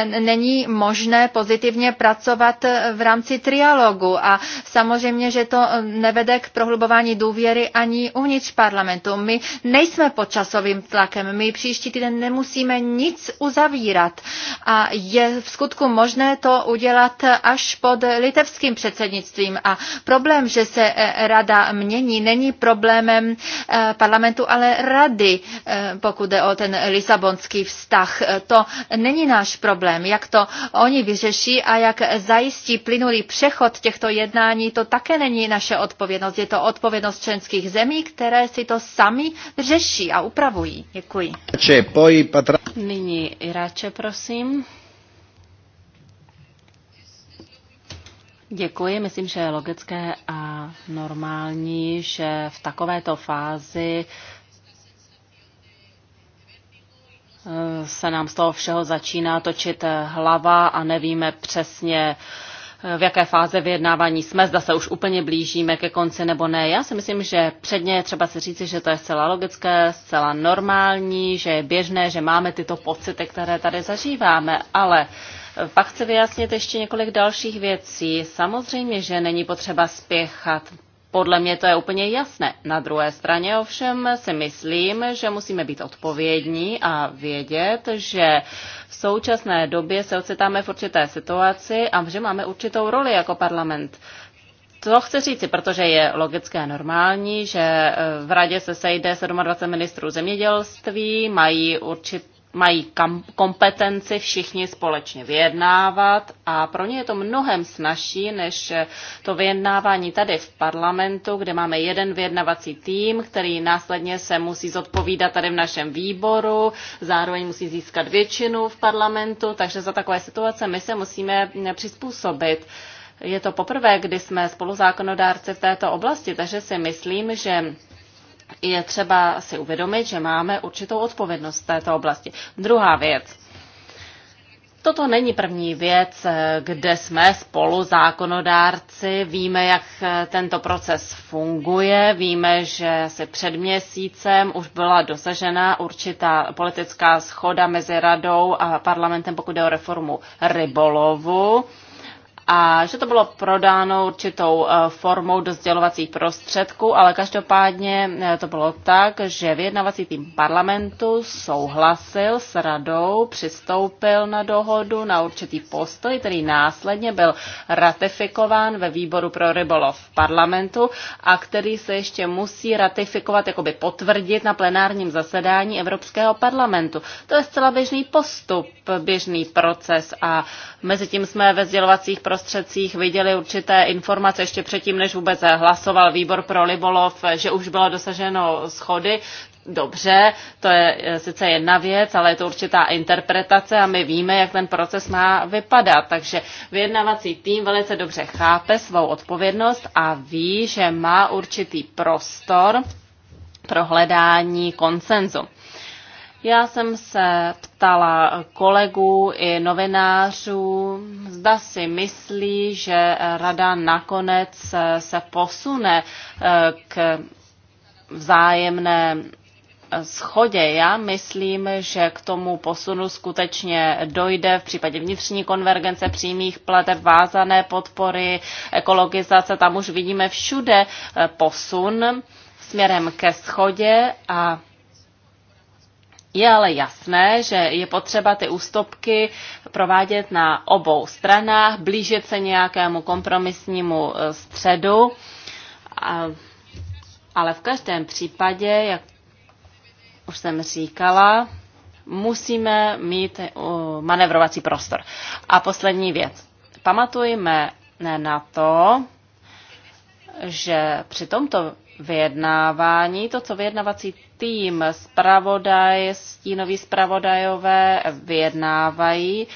není možné pozitivně pracovat v rámci trialogu a samozřejmě, že to nevede k prohlubování důvěry ani uvnitř parlamentu. My nejsme pod časovým tlakem. My příští týden kde nemusíme nic uzavírat. A je v skutku možné to udělat až pod litevským předsednictvím. A problém, že se e, rada mění, není problémem e, parlamentu, ale rady, e, pokud jde o ten lisabonský vztah. To není náš problém. Jak to oni vyřeší a jak zajistí plynulý přechod těchto jednání, to také není naše odpovědnost. Je to odpovědnost členských zemí, které si to sami řeší a upravují. Děkuji. Poi Patra... Nyní Iráče, prosím. Děkuji, myslím, že je logické a normální, že v takovéto fázi eh, se nám z toho všeho začíná točit hlava a nevíme přesně, v jaké fáze vyjednávání jsme, zda se už úplně blížíme ke konci nebo ne. Já si myslím, že předně je třeba si říci, že to je zcela logické, zcela normální, že je běžné, že máme tyto pocity, které tady zažíváme, ale eh, pak chci vyjasnit ještě několik dalších věcí. Samozřejmě, že není potřeba spěchat. Podle mě to je úplně jasné. Na druhé straně ovšem si myslím, že musíme být odpovědní a vědět, že v současné době se ocitáme v určité situaci a že máme určitou roli jako parlament. To chci říci, protože je logické a normální, že eh, v radě se sejde 27 ministrů zemědělství, mají určit mají kompetenci všichni společně vyjednávat a pro ně je to mnohem snažší než eh, to vyjednávání tady v parlamentu, kde máme jeden vyjednavací tým, který následně se musí zodpovídat tady v našem výboru, zároveň musí získat většinu v parlamentu, takže za takové situace my se musíme mm, přizpůsobit. Je to poprvé, kdy jsme spoluzákonodárci v této oblasti, takže si myslím, že je třeba si uvědomit, že máme určitou odpovědnost v této oblasti. Druhá věc. Toto není první věc, kde jsme spolu zákonodárci, víme, jak tento proces funguje, víme, že se před měsícem už byla dosažena určitá politická schoda mezi radou a parlamentem, pokud jde o reformu rybolovu a že to bylo prodáno určitou eh, formou do sdělovacích prostředků, ale každopádně eh, to bylo tak, že vyjednavací tým parlamentu souhlasil s radou, přistoupil na dohodu na určitý postoj, který následně byl ratifikován ve výboru pro rybolov parlamentu a který se ještě musí ratifikovat, jakoby potvrdit na plenárním zasedání Evropského parlamentu. To je zcela běžný postup, běžný proces a mezi tím jsme ve sdělovacích prostředcích prostředcích viděli určité informace ještě předtím, než vůbec hlasoval výbor pro Libolov, že už bylo dosaženo schody. Dobře, to je e, sice jedna věc, ale je to určitá interpretace a my víme, jak ten proces má vypadat. Takže vyjednavací tým velice dobře chápe svou odpovědnost a ví, že má určitý prostor pro hledání konsenzu. Já jsem se ptala, ptala kolegů i novinářů, zda si myslí, že rada nakonec eh, se posune eh, k vzájemné eh, schodě. Já myslím, že k tomu posunu skutečně dojde v případě vnitřní konvergence přímých plateb, vázané podpory, ekologizace. Tam už vidíme všude posun směrem ke schodě a je ale jasné, že je potřeba ty ústupky provádět na obou stranách, blížit se nějakému kompromisnímu eh, středu, ale v každém případě, jak už jsem říkala, musíme mít eh, manevrovací prostor. A poslední věc. Pamatujme na to, že při tomto vyjednávání. To, co vyjednavací tým, zpravodaj, stínoví zpravodajové vyjednávají,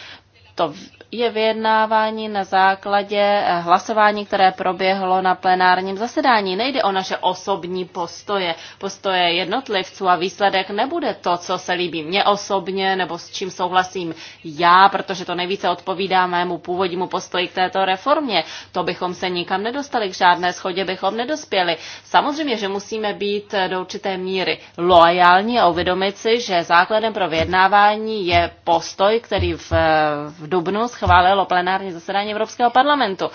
to je vyjednávání na základě eh, hlasování, které proběhlo na plenárním zasedání. Nejde o naše osobní postoje, postoje jednotlivců a výsledek nebude to, co se líbí mně osobně nebo s čím souhlasím já, protože to nejvíce odpovídá mému původnímu postoji k této reformě. To bychom se nikam nedostali, k žádné schodě bychom nedospěli. Samozřejmě, že musíme být eh, do určité míry loajální a uvědomit si, že základem pro vyjednávání je postoj, který v, eh, v Dubnu schválilo plenární zasedání Evropského parlamentu.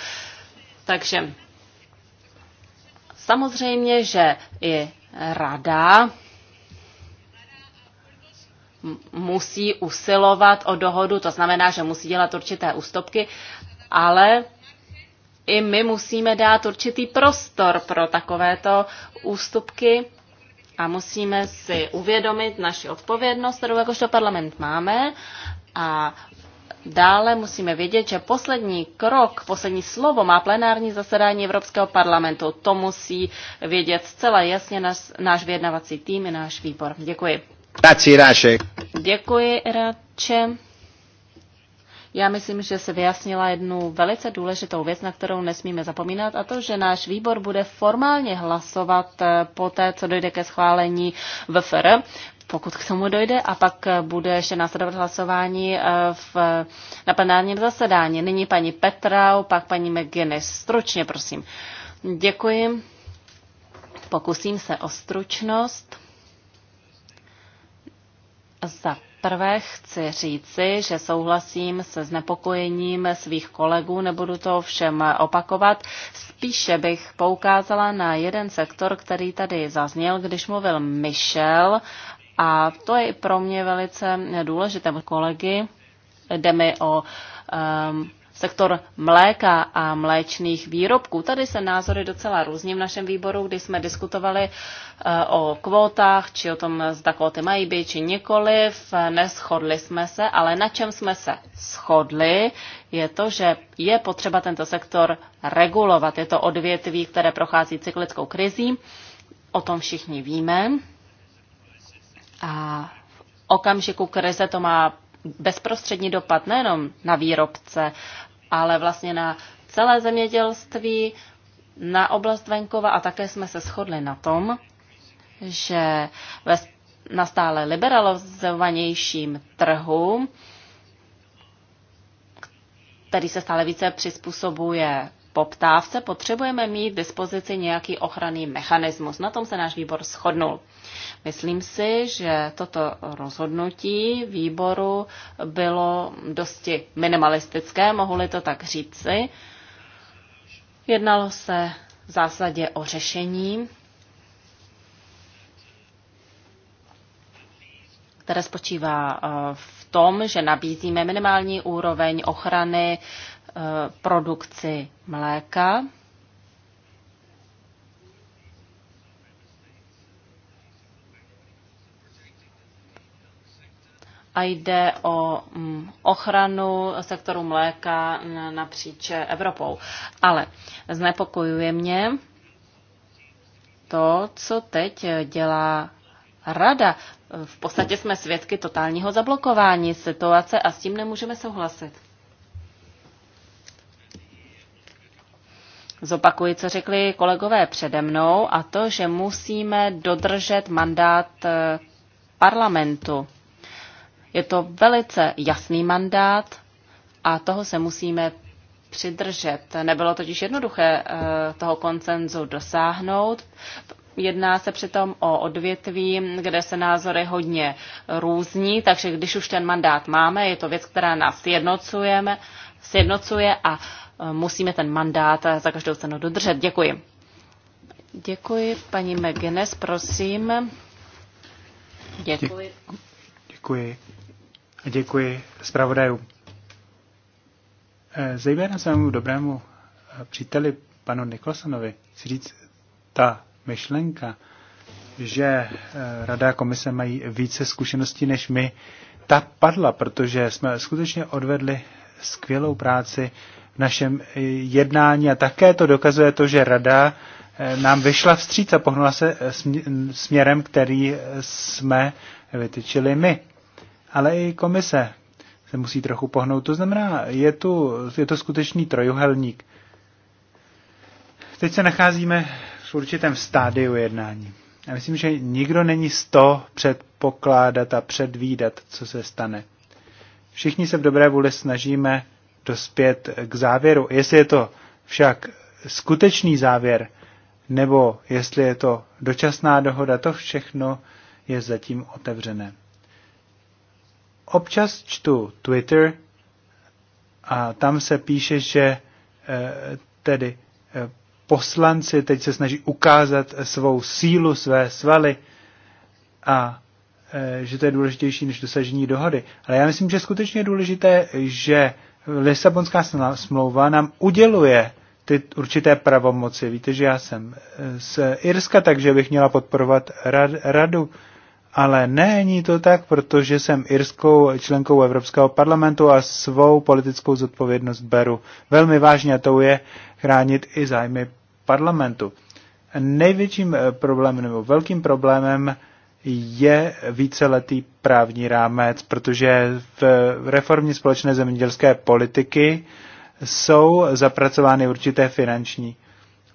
Takže samozřejmě, že i rada musí usilovat o dohodu, to znamená, že musí dělat určité ústupky, ale i my musíme dát určitý prostor pro takovéto ústupky a musíme si uvědomit naši odpovědnost, kterou jakožto parlament máme a Dále musíme vědět, že poslední krok, poslední slovo má plenární zasedání Evropského parlamentu. To musí vědět zcela jasně náš, náš vyjednavací tým i náš výbor. Děkuji. Děkuji, Ráče. Děkuji, Radče. Já myslím, že se vyjasnila jednu velice důležitou věc, na kterou nesmíme zapomínat, a to, že náš výbor bude formálně hlasovat eh, po té, co dojde ke schválení VFR pokud k tomu dojde, a pak eh, bude ještě následovat hlasování eh, v, na plenárním zasedání. Nyní paní Petrau, pak paní McGuinness. Stručně, prosím. Děkuji. Pokusím se o stručnost. Za prvé chci říci, že souhlasím se znepokojením svých kolegů, nebudu to všem opakovat. Spíše bych poukázala na jeden sektor, který tady zazněl, když mluvil Michel a to je pro mě velice důležité. Kolegy, jde mi o um, sektor mléka a mléčných výrobků. Tady se názory docela různí v našem výboru, kdy jsme diskutovali eh, o kvótách, či o tom, zda kvóty mají být, či nikoliv. Neschodli jsme se, ale na čem jsme se shodli, je to, že je potřeba tento sektor regulovat. Je to odvětví, které prochází cyklickou krizí. O tom všichni víme. A v okamžiku krize to má bezprostřední dopad nejenom na výrobce, ale vlastně na celé zemědělství, na oblast venkova a také jsme se shodli na tom, že ve, na stále liberalizovanějším trhu, který se stále více přizpůsobuje poptávce, potřebujeme mít v dispozici nějaký ochranný mechanismus. Na tom se náš výbor shodnul. Myslím si, že toto rozhodnutí výboru bylo dosti minimalistické, mohu-li to tak říci. Jednalo se v zásadě o řešení, které spočívá eh, v tom, že nabízíme minimální úroveň ochrany Eh, produkci mléka. A jde o mm, ochranu sektoru mléka napříč Evropou. Ale znepokojuje mě to, co teď dělá rada. V podstatě jsme svědky totálního zablokování situace a s tím nemůžeme souhlasit. zopakuji, co řekli kolegové přede mnou, a to, že musíme dodržet mandát eh, parlamentu. Je to velice jasný mandát a toho se musíme přidržet. Nebylo totiž jednoduché eh, toho koncenzu dosáhnout. Jedná se přitom o odvětví, kde se názory hodně různí, takže když už ten mandát máme, je to věc, která nás sjednocuje, sjednocuje a Eh, musíme ten mandát eh, za každou cenu dodržet. Děkuji. Děkuji, paní McGuinness, prosím. Děkuji. Děkuji. A děkuji zpravodajům. Eh, zejména svému dobrému příteli panu Niklasanovi. chci říct, ta myšlenka, že Rada a komise mají více zkušeností než my, ta padla, protože jsme skutečně odvedli skvělou práci v našem eh, jednání a také to dokazuje to, že rada eh, nám vyšla vstříc a pohnula se eh, směrem, který jsme vytyčili my. Ale i komise se musí trochu pohnout. To znamená, je, tu, je to skutečný trojuhelník. Teď se nacházíme v určitém stádiu jednání. Já myslím, že nikdo není z to předpokládat a předvídat, co se stane. Všichni se v dobré vůli snažíme dospět k závěru. Jestli je to však skutečný závěr, nebo jestli je to dočasná dohoda, to všechno je zatím otevřené. Občas čtu Twitter a tam se píše, že eh, tedy eh, poslanci teď se snaží ukázat svou sílu, své svaly a eh, že to je důležitější než dosažení dohody. Ale já myslím, že skutečně je důležité, že Lisabonská smlouva nám uděluje ty určité pravomoci. Víte, že já jsem eh, z Irska, takže bych měla podporovat rad, radu. Ale není to tak, protože jsem irskou členkou Evropského parlamentu a svou politickou zodpovědnost beru velmi vážně a to je chránit i zájmy parlamentu. Největším eh, problémem nebo velkým problémem je víceletý právní rámec, protože v reformě společné zemědělské politiky jsou zapracovány určité finanční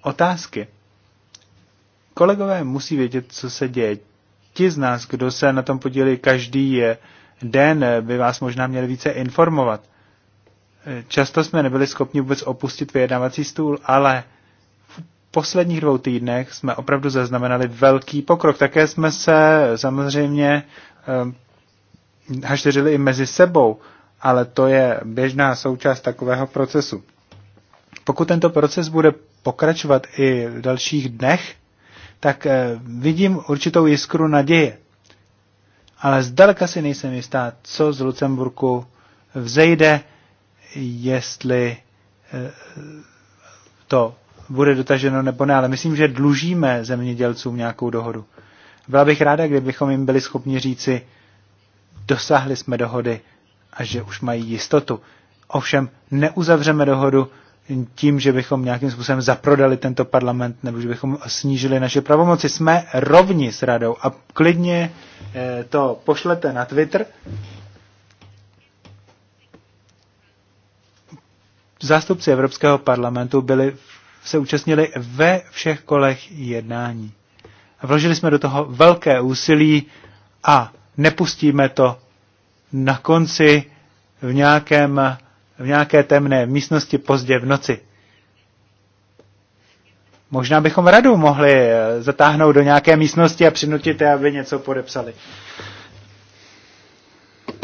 otázky. Kolegové musí vědět, co se děje. Ti z nás, kdo se na tom podílí každý den, by vás možná měli více informovat. Často jsme nebyli schopni vůbec opustit vyjednávací stůl, ale posledních dvou týdnech jsme opravdu zaznamenali velký pokrok. Také jsme se samozřejmě eh, hašteřili i mezi sebou, ale to je běžná součást takového procesu. Pokud tento proces bude pokračovat i v dalších dnech, tak eh, vidím určitou jiskru naděje. Ale zdaleka si nejsem jistá, co z Lucemburku vzejde, jestli eh, to bude dotaženo nebo ne, ale myslím, že dlužíme zemědělcům nějakou dohodu. Byla bych ráda, kdybychom jim byli schopni říci, dosáhli jsme dohody a že už mají jistotu. Ovšem neuzavřeme dohodu tím, že bychom nějakým způsobem zaprodali tento parlament nebo že bychom snížili naše pravomoci. Jsme rovni s radou a klidně eh, to pošlete na Twitter. Zástupci Evropského parlamentu byli se účastnili ve všech kolech jednání. A vložili jsme do toho velké úsilí a nepustíme to na konci v, nějakém, v nějaké temné místnosti pozdě v noci. Možná bychom radu mohli eh, zatáhnout do nějaké místnosti a přinutit je, aby něco podepsali.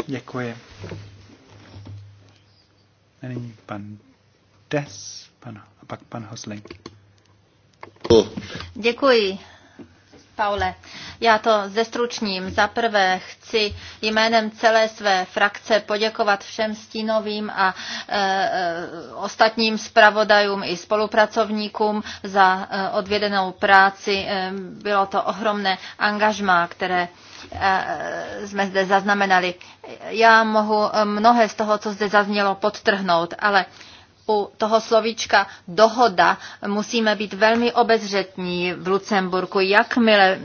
Děkuji. A nyní pan Des, pana pak pan Hosling. Děkuji. Paule, já to zestručním. Za prvé chci jménem celé své frakce poděkovat všem stínovým a e, e ostatním zpravodajům i spolupracovníkům za e, odvědenou práci. E, bylo to ohromné angažmá, které e, jsme zde zaznamenali. Já mohu mnohé z toho, co zde zaznělo, podtrhnout, ale u toho slovíčka dohoda musíme být velmi obezřetní v Lucemburku. Jakmile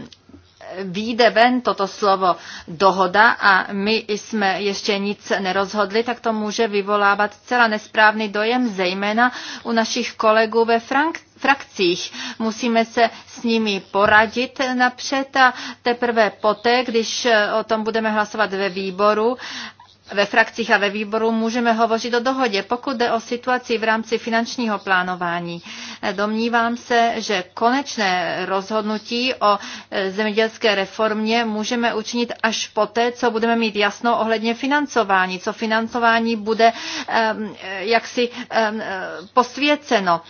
výjde ven toto slovo dohoda a my jsme ještě nic nerozhodli, tak to může vyvolávat celá nesprávný dojem, zejména u našich kolegů ve Frank- frakcích. Musíme se s nimi poradit napřed a teprve poté, když o tom budeme hlasovat ve výboru, ve frakcích a ve výboru můžeme hovořit o dohodě. Pokud jde o situaci v rámci finančního plánování, eh, domnívám se, že konečné rozhodnutí o eh, zemědělské reformě můžeme učinit až poté, co budeme mít jasno ohledně financování, co financování bude eh, jaksi posvěceno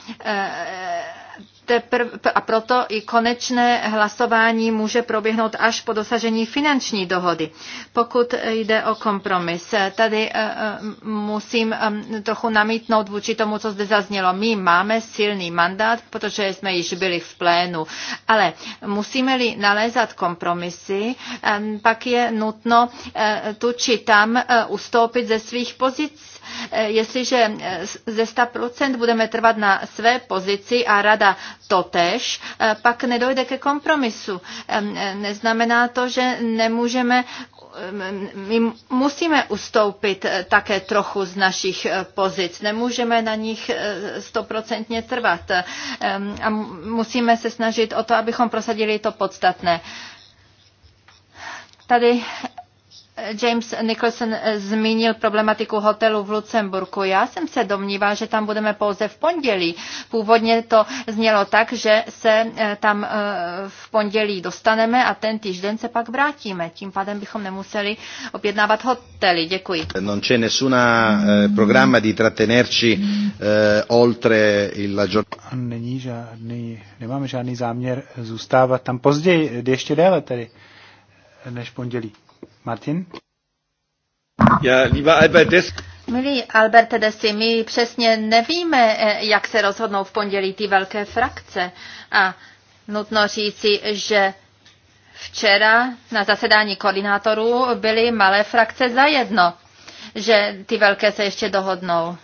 teprv, a proto i konečné hlasování může proběhnout až po dosažení finanční dohody. Pokud jde o kompromis, tady eh, eh, musím eh, trochu namítnout vůči tomu, co zde zaznělo. My máme silný mandát, protože jsme již byli v plénu, ale musíme-li nalézat kompromisy, pak je nutno tu či tam ustoupit ze svých pozic Eh, jestliže eh, ze 100% budeme trvat na své pozici a rada totež, eh, pak nedojde ke kompromisu. Neznamená to, že nemůžeme my musíme ustoupit také trochu z našich pozic. Nemůžeme na nich stoprocentně trvat. A musíme se snažit o to, abychom prosadili to podstatné. Tady James Nicholson zmínil problematiku hotelu v Lucemburku. Já jsem se domníval, že tam budeme pouze v pondělí. Původně to znělo tak, že se eh, tam eh, v pondělí dostaneme a ten týžden se pak vrátíme. Tím pádem bychom nemuseli objednávat hotely. Děkuji. Eh, non c'è nessuna programma di trattenerci oltre il Není žádný, nemáme žádný záměr zůstávat tam později, ještě déle tedy než pondělí. Martin? Ja, lieber Albert Des. Milý Desi, my přesně nevíme, eh, jak se rozhodnou v pondělí ty velké frakce. A nutno říci, že včera na zasedání koordinátorů byly malé frakce zajedno, že ty velké se ještě dohodnou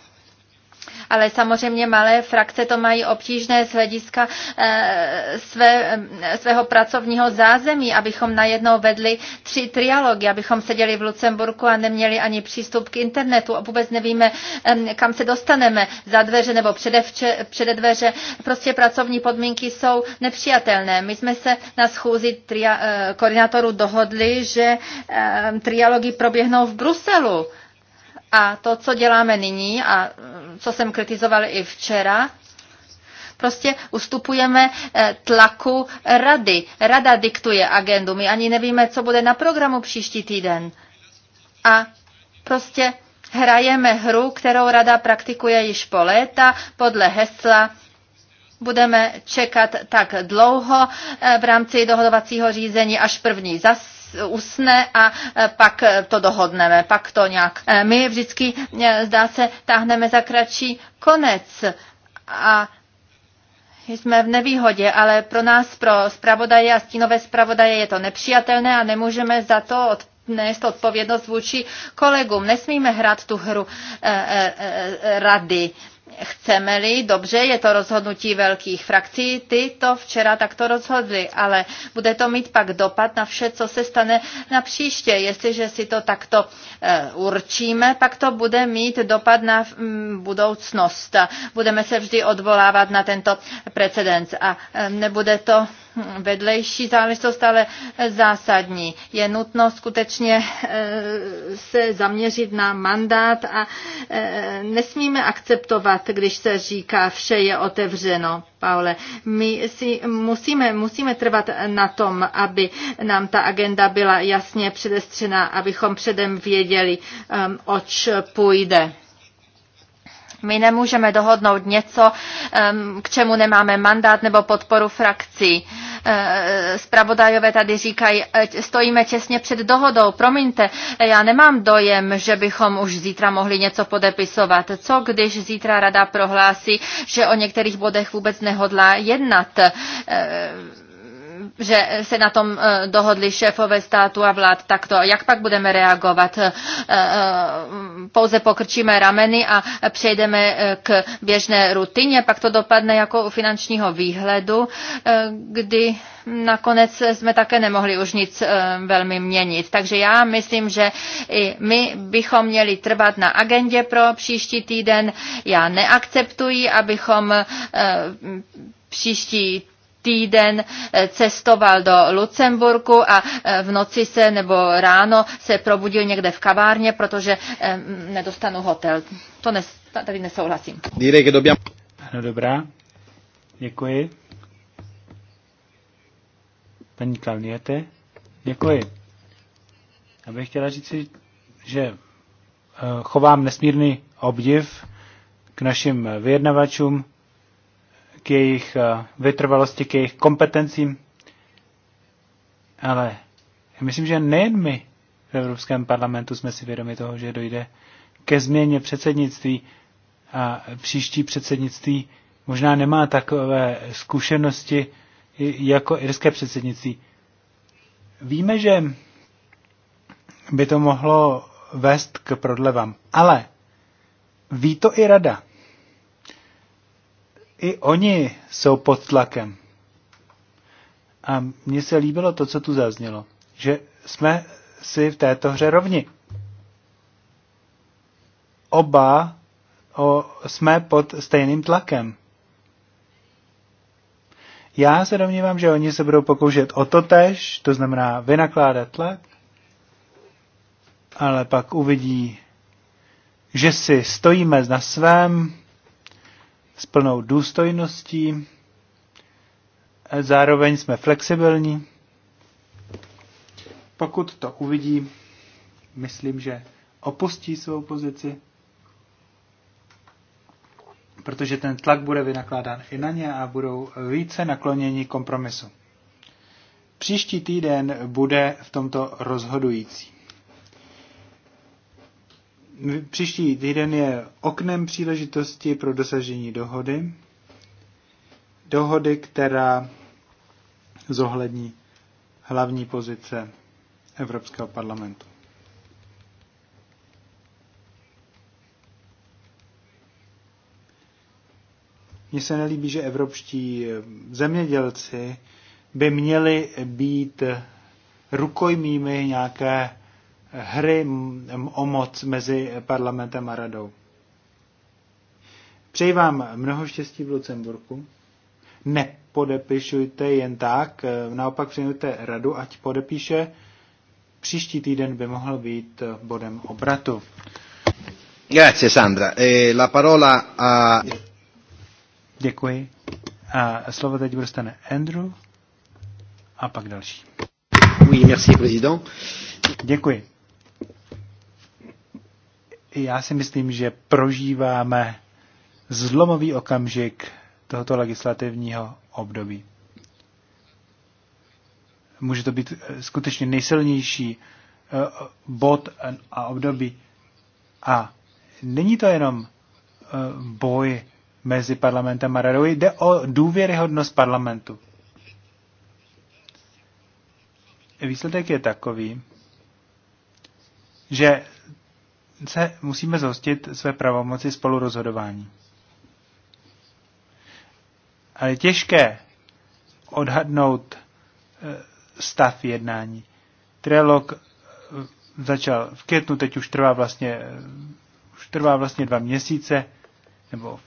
ale samozřejmě malé frakce to mají obtížné z hlediska eh, své, eh, svého pracovního zázemí, abychom najednou vedli tři trialogy, abychom seděli v Lucemburku a neměli ani přístup k internetu a vůbec nevíme, kam se dostaneme za dveře nebo předevče, přede dveře. Prostě pracovní podmínky jsou nepřijatelné. My jsme se na schůzi tria, eh, koordinátorů dohodli, že trialogy proběhnou v Bruselu. A to, co děláme nyní, a co jsem kritizoval i včera, prostě ustupujeme eh, tlaku rady. Rada diktuje agendu. My ani nevíme, co bude na programu příští týden. A prostě hrajeme hru, kterou rada praktikuje již po léta podle hesla budeme čekat tak dlouho eh, v rámci dohodovacího řízení, až první zas usne a e, pak to dohodneme, pak to nějak. E, my vždycky, e, zdá se, táhneme za kratší konec a jsme v nevýhodě, ale pro nás, pro zpravodaje a stínové zpravodaje je to nepřijatelné a nemůžeme za to od nést odpovědnost vůči kolegům. Nesmíme hrát tu hru e, e, rady. Chceme-li, dobře, je to rozhodnutí velkých frakcí, ty to včera takto rozhodli, ale bude to mít pak dopad na vše, co se stane na příště. Jestliže si to takto eh, určíme, pak to bude mít dopad na mm, budoucnost. Budeme se vždy odvolávat na tento precedens a eh, nebude to hm, vedlejší záležitost, ale zásadní. Je nutno skutečně eh, se zaměřit na mandát a nesmíme akceptovat když se říká, vše je otevřeno, Paule. My si musíme, musíme trvat na tom, aby nám ta agenda byla jasně předestřena, abychom předem věděli, um, oč půjde. My nemůžeme dohodnout něco, k čemu nemáme mandát nebo podporu frakcí. Spravodajové eh, tady říkají, e, stojíme těsně před dohodou. Promiňte, já nemám dojem, že bychom už zítra mohli něco podepisovat. Co když zítra rada prohlásí, že o některých bodech vůbec nehodlá jednat? Eh, že se na tom eh, dohodli šéfové státu a vlád takto. Jak pak budeme reagovat? Eh, eh, pouze pokrčíme rameny a přejdeme k běžné rutině, pak to dopadne jako u finančního výhledu, kdy nakonec jsme také nemohli už nic velmi měnit. Takže já myslím, že i my bychom měli trvat na agendě pro příští týden. Já neakceptuji, abychom příští týden eh, cestoval do Lucemburku a eh, v noci se nebo ráno se probudil někde v kavárně, protože eh, nedostanu hotel. To ne, tady nesouhlasím. Ano, dobrá, děkuji. Paní Kalniete, děkuji. Já bych chtěla říct, že chovám nesmírný obdiv k našim vyjednavačům, k jejich eh, vytrvalosti, k jejich kompetencím. Ale myslím, že nejen my v Evropském parlamentu jsme si vědomi toho, že dojde ke změně předsednictví a příští předsednictví možná nemá takové zkušenosti jako irské předsednictví. Víme, že by to mohlo vést k prodlevám, ale ví to i rada i oni jsou pod tlakem. A mně se líbilo to, co tu zaznělo, že jsme si v této hře rovni. Oba o, jsme pod stejným tlakem. Já se domnívám, že oni se budou pokoušet o to tež, to znamená vynakládat tlak, ale pak uvidí, že si stojíme na svém, s plnou důstojností, zároveň jsme flexibilní. Pokud to uvidí, myslím, že opustí svou pozici, protože ten tlak bude vynakládán i na ně a budou více nakloněni kompromisu. Příští týden bude v tomto rozhodující. Příští týden je oknem příležitosti pro dosažení dohody. Dohody, která zohlední hlavní pozice Evropského parlamentu. Mně se nelíbí, že evropští zemědělci by měli být rukojmími nějaké hry o moc mezi parlamentem a radou. Přeji vám mnoho štěstí v Lucemburku. Nepodepišujte jen tak, eh, naopak přijmujte radu, ať podepíše. Příští týden by mohl být eh, bodem obratu. Grazie Sandra. E la parola a... Děkuji. A slovo teď dostane Andrew a pak další. Oui, merci, président. Děkuji já si myslím, že prožíváme zlomový okamžik tohoto legislativního období. Může to být eh, skutečně nejsilnější eh, bod a období. A není to jenom eh, boj mezi parlamentem a radou, jde o důvěryhodnost parlamentu. Výsledek je takový, že se musíme zhostit své pravomoci spolurozhodování. Ale je těžké odhadnout eh, stav jednání. Trelog eh, začal v květnu, teď už trvá vlastně, eh, už trvá vlastně dva měsíce, nebo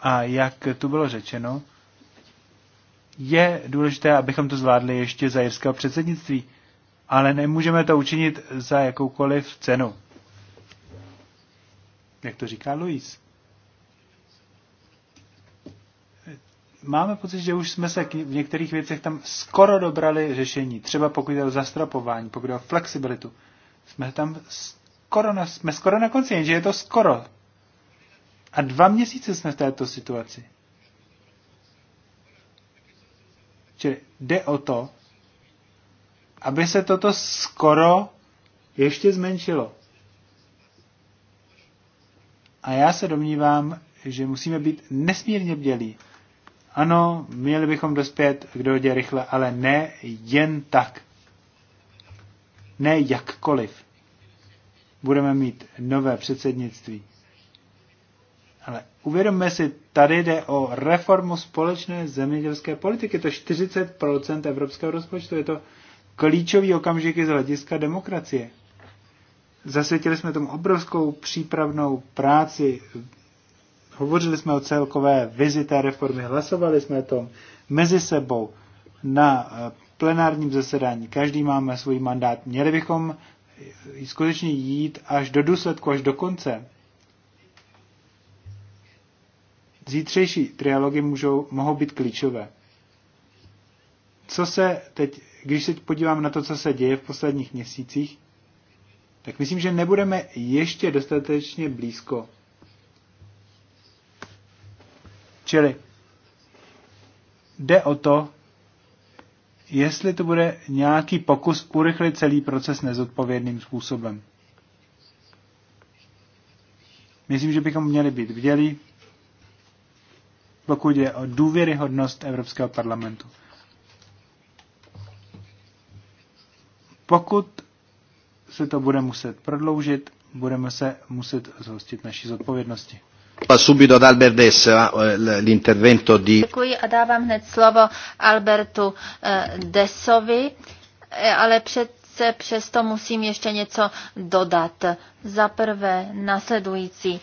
a jak tu bylo řečeno, je důležité, abychom to zvládli ještě za jirského předsednictví ale nemůžeme to učinit za jakoukoliv cenu. Jak to říká Luis. Máme pocit, že už jsme se v některých věcech tam skoro dobrali řešení. Třeba pokud jde o zastropování, pokud jde o flexibilitu. Jsme tam skoro na, jsme skoro na konci, jenže je to skoro. A dva měsíce jsme v této situaci. Čili jde o to, aby se toto skoro ještě zmenšilo. A já se domnívám, že musíme být nesmírně bdělí. Ano, měli bychom dospět k dohodě rychle, ale ne jen tak. Ne jakkoliv. Budeme mít nové předsednictví. Ale uvědomme si, tady jde o reformu společné zemědělské politiky. To 40% evropského rozpočtu. Je to klíčový okamžik je z hlediska demokracie. Zasvětili jsme tomu obrovskou přípravnou práci, hovořili jsme o celkové vizi té reformy, hlasovali jsme o tom mezi sebou na eh, plenárním zasedání. Každý máme svůj mandát. Měli bychom skutečně jít až do důsledku, až do konce. Zítřejší trialogy můžou, mohou být klíčové. Co se teď když se podívám na to, co se děje v posledních měsících, tak myslím, že nebudeme ještě dostatečně blízko. Čili jde o to, jestli to bude nějaký pokus urychlit celý proces nezodpovědným způsobem. Myslím, že bychom měli být vdělí, pokud je o důvěryhodnost Evropského parlamentu. Pokud se to bude muset prodloužit, budeme se muset zhostit naší zodpovědnosti. Subito ad Albert eh, l'intervento di... Děkuji a dávám hned slovo Albertu eh, Desovi, eh, ale přece přesto musím ještě něco dodat. Za prvé nasledující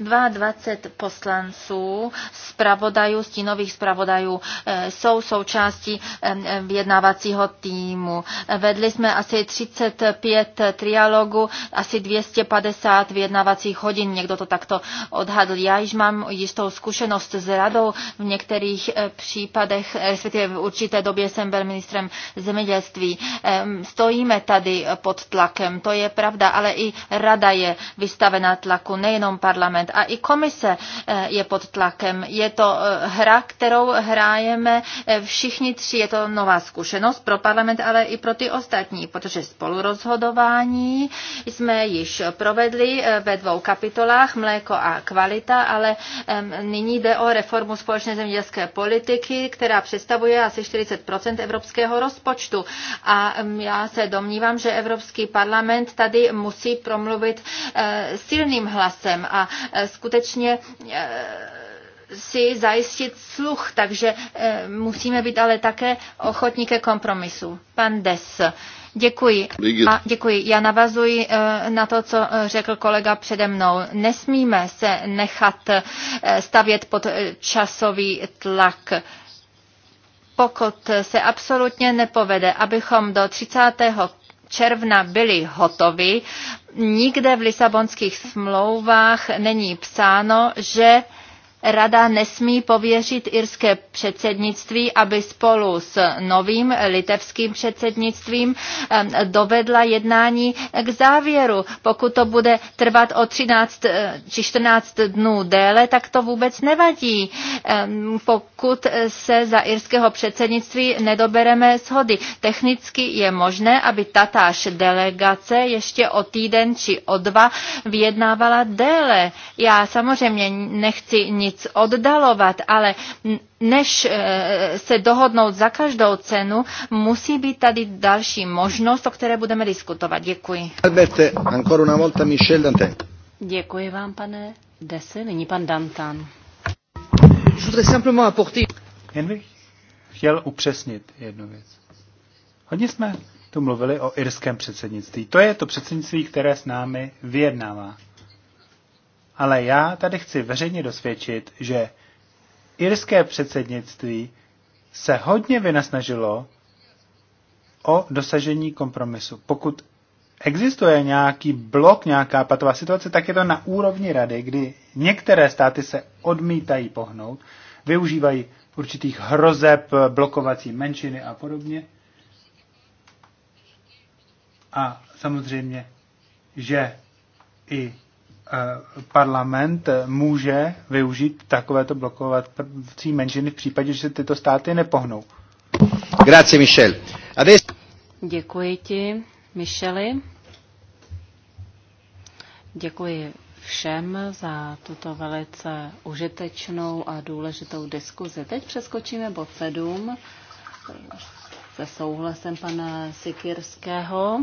22 poslanců, zpravodajů, stínových zpravodajů eh, jsou součástí eh, vyjednávacího týmu. Vedli jsme asi 35 trialogů, asi 250 vyjednávacích hodin, někdo to takto odhadl. Já již mám jistou zkušenost s radou v některých eh, případech, respektive v určité době jsem byl ministrem zemědělství. Stojíme tady pod tlakem, to je pravda, ale i rada je vystavena tlaku, nejenom parlament a i komise eh, je pod tlakem. Je to eh, hra, kterou hrajeme eh, všichni tři. Je to nová zkušenost pro parlament, ale i pro ty ostatní, protože spolurozhodování jsme již provedli ve dvou kapitolách, mléko a kvalita, ale nyní jde o reformu společné zemědělské politiky, která představuje asi 40 evropského rozpočtu. A já se domnívám, že Evropský parlament tady musí promluvit silným hlasem a Eh, skutečně eh, si zajistit sluch, takže eh, musíme být ale také ochotní ke kompromisu. Pan Des. Děkuji. A děkuji. Já navazuji na to, co řekl kolega přede mnou. Nesmíme se nechat stavět pod časový tlak pokud se absolutně nepovede, abychom do 30 června byly hotovy. Nikde v Lisabonských smlouvách není psáno, že Rada nesmí pověřit irské předsednictví, aby spolu s novým litevským předsednictvím dovedla jednání k závěru. Pokud to bude trvat o 13 eh, či 14 dnů déle, tak to vůbec nevadí, pokud se za irského předsednictví nedobereme shody. Technicky je možné, aby tatáž delegace ještě o týden či o dva vyjednávala déle. Já samozřejmě nechci nic nic oddalovat, ale než eh, se dohodnout za každou cenu, musí být tady další možnost, o které budeme diskutovat. Děkuji. Alberte, ancora una volta Michel Dantin. Děkuji vám, pane Dese. Nyní pan Dantan. Jen bych chtěl upřesnit jednu věc. Hodně jsme tu mluvili o irském předsednictví. To je to předsednictví, které s námi vyjednává ale já tady chci veřejně dosvědčit, že irské předsednictví se hodně vynasnažilo o dosažení kompromisu. Pokud existuje nějaký blok, nějaká patová situace, tak je to na úrovni rady, kdy některé státy se odmítají pohnout, využívají určitých hrozeb, blokovací menšiny a podobně. A samozřejmě, že i Eh, parlament může využít takovéto blokovací menšiny v případě, že se tyto státy nepohnou. Grazie, Michel. Adesso... Děkuji ti, Micheli. Děkuji všem za tuto velice užitečnou a důležitou diskuzi. Teď přeskočíme bod 7 eh, se souhlasem pana Sikirského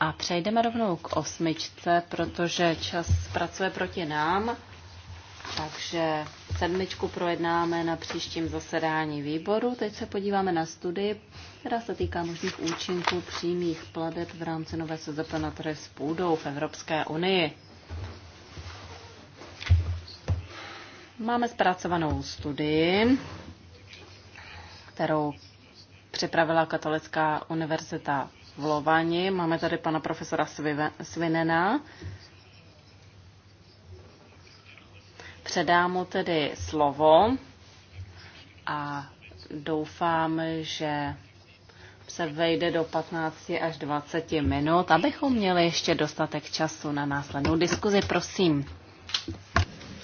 a přejdeme rovnou k osmičce, protože čas pracuje proti nám. Takže sedmičku projednáme na příštím zasedání výboru. Teď se podíváme na studii, která se týká možných účinků přímých pladeb v rámci nové SZP na trh s půdou v Evropské unii. Máme zpracovanou studii, kterou připravila Katolická univerzita v Lovani. Máme tady pana profesora Svinena. Předám mu tedy slovo a doufám, že se vejde do 15 až 20 minut, abychom měli ještě dostatek času na následnou diskuzi. Prosím.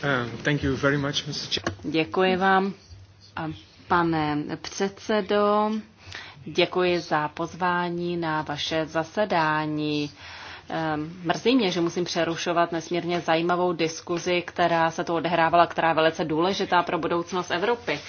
Uh, thank you very much, Mr. Děkuji vám, pane předsedo. Děkuji za pozvání na vaše zasedání. Ehm, mrzí mě, že musím přerušovat nesmírně zajímavou diskuzi, která se tu odehrávala, která je velice důležitá pro budoucnost Evropy.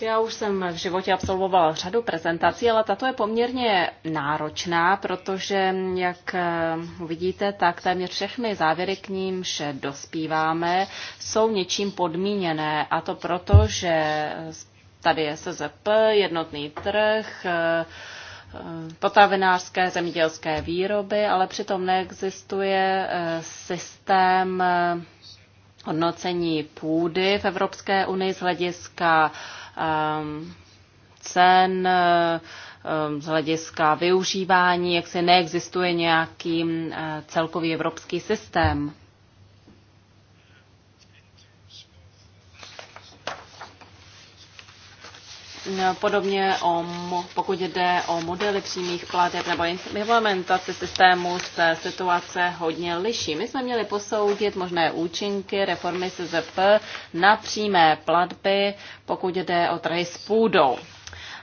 Já už jsem v životě absolvovala řadu prezentací, ale tato je poměrně náročná, protože, jak ehm, vidíte, tak téměř všechny závěry k že dospíváme jsou něčím podmíněné. A to proto, že Tady je SZP, jednotný trh, eh, eh, potravinářské, zemědělské výroby, ale přitom neexistuje eh, systém hodnocení půdy v Evropské unii z hlediska cen, z hlediska využívání, jak se neexistuje nějaký celkový evropský systém. Podobně o, pokud jde o modely přímých plateb nebo implementace systému, se situace hodně liší. My jsme měli posoudit možné účinky reformy SZP na přímé platby, pokud jde o trhy s půdou.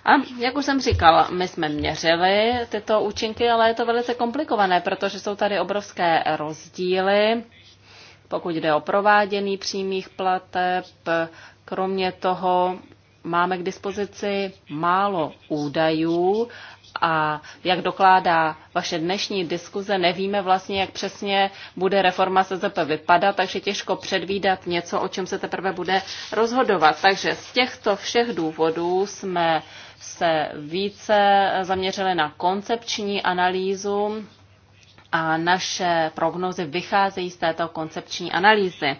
A jak už jsem říkal, my jsme měřili tyto účinky, ale je to velice komplikované, protože jsou tady obrovské rozdíly, pokud jde o provádění přímých plateb. Kromě toho máme k dispozici málo údajů a jak dokládá vaše dnešní diskuze, nevíme vlastně, jak přesně bude reforma SZP vypadat, takže těžko předvídat něco, o čem se teprve bude rozhodovat. Takže z těchto všech důvodů jsme se více zaměřili na koncepční analýzu a naše prognozy vycházejí z této koncepční analýzy.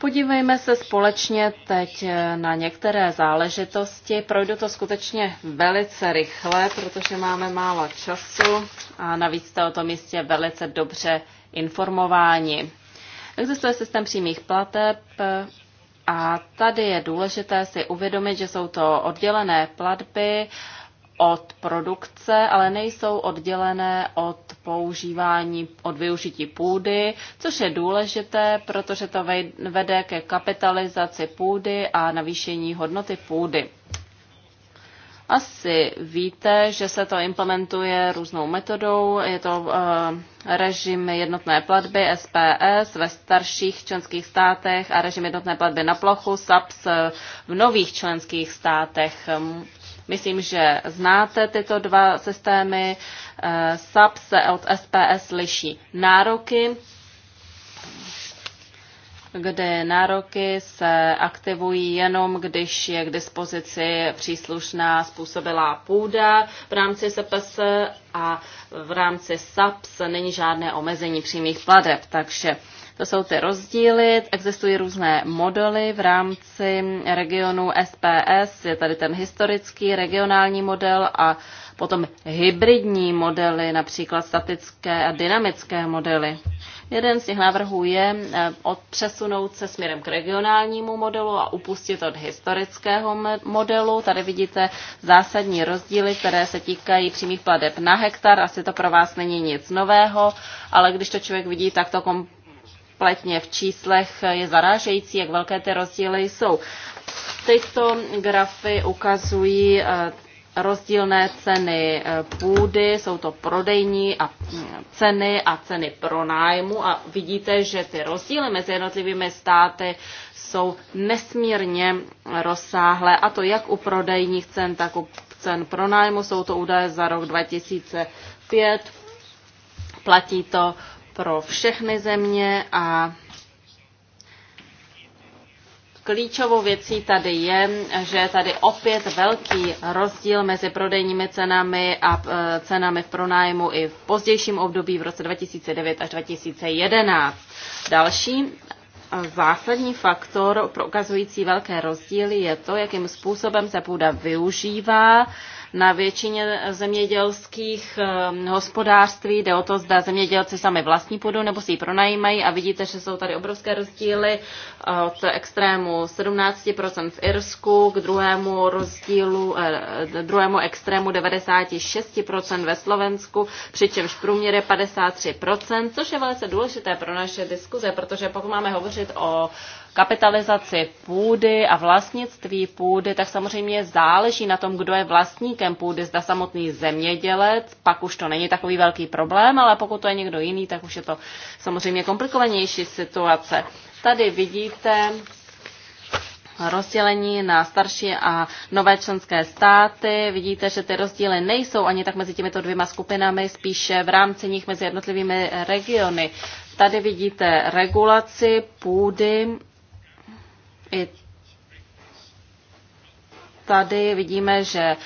Podívejme se společně teď eh, na některé záležitosti. Projdu to skutečně velice rychle, protože máme málo času a navíc jste o tom jistě velice dobře informováni. Existuje systém přímých plateb eh, a tady je důležité si uvědomit, že jsou to oddělené platby od produkce, ale nejsou oddělené od používání, od využití půdy, což je důležité, protože to vede ke kapitalizaci půdy a navýšení hodnoty půdy. Asi víte, že se to implementuje různou metodou. Je to eh, režim jednotné platby SPS ve starších členských státech a režim jednotné platby na plochu SAPS eh, v nových členských státech. Myslím, že znáte tyto dva systémy. Eh, SAP se od SPS liší nároky, kde nároky se aktivují jenom, když je k dispozici příslušná způsobilá půda v rámci SPS a v rámci SAPS není žádné omezení přímých pladeb, takže to jsou ty rozdíly. Existují různé modely v rámci regionu SPS. Je tady ten historický regionální model a potom hybridní modely, například statické a dynamické modely. Jeden z těch návrhů je eh, přesunout se směrem k regionálnímu modelu a upustit od historického modelu. Tady vidíte zásadní rozdíly, které se týkají přímých pladeb na hektar. Asi to pro vás není nic nového, ale když to člověk vidí takto kom spletně v číslech je zarážející, jak velké ty rozdíly jsou. Tyto grafy ukazují eh, rozdílné ceny eh, půdy, jsou to prodejní a mm, ceny a ceny pronájmu a vidíte, že ty rozdíly mezi jednotlivými státy jsou nesmírně rozsáhlé a to jak u prodejních cen, tak u cen pronájmu. Jsou to údaje za rok 2005. Platí to pro všechny země a klíčovou věcí tady je, že je tady opět velký rozdíl mezi prodejními cenami a e, cenami v pronájmu i v pozdějším období v roce 2009 až 2011. Další e, zásadní faktor prokazující velké rozdíly je to, jakým způsobem se půda využívá na většině zemědělských ehm, hospodářství. Jde o to, zda zemědělci sami vlastní půdu nebo si ji pronajímají a vidíte, že jsou tady obrovské rozdíly od extrému 17% v Irsku k druhému rozdílu, eh, druhému extrému 96% ve Slovensku, přičemž průměr je 53%, což je velice důležité pro naše diskuze, protože pokud máme hovořit o kapitalizaci půdy a vlastnictví půdy, tak samozřejmě záleží na tom, kdo je vlastníkem půdy, zda samotný zemědělec, pak už to není takový velký problém, ale pokud to je někdo jiný, tak už je to samozřejmě komplikovanější situace. Tady vidíte rozdělení na starší a nové členské státy. Vidíte, že ty rozdíly nejsou ani tak mezi těmito dvěma skupinami, spíše v rámci nich mezi jednotlivými regiony. Tady vidíte regulaci půdy i tady vidíme, že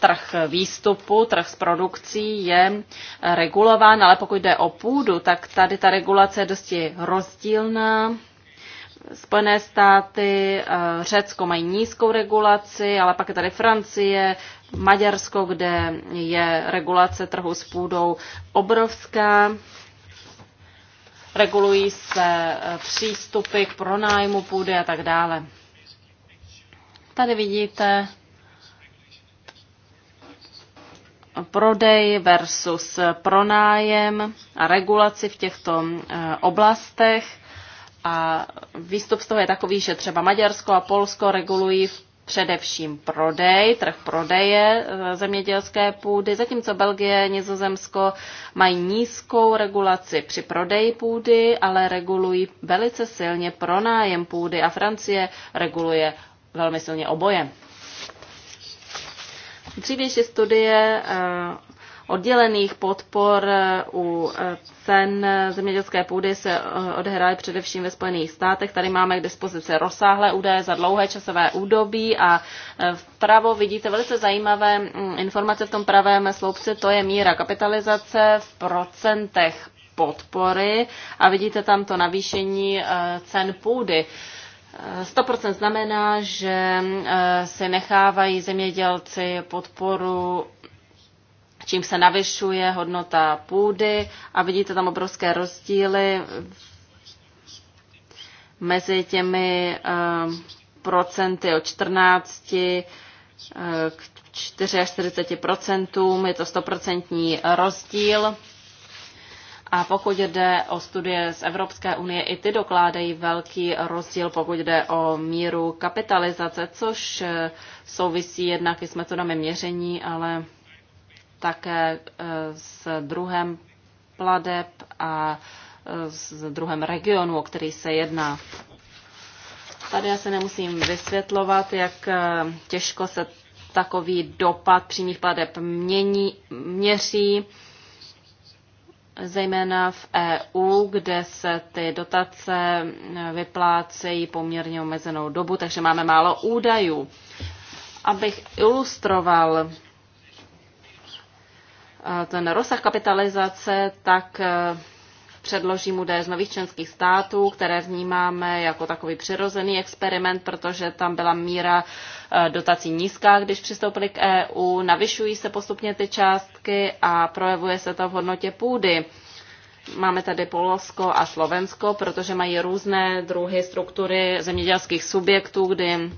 trh výstupu, trh s produkcí je regulován, ale pokud jde o půdu, tak tady ta regulace je dosti rozdílná. Spojené státy, eh, Řecko mají nízkou regulaci, ale pak je tady Francie, Maďarsko, kde je regulace trhu s půdou obrovská regulují se eh, přístupy k pronájmu půdy a tak dále. Tady vidíte prodej versus pronájem a regulaci v těchto eh, oblastech. A výstup z toho je takový, že třeba Maďarsko a Polsko regulují v především prodej, trh prodeje e, zemědělské půdy, zatímco Belgie, Nizozemsko mají nízkou regulaci při prodeji půdy, ale regulují velice silně pronájem půdy a Francie reguluje velmi silně oboje. Dřívější studie e, oddělených podpor u eh, cen zemědělské půdy se eh, odehrály především ve Spojených státech. Tady máme k dispozici rozsáhlé údaje za dlouhé časové údobí a eh, vpravo vidíte velice zajímavé mm, informace v tom pravém sloupci, to je míra kapitalizace v procentech podpory a vidíte tam to navýšení cen půdy. 100% znamená, že se nechávají zemědělci podporu čím se navyšuje hodnota půdy a vidíte tam obrovské rozdíly mezi těmi eh, procenty od 14 eh, k 44 procentům. Je to stoprocentní rozdíl. A pokud jde o studie z Evropské unie, i ty dokládají velký rozdíl, pokud jde o míru kapitalizace, což eh, souvisí jednak i s metodami měření, ale také e, s druhem pladeb a e, s druhem regionu, o který se jedná. Tady já se nemusím vysvětlovat, jak e, těžko se takový dopad přímých pladeb mění, měří, zejména v EU, kde se ty dotace vyplácejí poměrně omezenou dobu, takže máme málo údajů. Abych ilustroval ten rozsah kapitalizace, tak e, předložím údaje z nových členských států, které vnímáme jako takový přirozený experiment, protože tam byla míra e, dotací nízká, když přistoupili k EU, navyšují se postupně ty částky a projevuje se to v hodnotě půdy. Máme tady Polsko a Slovensko, protože mají různé druhy struktury zemědělských subjektů, kdy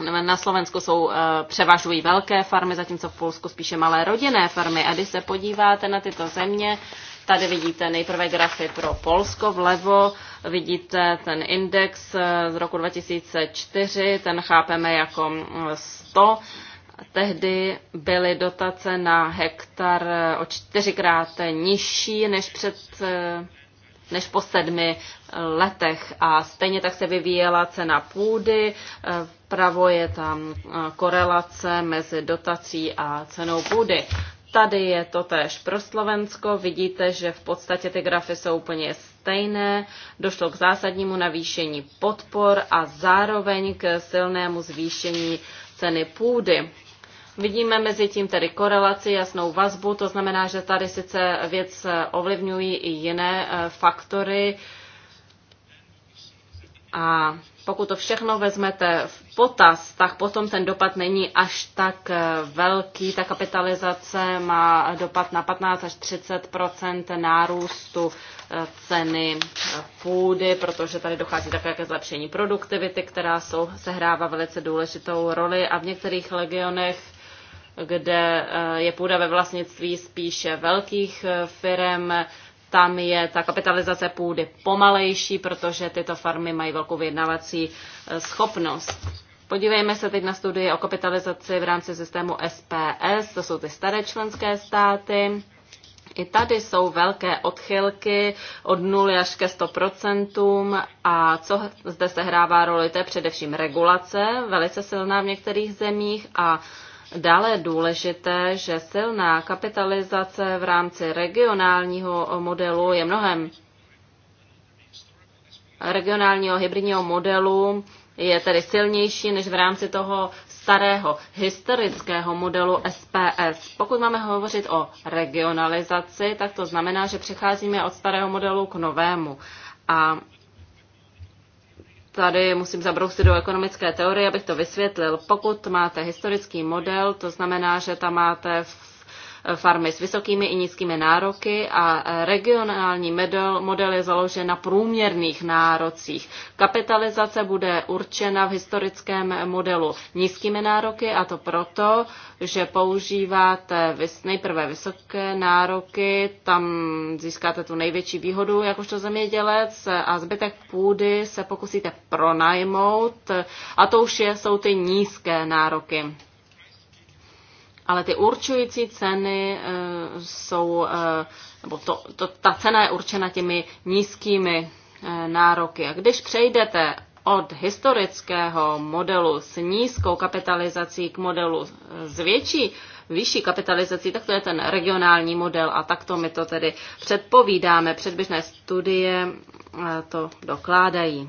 No, na Slovensku jsou, eh, převažují velké farmy, zatímco v Polsku spíše malé rodinné farmy. A když se podíváte na tyto země, tady vidíte nejprve grafy pro Polsko vlevo, vidíte ten index eh, z roku 2004, ten chápeme jako 100. Mm, Tehdy byly dotace na hektar eh, o čtyřikrát nižší než před než po sedmi letech. A stejně tak se vyvíjela cena půdy, e, pravo je tam e, korelace mezi dotací a cenou půdy. Tady je to též pro Slovensko. Vidíte, že v podstatě ty grafy jsou úplně stejné. Došlo k zásadnímu navýšení podpor a zároveň k silnému zvýšení ceny půdy. Vidíme mezi tím tedy korelaci, jasnou vazbu, to znamená, že tady sice věc ovlivňují i jiné eh, faktory. A pokud to všechno vezmete v potaz, tak potom ten dopad není až tak eh, velký. Ta kapitalizace má dopad na 15 až 30 nárůstu eh, ceny půdy, protože tady dochází také ke zlepšení produktivity, která jsou, sehrává velice důležitou roli a v některých legionech kde eh, je půda ve vlastnictví spíše velkých eh, firm, tam je ta kapitalizace půdy pomalejší, protože tyto farmy mají velkou vyjednávací eh, schopnost. Podívejme se teď na studii o kapitalizaci v rámci systému SPS, to jsou ty staré členské státy. I tady jsou velké odchylky od 0 až ke 100%. A co zde se hrává roli, to je především regulace, velice silná v některých zemích a Dále je důležité, že silná kapitalizace v rámci regionálního modelu je mnohem regionálního hybridního modelu je tedy silnější než v rámci toho starého historického modelu SPS. Pokud máme hovořit o regionalizaci, tak to znamená, že přecházíme od starého modelu k novému. A tady musím zabrousit do ekonomické teorie, abych to vysvětlil. Pokud máte historický model, to znamená, že tam máte v farmy s vysokými i nízkými nároky a regionální model, model je založen na průměrných nárocích. Kapitalizace bude určena v historickém modelu nízkými nároky a to proto, že používáte nejprve vysoké nároky, tam získáte tu největší výhodu jakožto zemědělec a zbytek půdy se pokusíte pronajmout a to už je, jsou ty nízké nároky ale ty určující ceny eh, jsou, eh, nebo to, to, ta cena je určena těmi nízkými eh, nároky. A když přejdete od historického modelu s nízkou kapitalizací k modelu s větší, vyšší kapitalizací, tak to je ten regionální model a takto my to tedy předpovídáme. Předběžné studie to dokládají.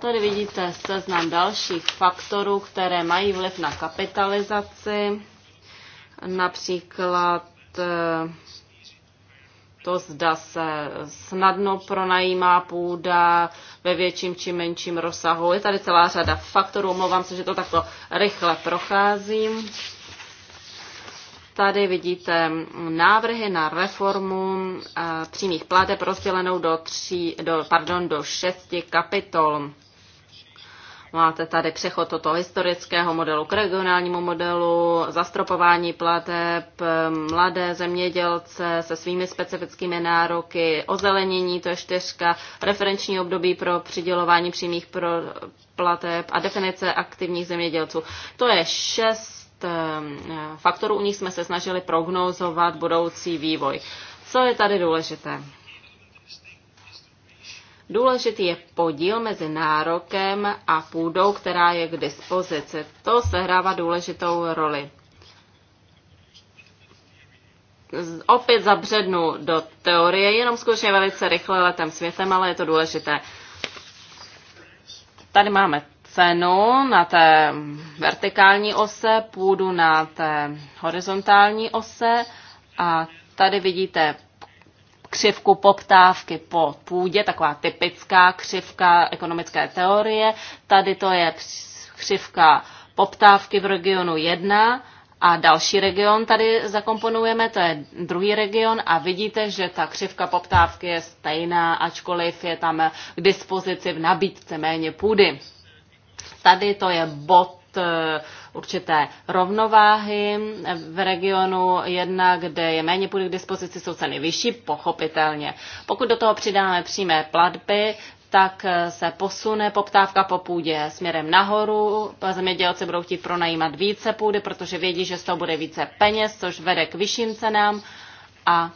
Tady vidíte seznam dalších faktorů, které mají vliv na kapitalizaci, například eh, to, zda se snadno pronajímá půda ve větším či menším rozsahu. Je tady celá řada faktorů, omlouvám se, že to takto rychle procházím. Tady vidíte návrhy na reformu eh, přímých plateb rozdělenou do, tří, do, pardon, do šesti kapitol. Máte tady přechod toto historického modelu k regionálnímu modelu, zastropování plateb, eh, mladé zemědělce se svými specifickými nároky, ozelenění, to je čtyřka, referenční období pro přidělování přímých pro plateb a definice aktivních zemědělců. To je šest eh, faktorů, u nich jsme se snažili prognozovat budoucí vývoj. Co je tady důležité? Důležitý je podíl mezi nárokem a půdou, která je k dispozici. To sehrává důležitou roli. Opět zabřednu do teorie, jenom skutečně velice rychle letem světem, ale je to důležité. Tady máme cenu na té vertikální ose, půdu na té horizontální ose a tady vidíte křivku poptávky po půdě, taková typická křivka ekonomické teorie. Tady to je křivka poptávky v regionu 1 a další region tady zakomponujeme, to je druhý region a vidíte, že ta křivka poptávky je stejná, ačkoliv je tam k dispozici v nabídce méně půdy. Tady to je bod Eh, určité rovnováhy v regionu jedna, kde je méně půdy k dispozici, jsou ceny vyšší, pochopitelně. Pokud do toho přidáme přímé platby, tak eh, se posune poptávka po půdě směrem nahoru. Zemědělci budou chtít pronajímat více půdy, protože vědí, že z toho bude více peněz, což vede k vyšším cenám a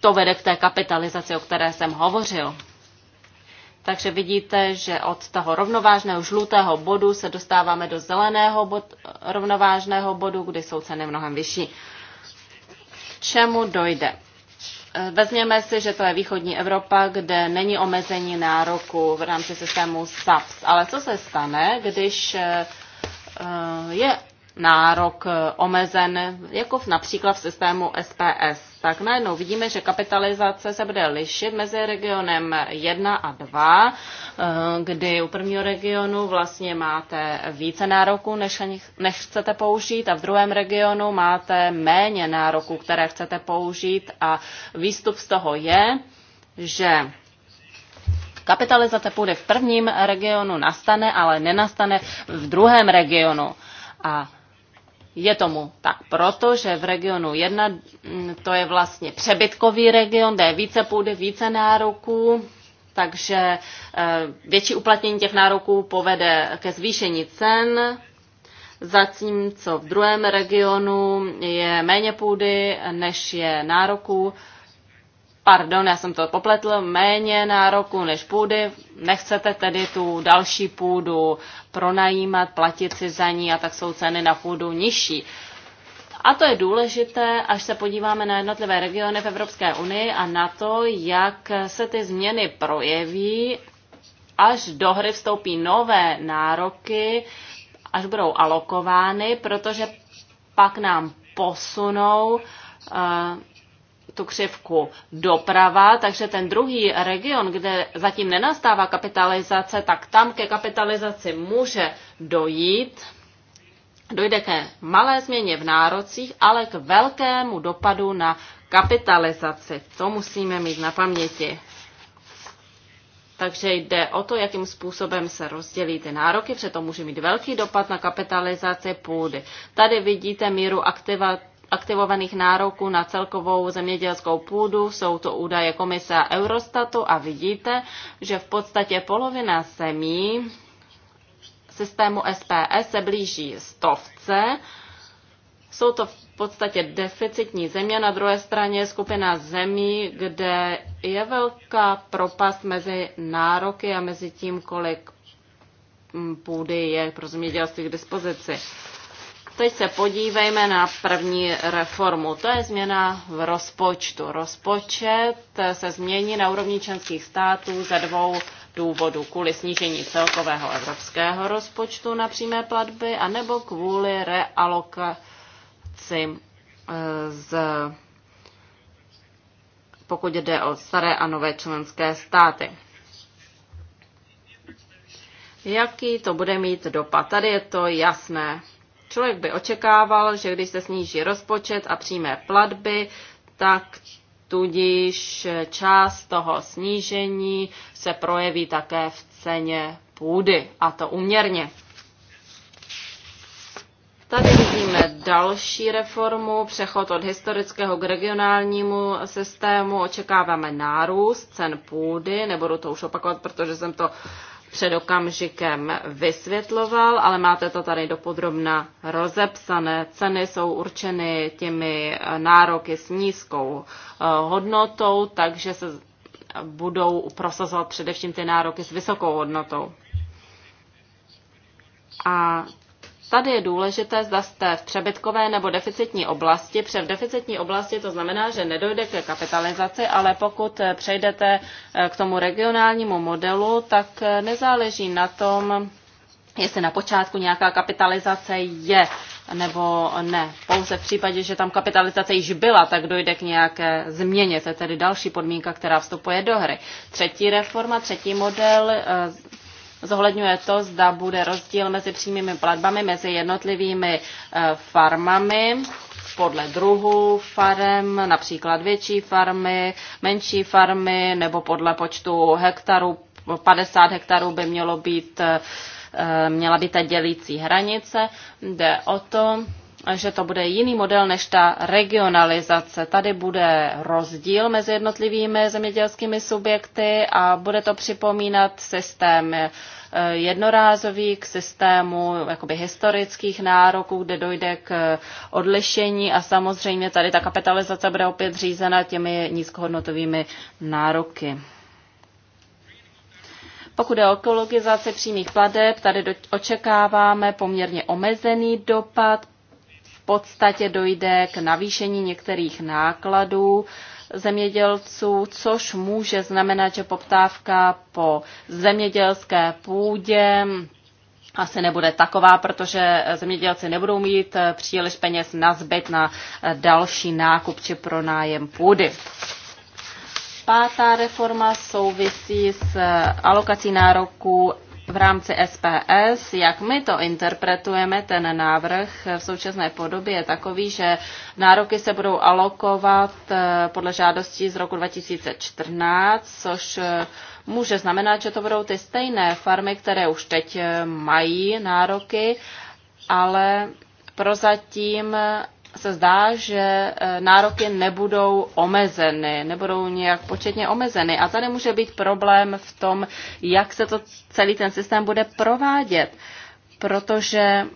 to vede k té kapitalizaci, o které jsem hovořil. Takže vidíte, že od toho rovnovážného žlutého bodu se dostáváme do zeleného bod, rovnovážného bodu, kdy jsou ceny mnohem vyšší. K čemu dojde? Vezměme si, že to je východní Evropa, kde není omezení nároku v rámci systému SAPS. Ale co se stane, když eh, eh, je nárok eh, omezen, jako například v systému SPS? tak najednou vidíme, že kapitalizace se bude lišit mezi regionem 1 a 2, eh, kdy u prvního regionu vlastně máte více nároků, než, než chcete použít a v druhém regionu máte méně nároků, které chcete použít a výstup z toho je, že kapitalizace půjde v prvním regionu, nastane, ale nenastane v druhém regionu. A je tomu tak proto, že v regionu 1 mm, to je vlastně přebytkový region, kde je více půdy, více nároků, takže eh, větší uplatnění těch nároků povede ke zvýšení cen, zatímco v druhém regionu je méně půdy, než je nároků, pardon, já jsem to popletl, méně nároku než půdy, nechcete tedy tu další půdu pronajímat, platit si za ní a tak jsou ceny na půdu nižší. A to je důležité, až se podíváme na jednotlivé regiony v Evropské unii a na to, jak se ty změny projeví, až do hry vstoupí nové nároky, až budou alokovány, protože pak nám posunou uh, tu křivku doprava, takže ten druhý region, kde zatím nenastává kapitalizace, tak tam ke kapitalizaci může dojít. Dojde ke malé změně v nárocích, ale k velkému dopadu na kapitalizaci. To musíme mít na paměti. Takže jde o to, jakým způsobem se rozdělí ty nároky, protože to může mít velký dopad na kapitalizaci půdy. Tady vidíte míru aktiva, aktivovaných nároků na celkovou zemědělskou půdu. Jsou to údaje komise a Eurostatu a vidíte, že v podstatě polovina zemí systému SPS se blíží stovce. Jsou to v podstatě deficitní země, na druhé straně je skupina zemí, kde je velká propast mezi nároky a mezi tím, kolik mm, půdy je pro zemědělství k dispozici. Teď se podívejme na první reformu. To je změna v rozpočtu. Rozpočet se změní na úrovni členských států ze dvou důvodů. Kvůli snížení celkového evropského rozpočtu na přímé platby anebo kvůli realokaci eh, z pokud jde o staré a nové členské státy. Jaký to bude mít dopad? Tady je to jasné. Člověk by očekával, že když se sníží rozpočet a přímé platby, tak tudíž část toho snížení se projeví také v ceně půdy, a to uměrně. Tady vidíme další reformu, přechod od historického k regionálnímu systému. Očekáváme nárůst cen půdy, nebudu to už opakovat, protože jsem to před okamžikem vysvětloval, ale máte to tady dopodrobna rozepsané. Ceny jsou určeny těmi eh, nároky s nízkou eh, hodnotou, takže se budou prosazovat především ty nároky s vysokou hodnotou. A Tady je důležité, zda jste v přebytkové nebo deficitní oblasti. Pře v deficitní oblasti to znamená, že nedojde ke kapitalizaci, ale pokud eh, přejdete eh, k tomu regionálnímu modelu, tak eh, nezáleží na tom, jestli na počátku nějaká kapitalizace je nebo ne. Pouze v případě, že tam kapitalizace již byla, tak dojde k nějaké změně. To je tedy další podmínka, která vstupuje do hry. Třetí reforma, třetí model zohledňuje to, zda bude rozdíl mezi přímými platbami mezi jednotlivými eh, farmami podle druhu farem, například větší farmy, menší farmy nebo podle počtu hektarů. 50 hektarů by mělo být, eh, měla být ta dělící hranice. Jde o to, že to bude jiný model než ta regionalizace. Tady bude rozdíl mezi jednotlivými zemědělskými subjekty a bude to připomínat systém eh, jednorázový k systému jakoby historických nároků, kde dojde k eh, odlišení a samozřejmě tady ta kapitalizace bude opět řízena těmi nízkohodnotovými nároky. Pokud je o ekologizaci přímých pladeb, tady očekáváme poměrně omezený dopad podstatě dojde k navýšení některých nákladů zemědělců, což může znamenat, že poptávka po zemědělské půdě asi nebude taková, protože zemědělci nebudou mít příliš peněz na zbyt na další nákup či pronájem půdy. Pátá reforma souvisí s alokací nároků v rámci SPS, jak my to interpretujeme, ten návrh v současné podobě je takový, že nároky se budou alokovat eh, podle žádostí z roku 2014, což eh, může znamenat, že to budou ty stejné farmy, které už teď eh, mají nároky, ale prozatím se zdá, že eh, nároky nebudou omezeny, nebudou nějak početně omezeny. A tady může být problém v tom, jak se to celý ten systém bude provádět, protože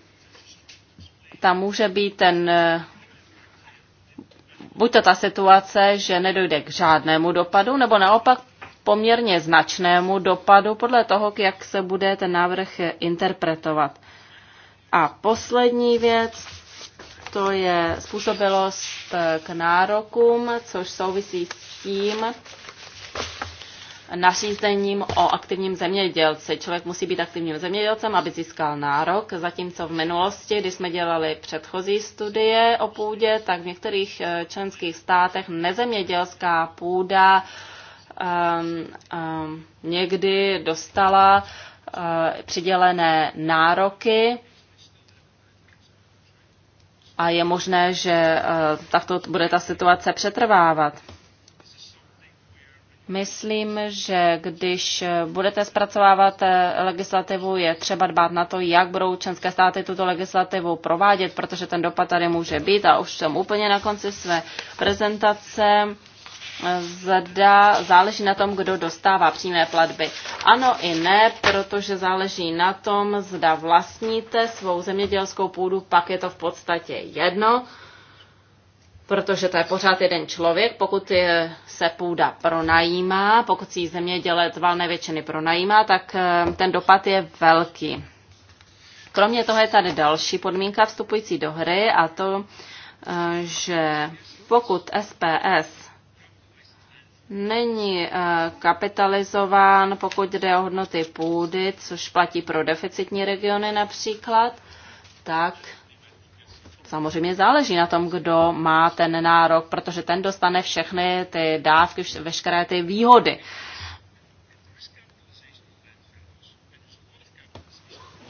tam může být ten eh, buď to ta situace, že nedojde k žádnému dopadu, nebo naopak poměrně značnému dopadu podle toho, jak se bude ten návrh interpretovat. A poslední věc, to je způsobilost k nárokům, což souvisí s tím nařízením o aktivním zemědělci. Člověk musí být aktivním zemědělcem, aby získal nárok, zatímco v minulosti, kdy jsme dělali předchozí studie o půdě, tak v některých eh, členských státech nezemědělská půda um, um, někdy dostala uh, přidělené nároky a je možné, že eh, takto bude ta situace přetrvávat. Myslím, že když eh, budete zpracovávat eh, legislativu, je třeba dbát na to, jak budou členské státy tuto legislativu provádět, protože ten dopad tady může být. A už jsem úplně na konci své prezentace zda záleží na tom, kdo dostává přímé platby. Ano i ne, protože záleží na tom, zda vlastníte svou zemědělskou půdu, pak je to v podstatě jedno, protože to je pořád jeden člověk, pokud se půda pronajímá, pokud si ji zemědělec valné většiny pronajímá, tak eh, ten dopad je velký. Kromě toho je tady další podmínka vstupující do hry a to, eh, že pokud SPS není eh, kapitalizován, pokud jde o hodnoty půdy, což platí pro deficitní regiony například, tak samozřejmě záleží na tom, kdo má ten nárok, protože ten dostane všechny ty dávky, veškeré ty výhody.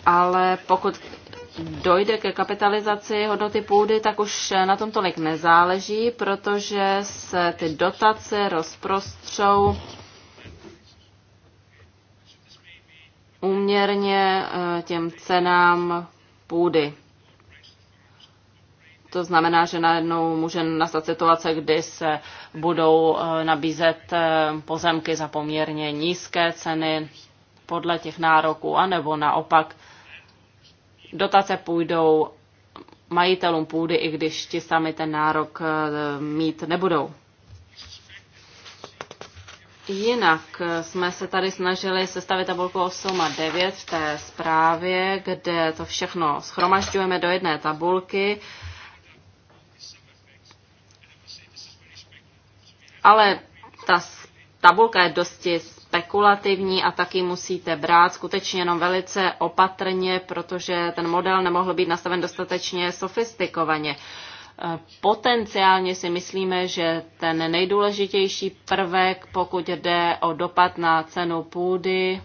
Ale pokud dojde ke kapitalizaci hodnoty půdy, tak už na tom tolik nezáleží, protože se ty dotace rozprostřou úměrně eh, těm cenám půdy. To znamená, že najednou může nastat situace, kdy se budou eh, nabízet eh, pozemky za poměrně nízké ceny podle těch nároků, anebo naopak dotace půjdou majitelům půdy, i když ti sami ten nárok eh, mít nebudou. Jinak eh, jsme se tady snažili sestavit tabulku 8 a 9 v té zprávě, kde to všechno schromažďujeme do jedné tabulky. Ale ta tabulka je dosti spekulativní a taky musíte brát skutečně jenom velice opatrně, protože ten model nemohl být nastaven dostatečně sofistikovaně. Eh, potenciálně si myslíme, že ten nejdůležitější prvek, pokud jde o dopad na cenu půdy,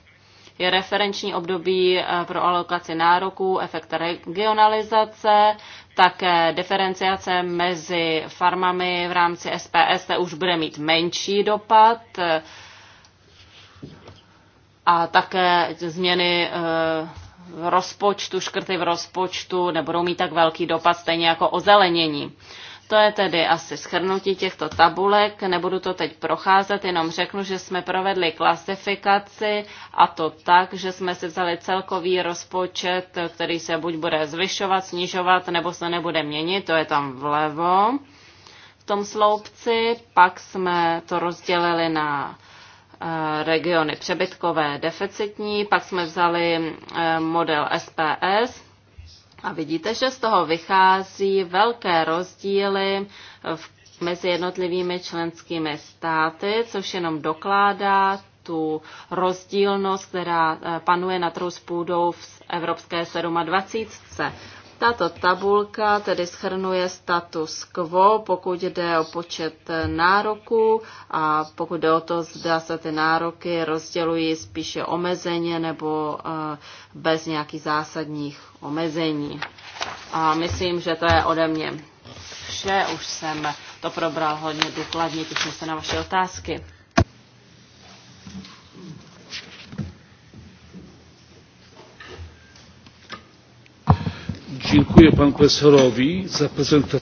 je referenční období eh, pro alokaci nároků, efekt regionalizace, také diferenciace mezi farmami v rámci SPS už bude mít menší dopad, eh, a také změny v eh, rozpočtu, škrty v rozpočtu nebudou mít tak velký dopad, stejně jako ozelenění. To je tedy asi schrnutí těchto tabulek, nebudu to teď procházet, jenom řeknu, že jsme provedli klasifikaci a to tak, že jsme si vzali celkový rozpočet, který se buď bude zvyšovat, snižovat, nebo se nebude měnit, to je tam vlevo v tom sloupci, pak jsme to rozdělili na Eh, regiony přebytkové, deficitní, pak jsme vzali eh, model SPS a vidíte, že z toho vychází velké rozdíly v, mezi jednotlivými členskými státy, což jenom dokládá tu rozdílnost, která eh, panuje na trhu s půdou v Evropské 27. Tato tabulka tedy schrnuje status quo, pokud jde o počet nároků a pokud jde o to, zda se ty nároky rozdělují spíše omezeně nebo eh, bez nějakých zásadních omezení. A myslím, že to je ode mě vše. Už jsem to probral hodně důkladně, těším se na vaše otázky. Dziękuję panu profesorowi za prezentację.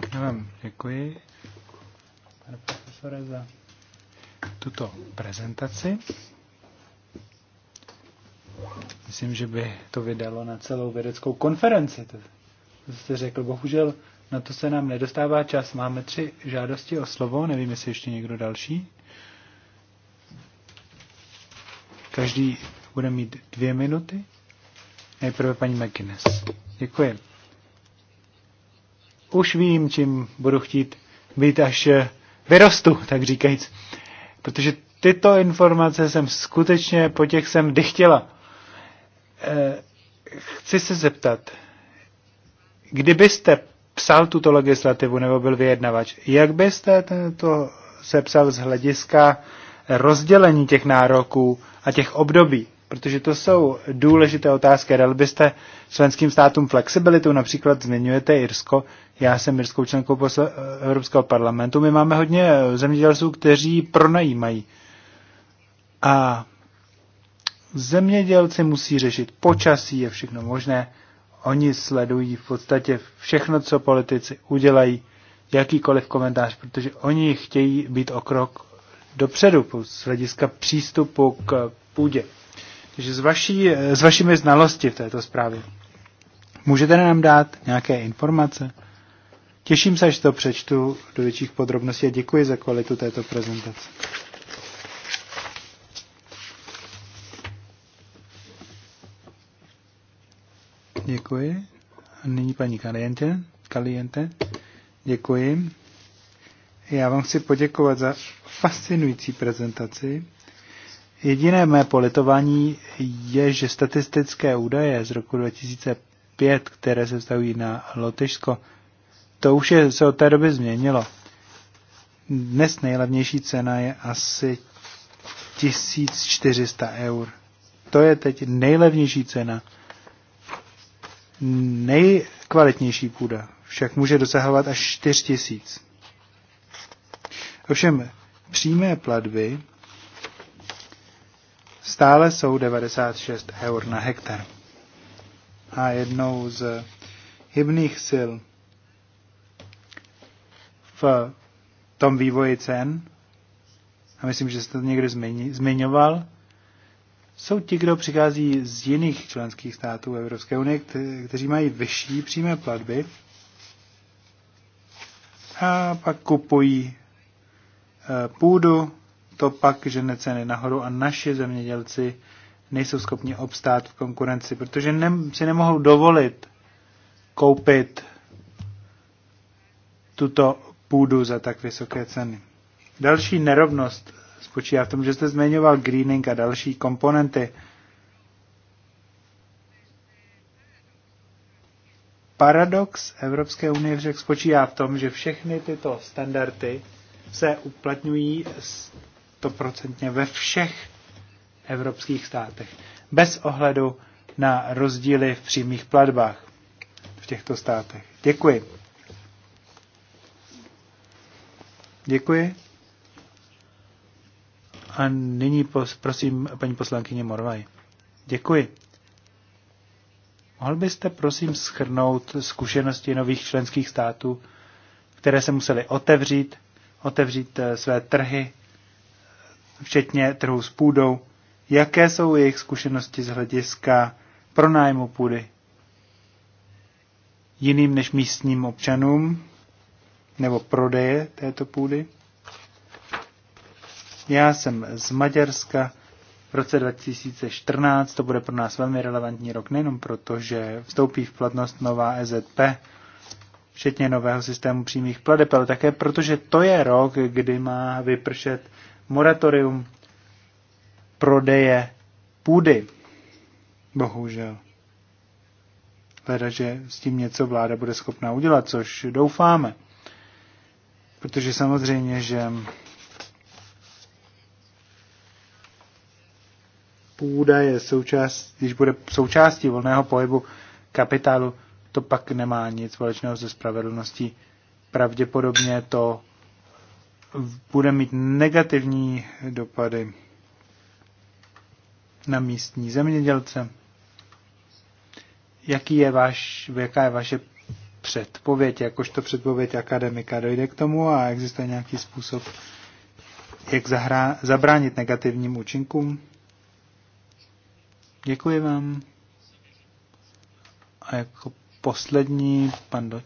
za tuto prezentaci. Myslím, že by to vydalo na celou vědeckou konferenci. To, to jste řekl, bohužel na to se nám nedostává čas. Máme tři žádosti o slovo, nevím, jestli ještě někdo další. Každý bude mít dvě minuty. Nejprve paní McInnes. Děkuji už vím, čím budu chtít být, až eh, vyrostu, tak říkajíc. Protože tyto informace jsem skutečně po těch jsem dychtěla. Eh, chci se zeptat, kdybyste psal tuto legislativu nebo byl vyjednavač, jak byste to sepsal z hlediska rozdělení těch nároků a těch období? protože to jsou důležité otázky. Dali byste členským státům flexibilitu, například zmiňujete Irsko, já jsem irskou členkou posle, Evropského parlamentu, my máme hodně zemědělců, kteří pronajímají. A zemědělci musí řešit počasí, je všechno možné, oni sledují v podstatě všechno, co politici udělají, jakýkoliv komentář, protože oni chtějí být o krok dopředu z hlediska přístupu k půdě. Takže z, vaší, eh, z vašimi znalosti v této zprávě, můžete nám dát nějaké informace? Těším se, až to přečtu do větších podrobností a děkuji za kvalitu této prezentace. Děkuji. A nyní paní Kaliente. Kaliente. Děkuji. Já vám chci poděkovat za fascinující prezentaci. Jediné mé politování je, že statistické údaje z roku 2005, které se vztahují na Lotyšsko, to už je, se od té doby změnilo. Dnes nejlevnější cena je asi 1400 eur. To je teď nejlevnější cena. Nejkvalitnější půda však může dosahovat až 4000. Ovšem, přímé platby stále jsou 96 eur na hektar. A jednou z hybných sil v tom vývoji cen, a myslím, že jste to někdy zmiňoval, jsou ti, kdo přichází z jiných členských států Evropské unie, kteří mají vyšší přímé platby a pak kupují eh, půdu, to pak žene ceny nahoru a naši zemědělci nejsou schopni obstát v konkurenci, protože ne, si nemohou dovolit koupit tuto půdu za tak vysoké ceny. Další nerovnost spočívá v tom, že jste zmiňoval greening a další komponenty. Paradox Evropské unie však spočívá v tom, že všechny tyto standardy se uplatňují stoprocentně ve všech evropských státech, bez ohledu na rozdíly v přímých platbách v těchto státech. Děkuji. Děkuji. A nyní prosím paní poslankyně Morvaj. Děkuji. Mohl byste prosím schrnout zkušenosti nových členských států, které se museli otevřít, otevřít eh, své trhy včetně trhu s půdou, jaké jsou jejich zkušenosti z hlediska pronájmu půdy jiným než místním občanům nebo prodeje této půdy. Já jsem z Maďarska. V roce 2014 to bude pro nás velmi relevantní rok, nejenom proto, že vstoupí v platnost nová EZP, včetně nového systému přímých pladeb, ale také protože to je rok, kdy má vypršet moratorium prodeje půdy. Bohužel. Hleda, že s tím něco vláda bude schopná udělat, což doufáme. Protože samozřejmě, že půda je součást, když bude součástí volného pohybu kapitálu, to pak nemá nic společného se spravedlností. Pravděpodobně to bude mít negativní dopady na místní zemědělce. Jaký je váš, jaká je vaše předpověď, jakožto předpověď akademika? Dojde k tomu a existuje nějaký způsob, jak zahra, zabránit negativním účinkům? Děkuji vám. A jako poslední, pan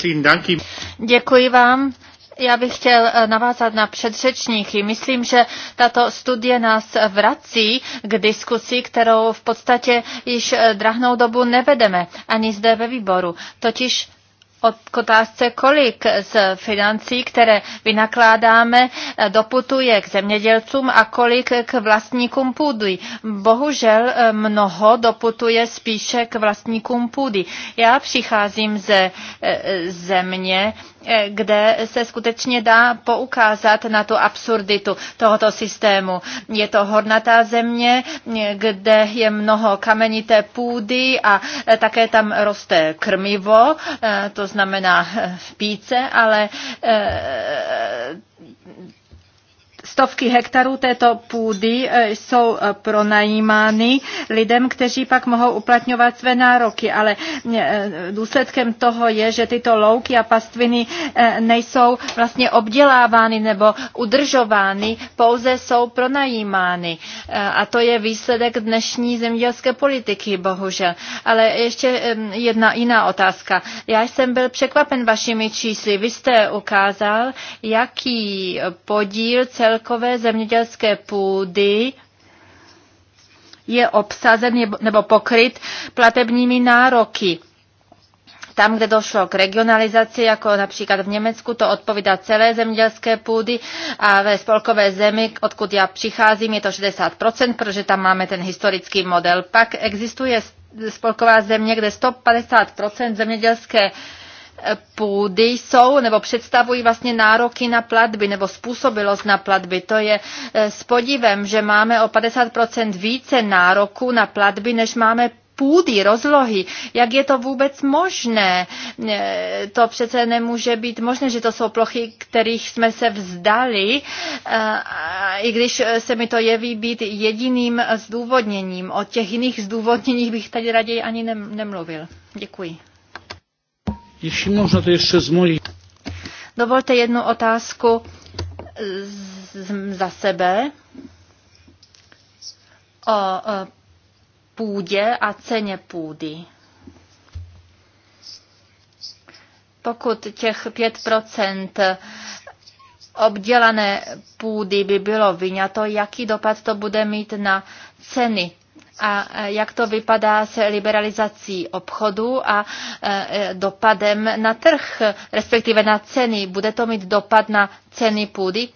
Děkuji. Děkuji vám. Já bych chtěl eh, navázat na předřečníky. Myslím, že tato studie nás vrací k diskusi, kterou v podstatě již eh, drahnou dobu nevedeme, ani zde ve výboru. Totiž k otázce, kolik z financí, které vynakládáme, eh, doputuje k zemědělcům a kolik k vlastníkům půdy. Bohužel eh, mnoho doputuje spíše k vlastníkům půdy. Já přicházím ze eh, země, kde se skutečně dá poukázat na tu absurditu tohoto systému. Je to hornatá země, kde je mnoho kamenité půdy a také tam roste krmivo, to znamená eh, píce, ale eh, stovky hektarů této půdy e, jsou e, pronajímány lidem, kteří pak mohou uplatňovat své nároky, ale e, důsledkem toho je, že tyto louky a pastviny nejsou vlastně obdělávány nebo udržovány, pouze jsou pronajímány. A to je výsledek dnešní zemědělské politiky, bohužel. Ale ještě jedna jiná otázka. Já jsem byl překvapen vašimi čísly. Vy jste ukázal, jaký podíl celé celkové zemědělské půdy je obsazen nebo pokryt platebními nároky. Tam, kde došlo k regionalizaci, jako například v Německu, to odpovídá celé zemědělské půdy a ve spolkové zemi, odkud já přicházím, je to 60%, protože tam máme ten historický model. Pak existuje spolková země, kde 150% zemědělské půdy jsou nebo představují vlastně nároky na platby nebo způsobilost na platby. To je eh, s podivem, že máme o 50% více nároků na platby, než máme půdy, rozlohy. Jak je to vůbec možné? Eh, to přece nemůže být možné, že to jsou plochy, kterých jsme se vzdali, eh, i když se mi to jeví být jediným zdůvodněním. O těch jiných zdůvodněních bych tady raději ani nemluvil. Děkuji. Jestli možno, to ještě z Dovolte jednu otázku z, za sebe o, o půdě a ceně půdy. Pokud těch 5 obdělané půdy by bylo vyňato, jaký dopad to bude mít na ceny a e, jak to vypadá s liberalizací obchodu a e, dopadem na trh, respektive na ceny. Bude to mít dopad na ceny půdy?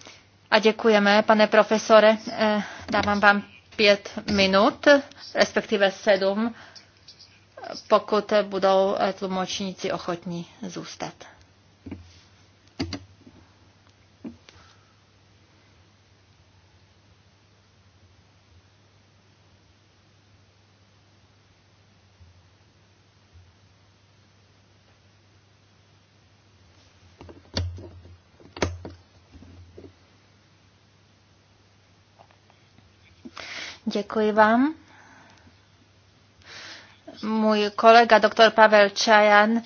A děkujeme, pane profesore. E, dávám vám pět minut, respektive sedm, pokud budou tlumočníci ochotní zůstat. Děkuji vám. Můj kolega, doktor Pavel Čajan,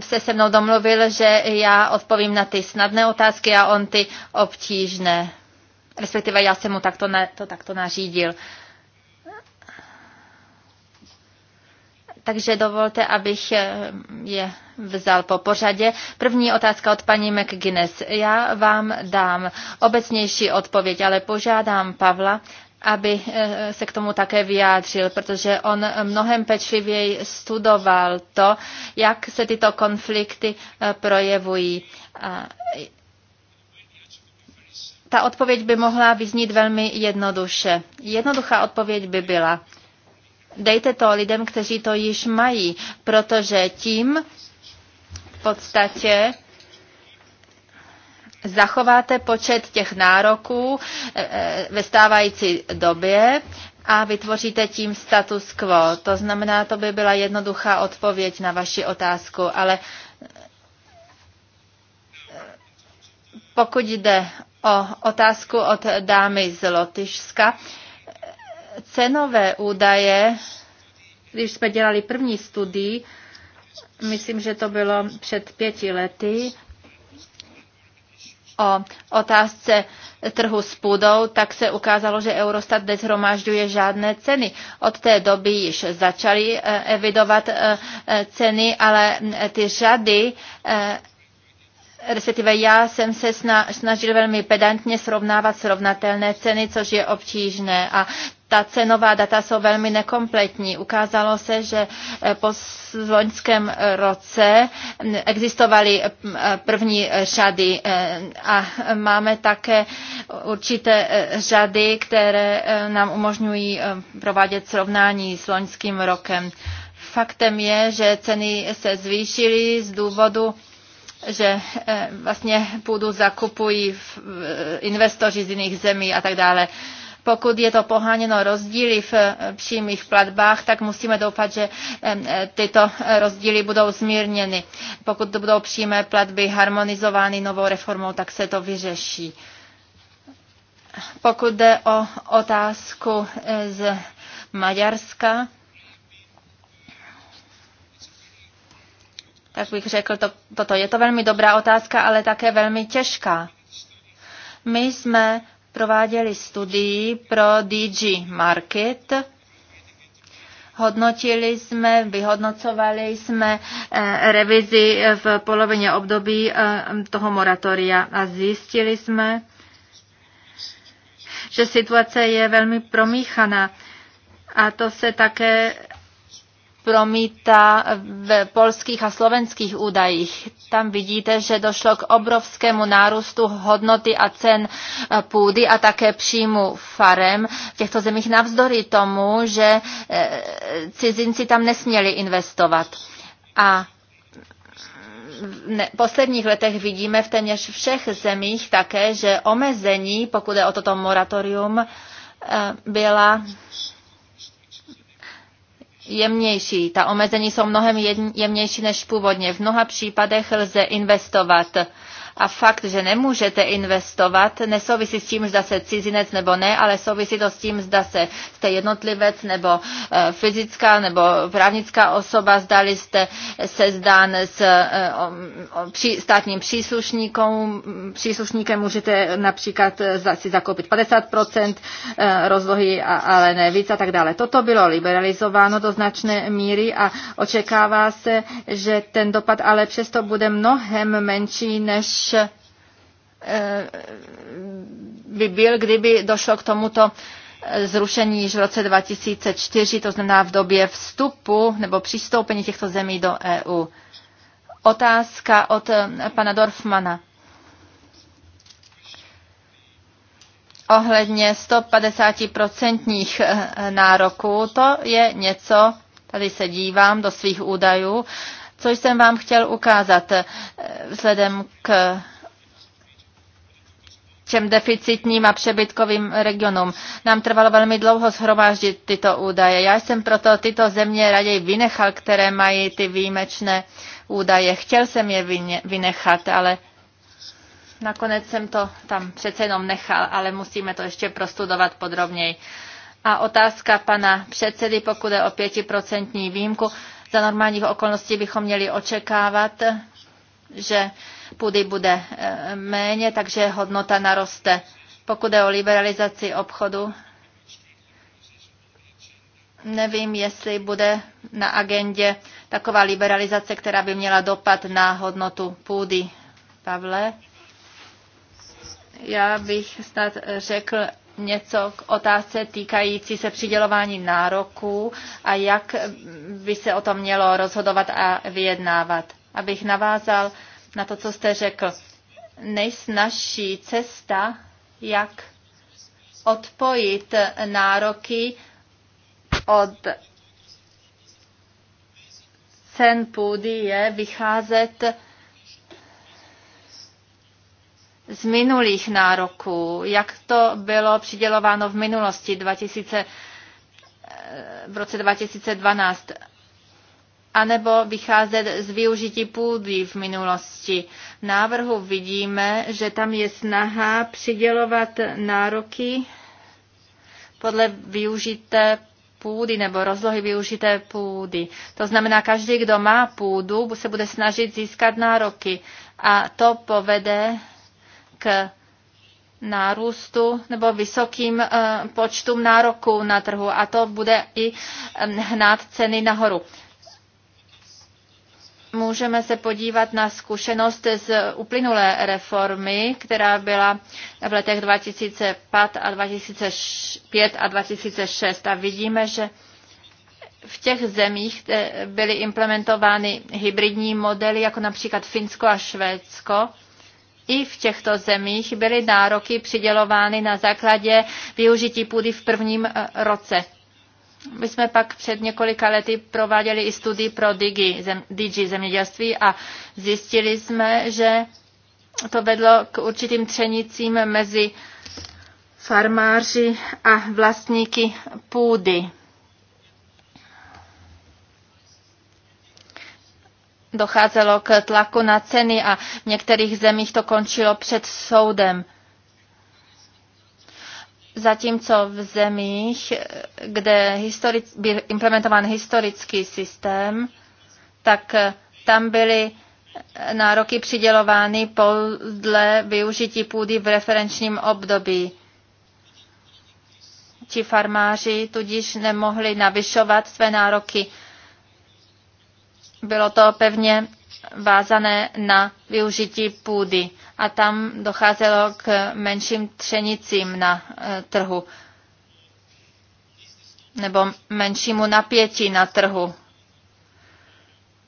se se mnou domluvil, že já odpovím na ty snadné otázky a on ty obtížné. Respektive já jsem mu takto na, to takto nařídil. Takže dovolte, abych je vzal po pořadě. První otázka od paní McGuinness. Já vám dám obecnější odpověď, ale požádám Pavla, aby eh, se k tomu také vyjádřil, protože on mnohem pečlivěji studoval to, jak se tyto konflikty eh, projevují. Ta odpověď by mohla vyznít velmi jednoduše. Jednoduchá odpověď by byla, dejte to lidem, kteří to již mají, protože tím v podstatě zachováte počet těch nároků eh, eh, ve stávající době a vytvoříte tím status quo. To znamená, to by byla jednoduchá odpověď na vaši otázku, ale eh, pokud jde o otázku od dámy z Lotyšska, cenové údaje, když jsme dělali první studii, myslím, že to bylo před pěti lety, o otázce trhu s půdou, tak se ukázalo, že Eurostat nezhromažďuje žádné ceny. Od té doby již začaly eh, evidovat eh, eh, ceny, ale ty řady respektive já jsem se snažil velmi pedantně srovnávat srovnatelné ceny, což je obtížné a ta cenová data jsou velmi nekompletní. Ukázalo se, že eh, po loňském roce mm, existovaly mm, první řady eh, a máme také určité eh, řady, které nám umožňují provádět srovnání s loňským rokem. Faktem je, že ceny se zvýšily z důvodu že vlastně půdu zakupují investoři z jiných zemí a tak dále. Pokud je to poháněno rozdíly v eh, přímých platbách, tak musíme doufat, že eh, eh, tyto rozdíly budou zmírněny. Pokud to budou přímé platby harmonizovány novou reformou, tak se to vyřeší. Pokud jde o otázku z Maďarska, tak bych řekl, to, toto je to velmi dobrá otázka, ale také velmi těžká. My jsme prováděli studii pro DG Market. Hodnotili jsme, vyhodnocovali jsme eh, revizi v polovině období eh, toho moratoria a zjistili jsme, že situace je velmi promíchaná. A to se také promítá v polských a slovenských údajích. Tam vidíte, že došlo k obrovskému nárůstu hodnoty a cen půdy a také příjmu farem v těchto zemích navzdory tomu, že eh, cizinci tam nesměli investovat. A v posledních letech vidíme v téměř všech zemích také, že omezení, pokud je o toto moratorium, eh, byla jemnější. Ta omezení jsou mnohem jemnější než původně. V mnoha případech lze investovat a fakt, že nemůžete investovat, nesouvisí s tím, zda se cizinec nebo ne, ale souvisí to s tím, zda se jste jednotlivec nebo eh, fyzická nebo právnická osoba, zdali jste se zdán s eh, státním příslušníkem, příslušníkem můžete například eh, si zakoupit 50% rozlohy, ale ne víc a tak dále. Toto bylo liberalizováno do značné míry a očekává se, že ten dopad ale přesto bude mnohem menší než než eh, by byl, kdyby došlo k tomuto eh, zrušení již v roce 2004, to znamená v době vstupu nebo přistoupení těchto zemí do EU. Otázka od eh, pana Dorfmana. Ohledně 150% nároků, to je něco, tady se dívám do svých údajů, co jsem vám chtěl ukázat eh, vzhledem k těm deficitním a přebytkovým regionům. Nám trvalo velmi dlouho shromáždit tyto údaje. Já jsem proto tyto země raději vynechal, které mají ty výjimečné údaje. Chtěl jsem je vynechat, ale nakonec jsem to tam přece jenom nechal, ale musíme to ještě prostudovat podrobněji. A otázka pana předsedy, pokud je o pětiprocentní výjimku, za normálních okolností bychom měli očekávat, že půdy bude eh, méně, takže hodnota naroste. Pokud je o liberalizaci obchodu, nevím, jestli bude na agendě taková liberalizace, která by měla dopad na hodnotu půdy. Pavle, já bych snad řekl něco k otázce týkající se přidělování nároků a jak by se o tom mělo rozhodovat a vyjednávat. Abych navázal na to, co jste řekl. Nejsnažší cesta, jak odpojit nároky od cen půdy je vycházet z minulých nároků, jak to bylo přidělováno v minulosti 2000, eh, v roce 2012, anebo vycházet z využití půdy v minulosti. V návrhu vidíme, že tam je snaha přidělovat nároky podle využité půdy nebo rozlohy využité půdy. To znamená, každý, kdo má půdu, se bude snažit získat nároky a to povede k nárůstu nebo vysokým eh, počtům nároků na trhu a to bude i ehm, hnát ceny nahoru. Můžeme se podívat na zkušenost z uplynulé reformy, která byla v letech 2005 a 2005 a 2006 a vidíme, že v těch zemích eh, byly implementovány hybridní modely, jako například Finsko a Švédsko, i v těchto zemích byly nároky přidělovány na základě využití půdy v prvním eh, roce. My jsme pak před několika lety prováděli i studii pro Digi, zem, Digi zemědělství a zjistili jsme, že to vedlo k určitým třenicím mezi farmáři a vlastníky půdy. docházelo k tlaku na ceny a v některých zemích to končilo před soudem. Zatímco v zemích, kde historic, byl implementován historický systém, tak tam byly nároky přidělovány podle využití půdy v referenčním období. Ti farmáři tudíž nemohli navyšovat své nároky bylo to pevně vázané na využití půdy a tam docházelo k menším třenicím na e, trhu nebo menšímu napětí na trhu.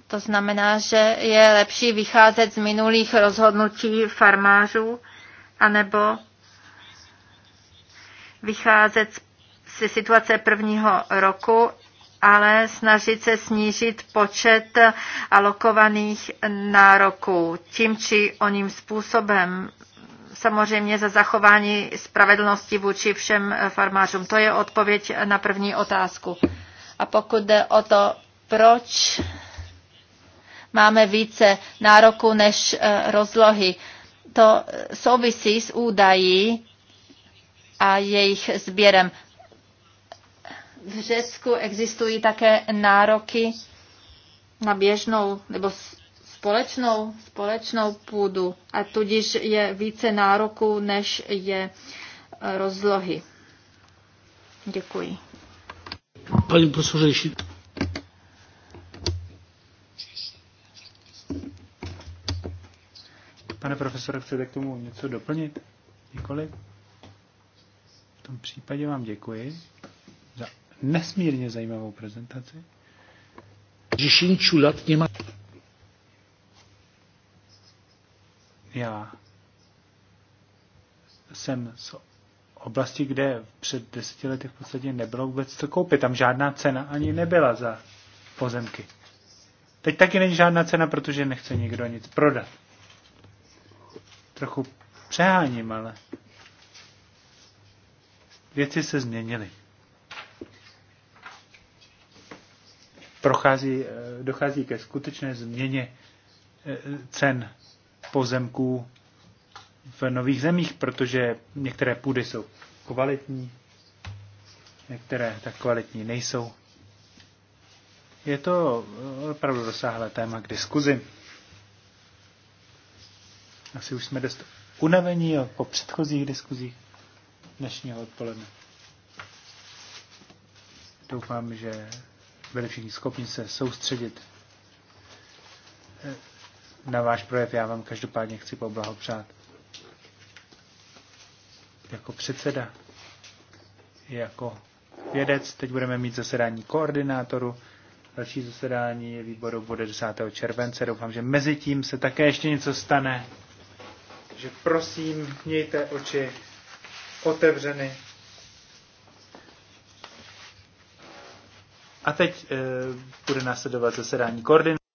To znamená, že je lepší vycházet z minulých rozhodnutí farmářů, anebo vycházet z situace prvního roku ale snažit se snížit počet alokovaných nároků tím či oním způsobem samozřejmě za zachování spravedlnosti vůči všem farmářům. To je odpověď na první otázku. A pokud jde o to, proč máme více nároku než eh, rozlohy, to souvisí s údají a jejich sběrem v Řecku existují také nároky na běžnou nebo společnou, společnou půdu a tudíž je více nároků, než je e, rozlohy. Děkuji. Paní profesoře, Pane profesore, chcete k tomu něco doplnit? Nikoli? V tom případě vám děkuji nesmírně zajímavou prezentaci. Řešenčů let nemá... Já jsem z oblasti, kde před deseti lety v podstatě nebylo vůbec co koupit. Tam žádná cena ani nebyla za pozemky. Teď taky není žádná cena, protože nechce nikdo nic prodat. Trochu přeháním, ale věci se změnily. prochází, eh, dochází ke skutečné změně eh, cen pozemků v nových zemích, protože některé půdy jsou kvalitní, některé tak kvalitní nejsou. Je to eh, opravdu rozsáhlé téma k diskuzi. Asi už jsme dost unavení po předchozích diskuzích dnešního odpoledne. Doufám, že byli všichni schopni se soustředit eh, na váš projev. Já vám každopádně chci poblahopřát. Jako předseda, jako vědec, teď budeme mít zasedání koordinátoru. Další zasedání výboru bude 10. července. Doufám, že mezi tím se také ještě něco stane. Takže prosím, mějte oči otevřeny. A teď e, bude následovat zasedání koordinace.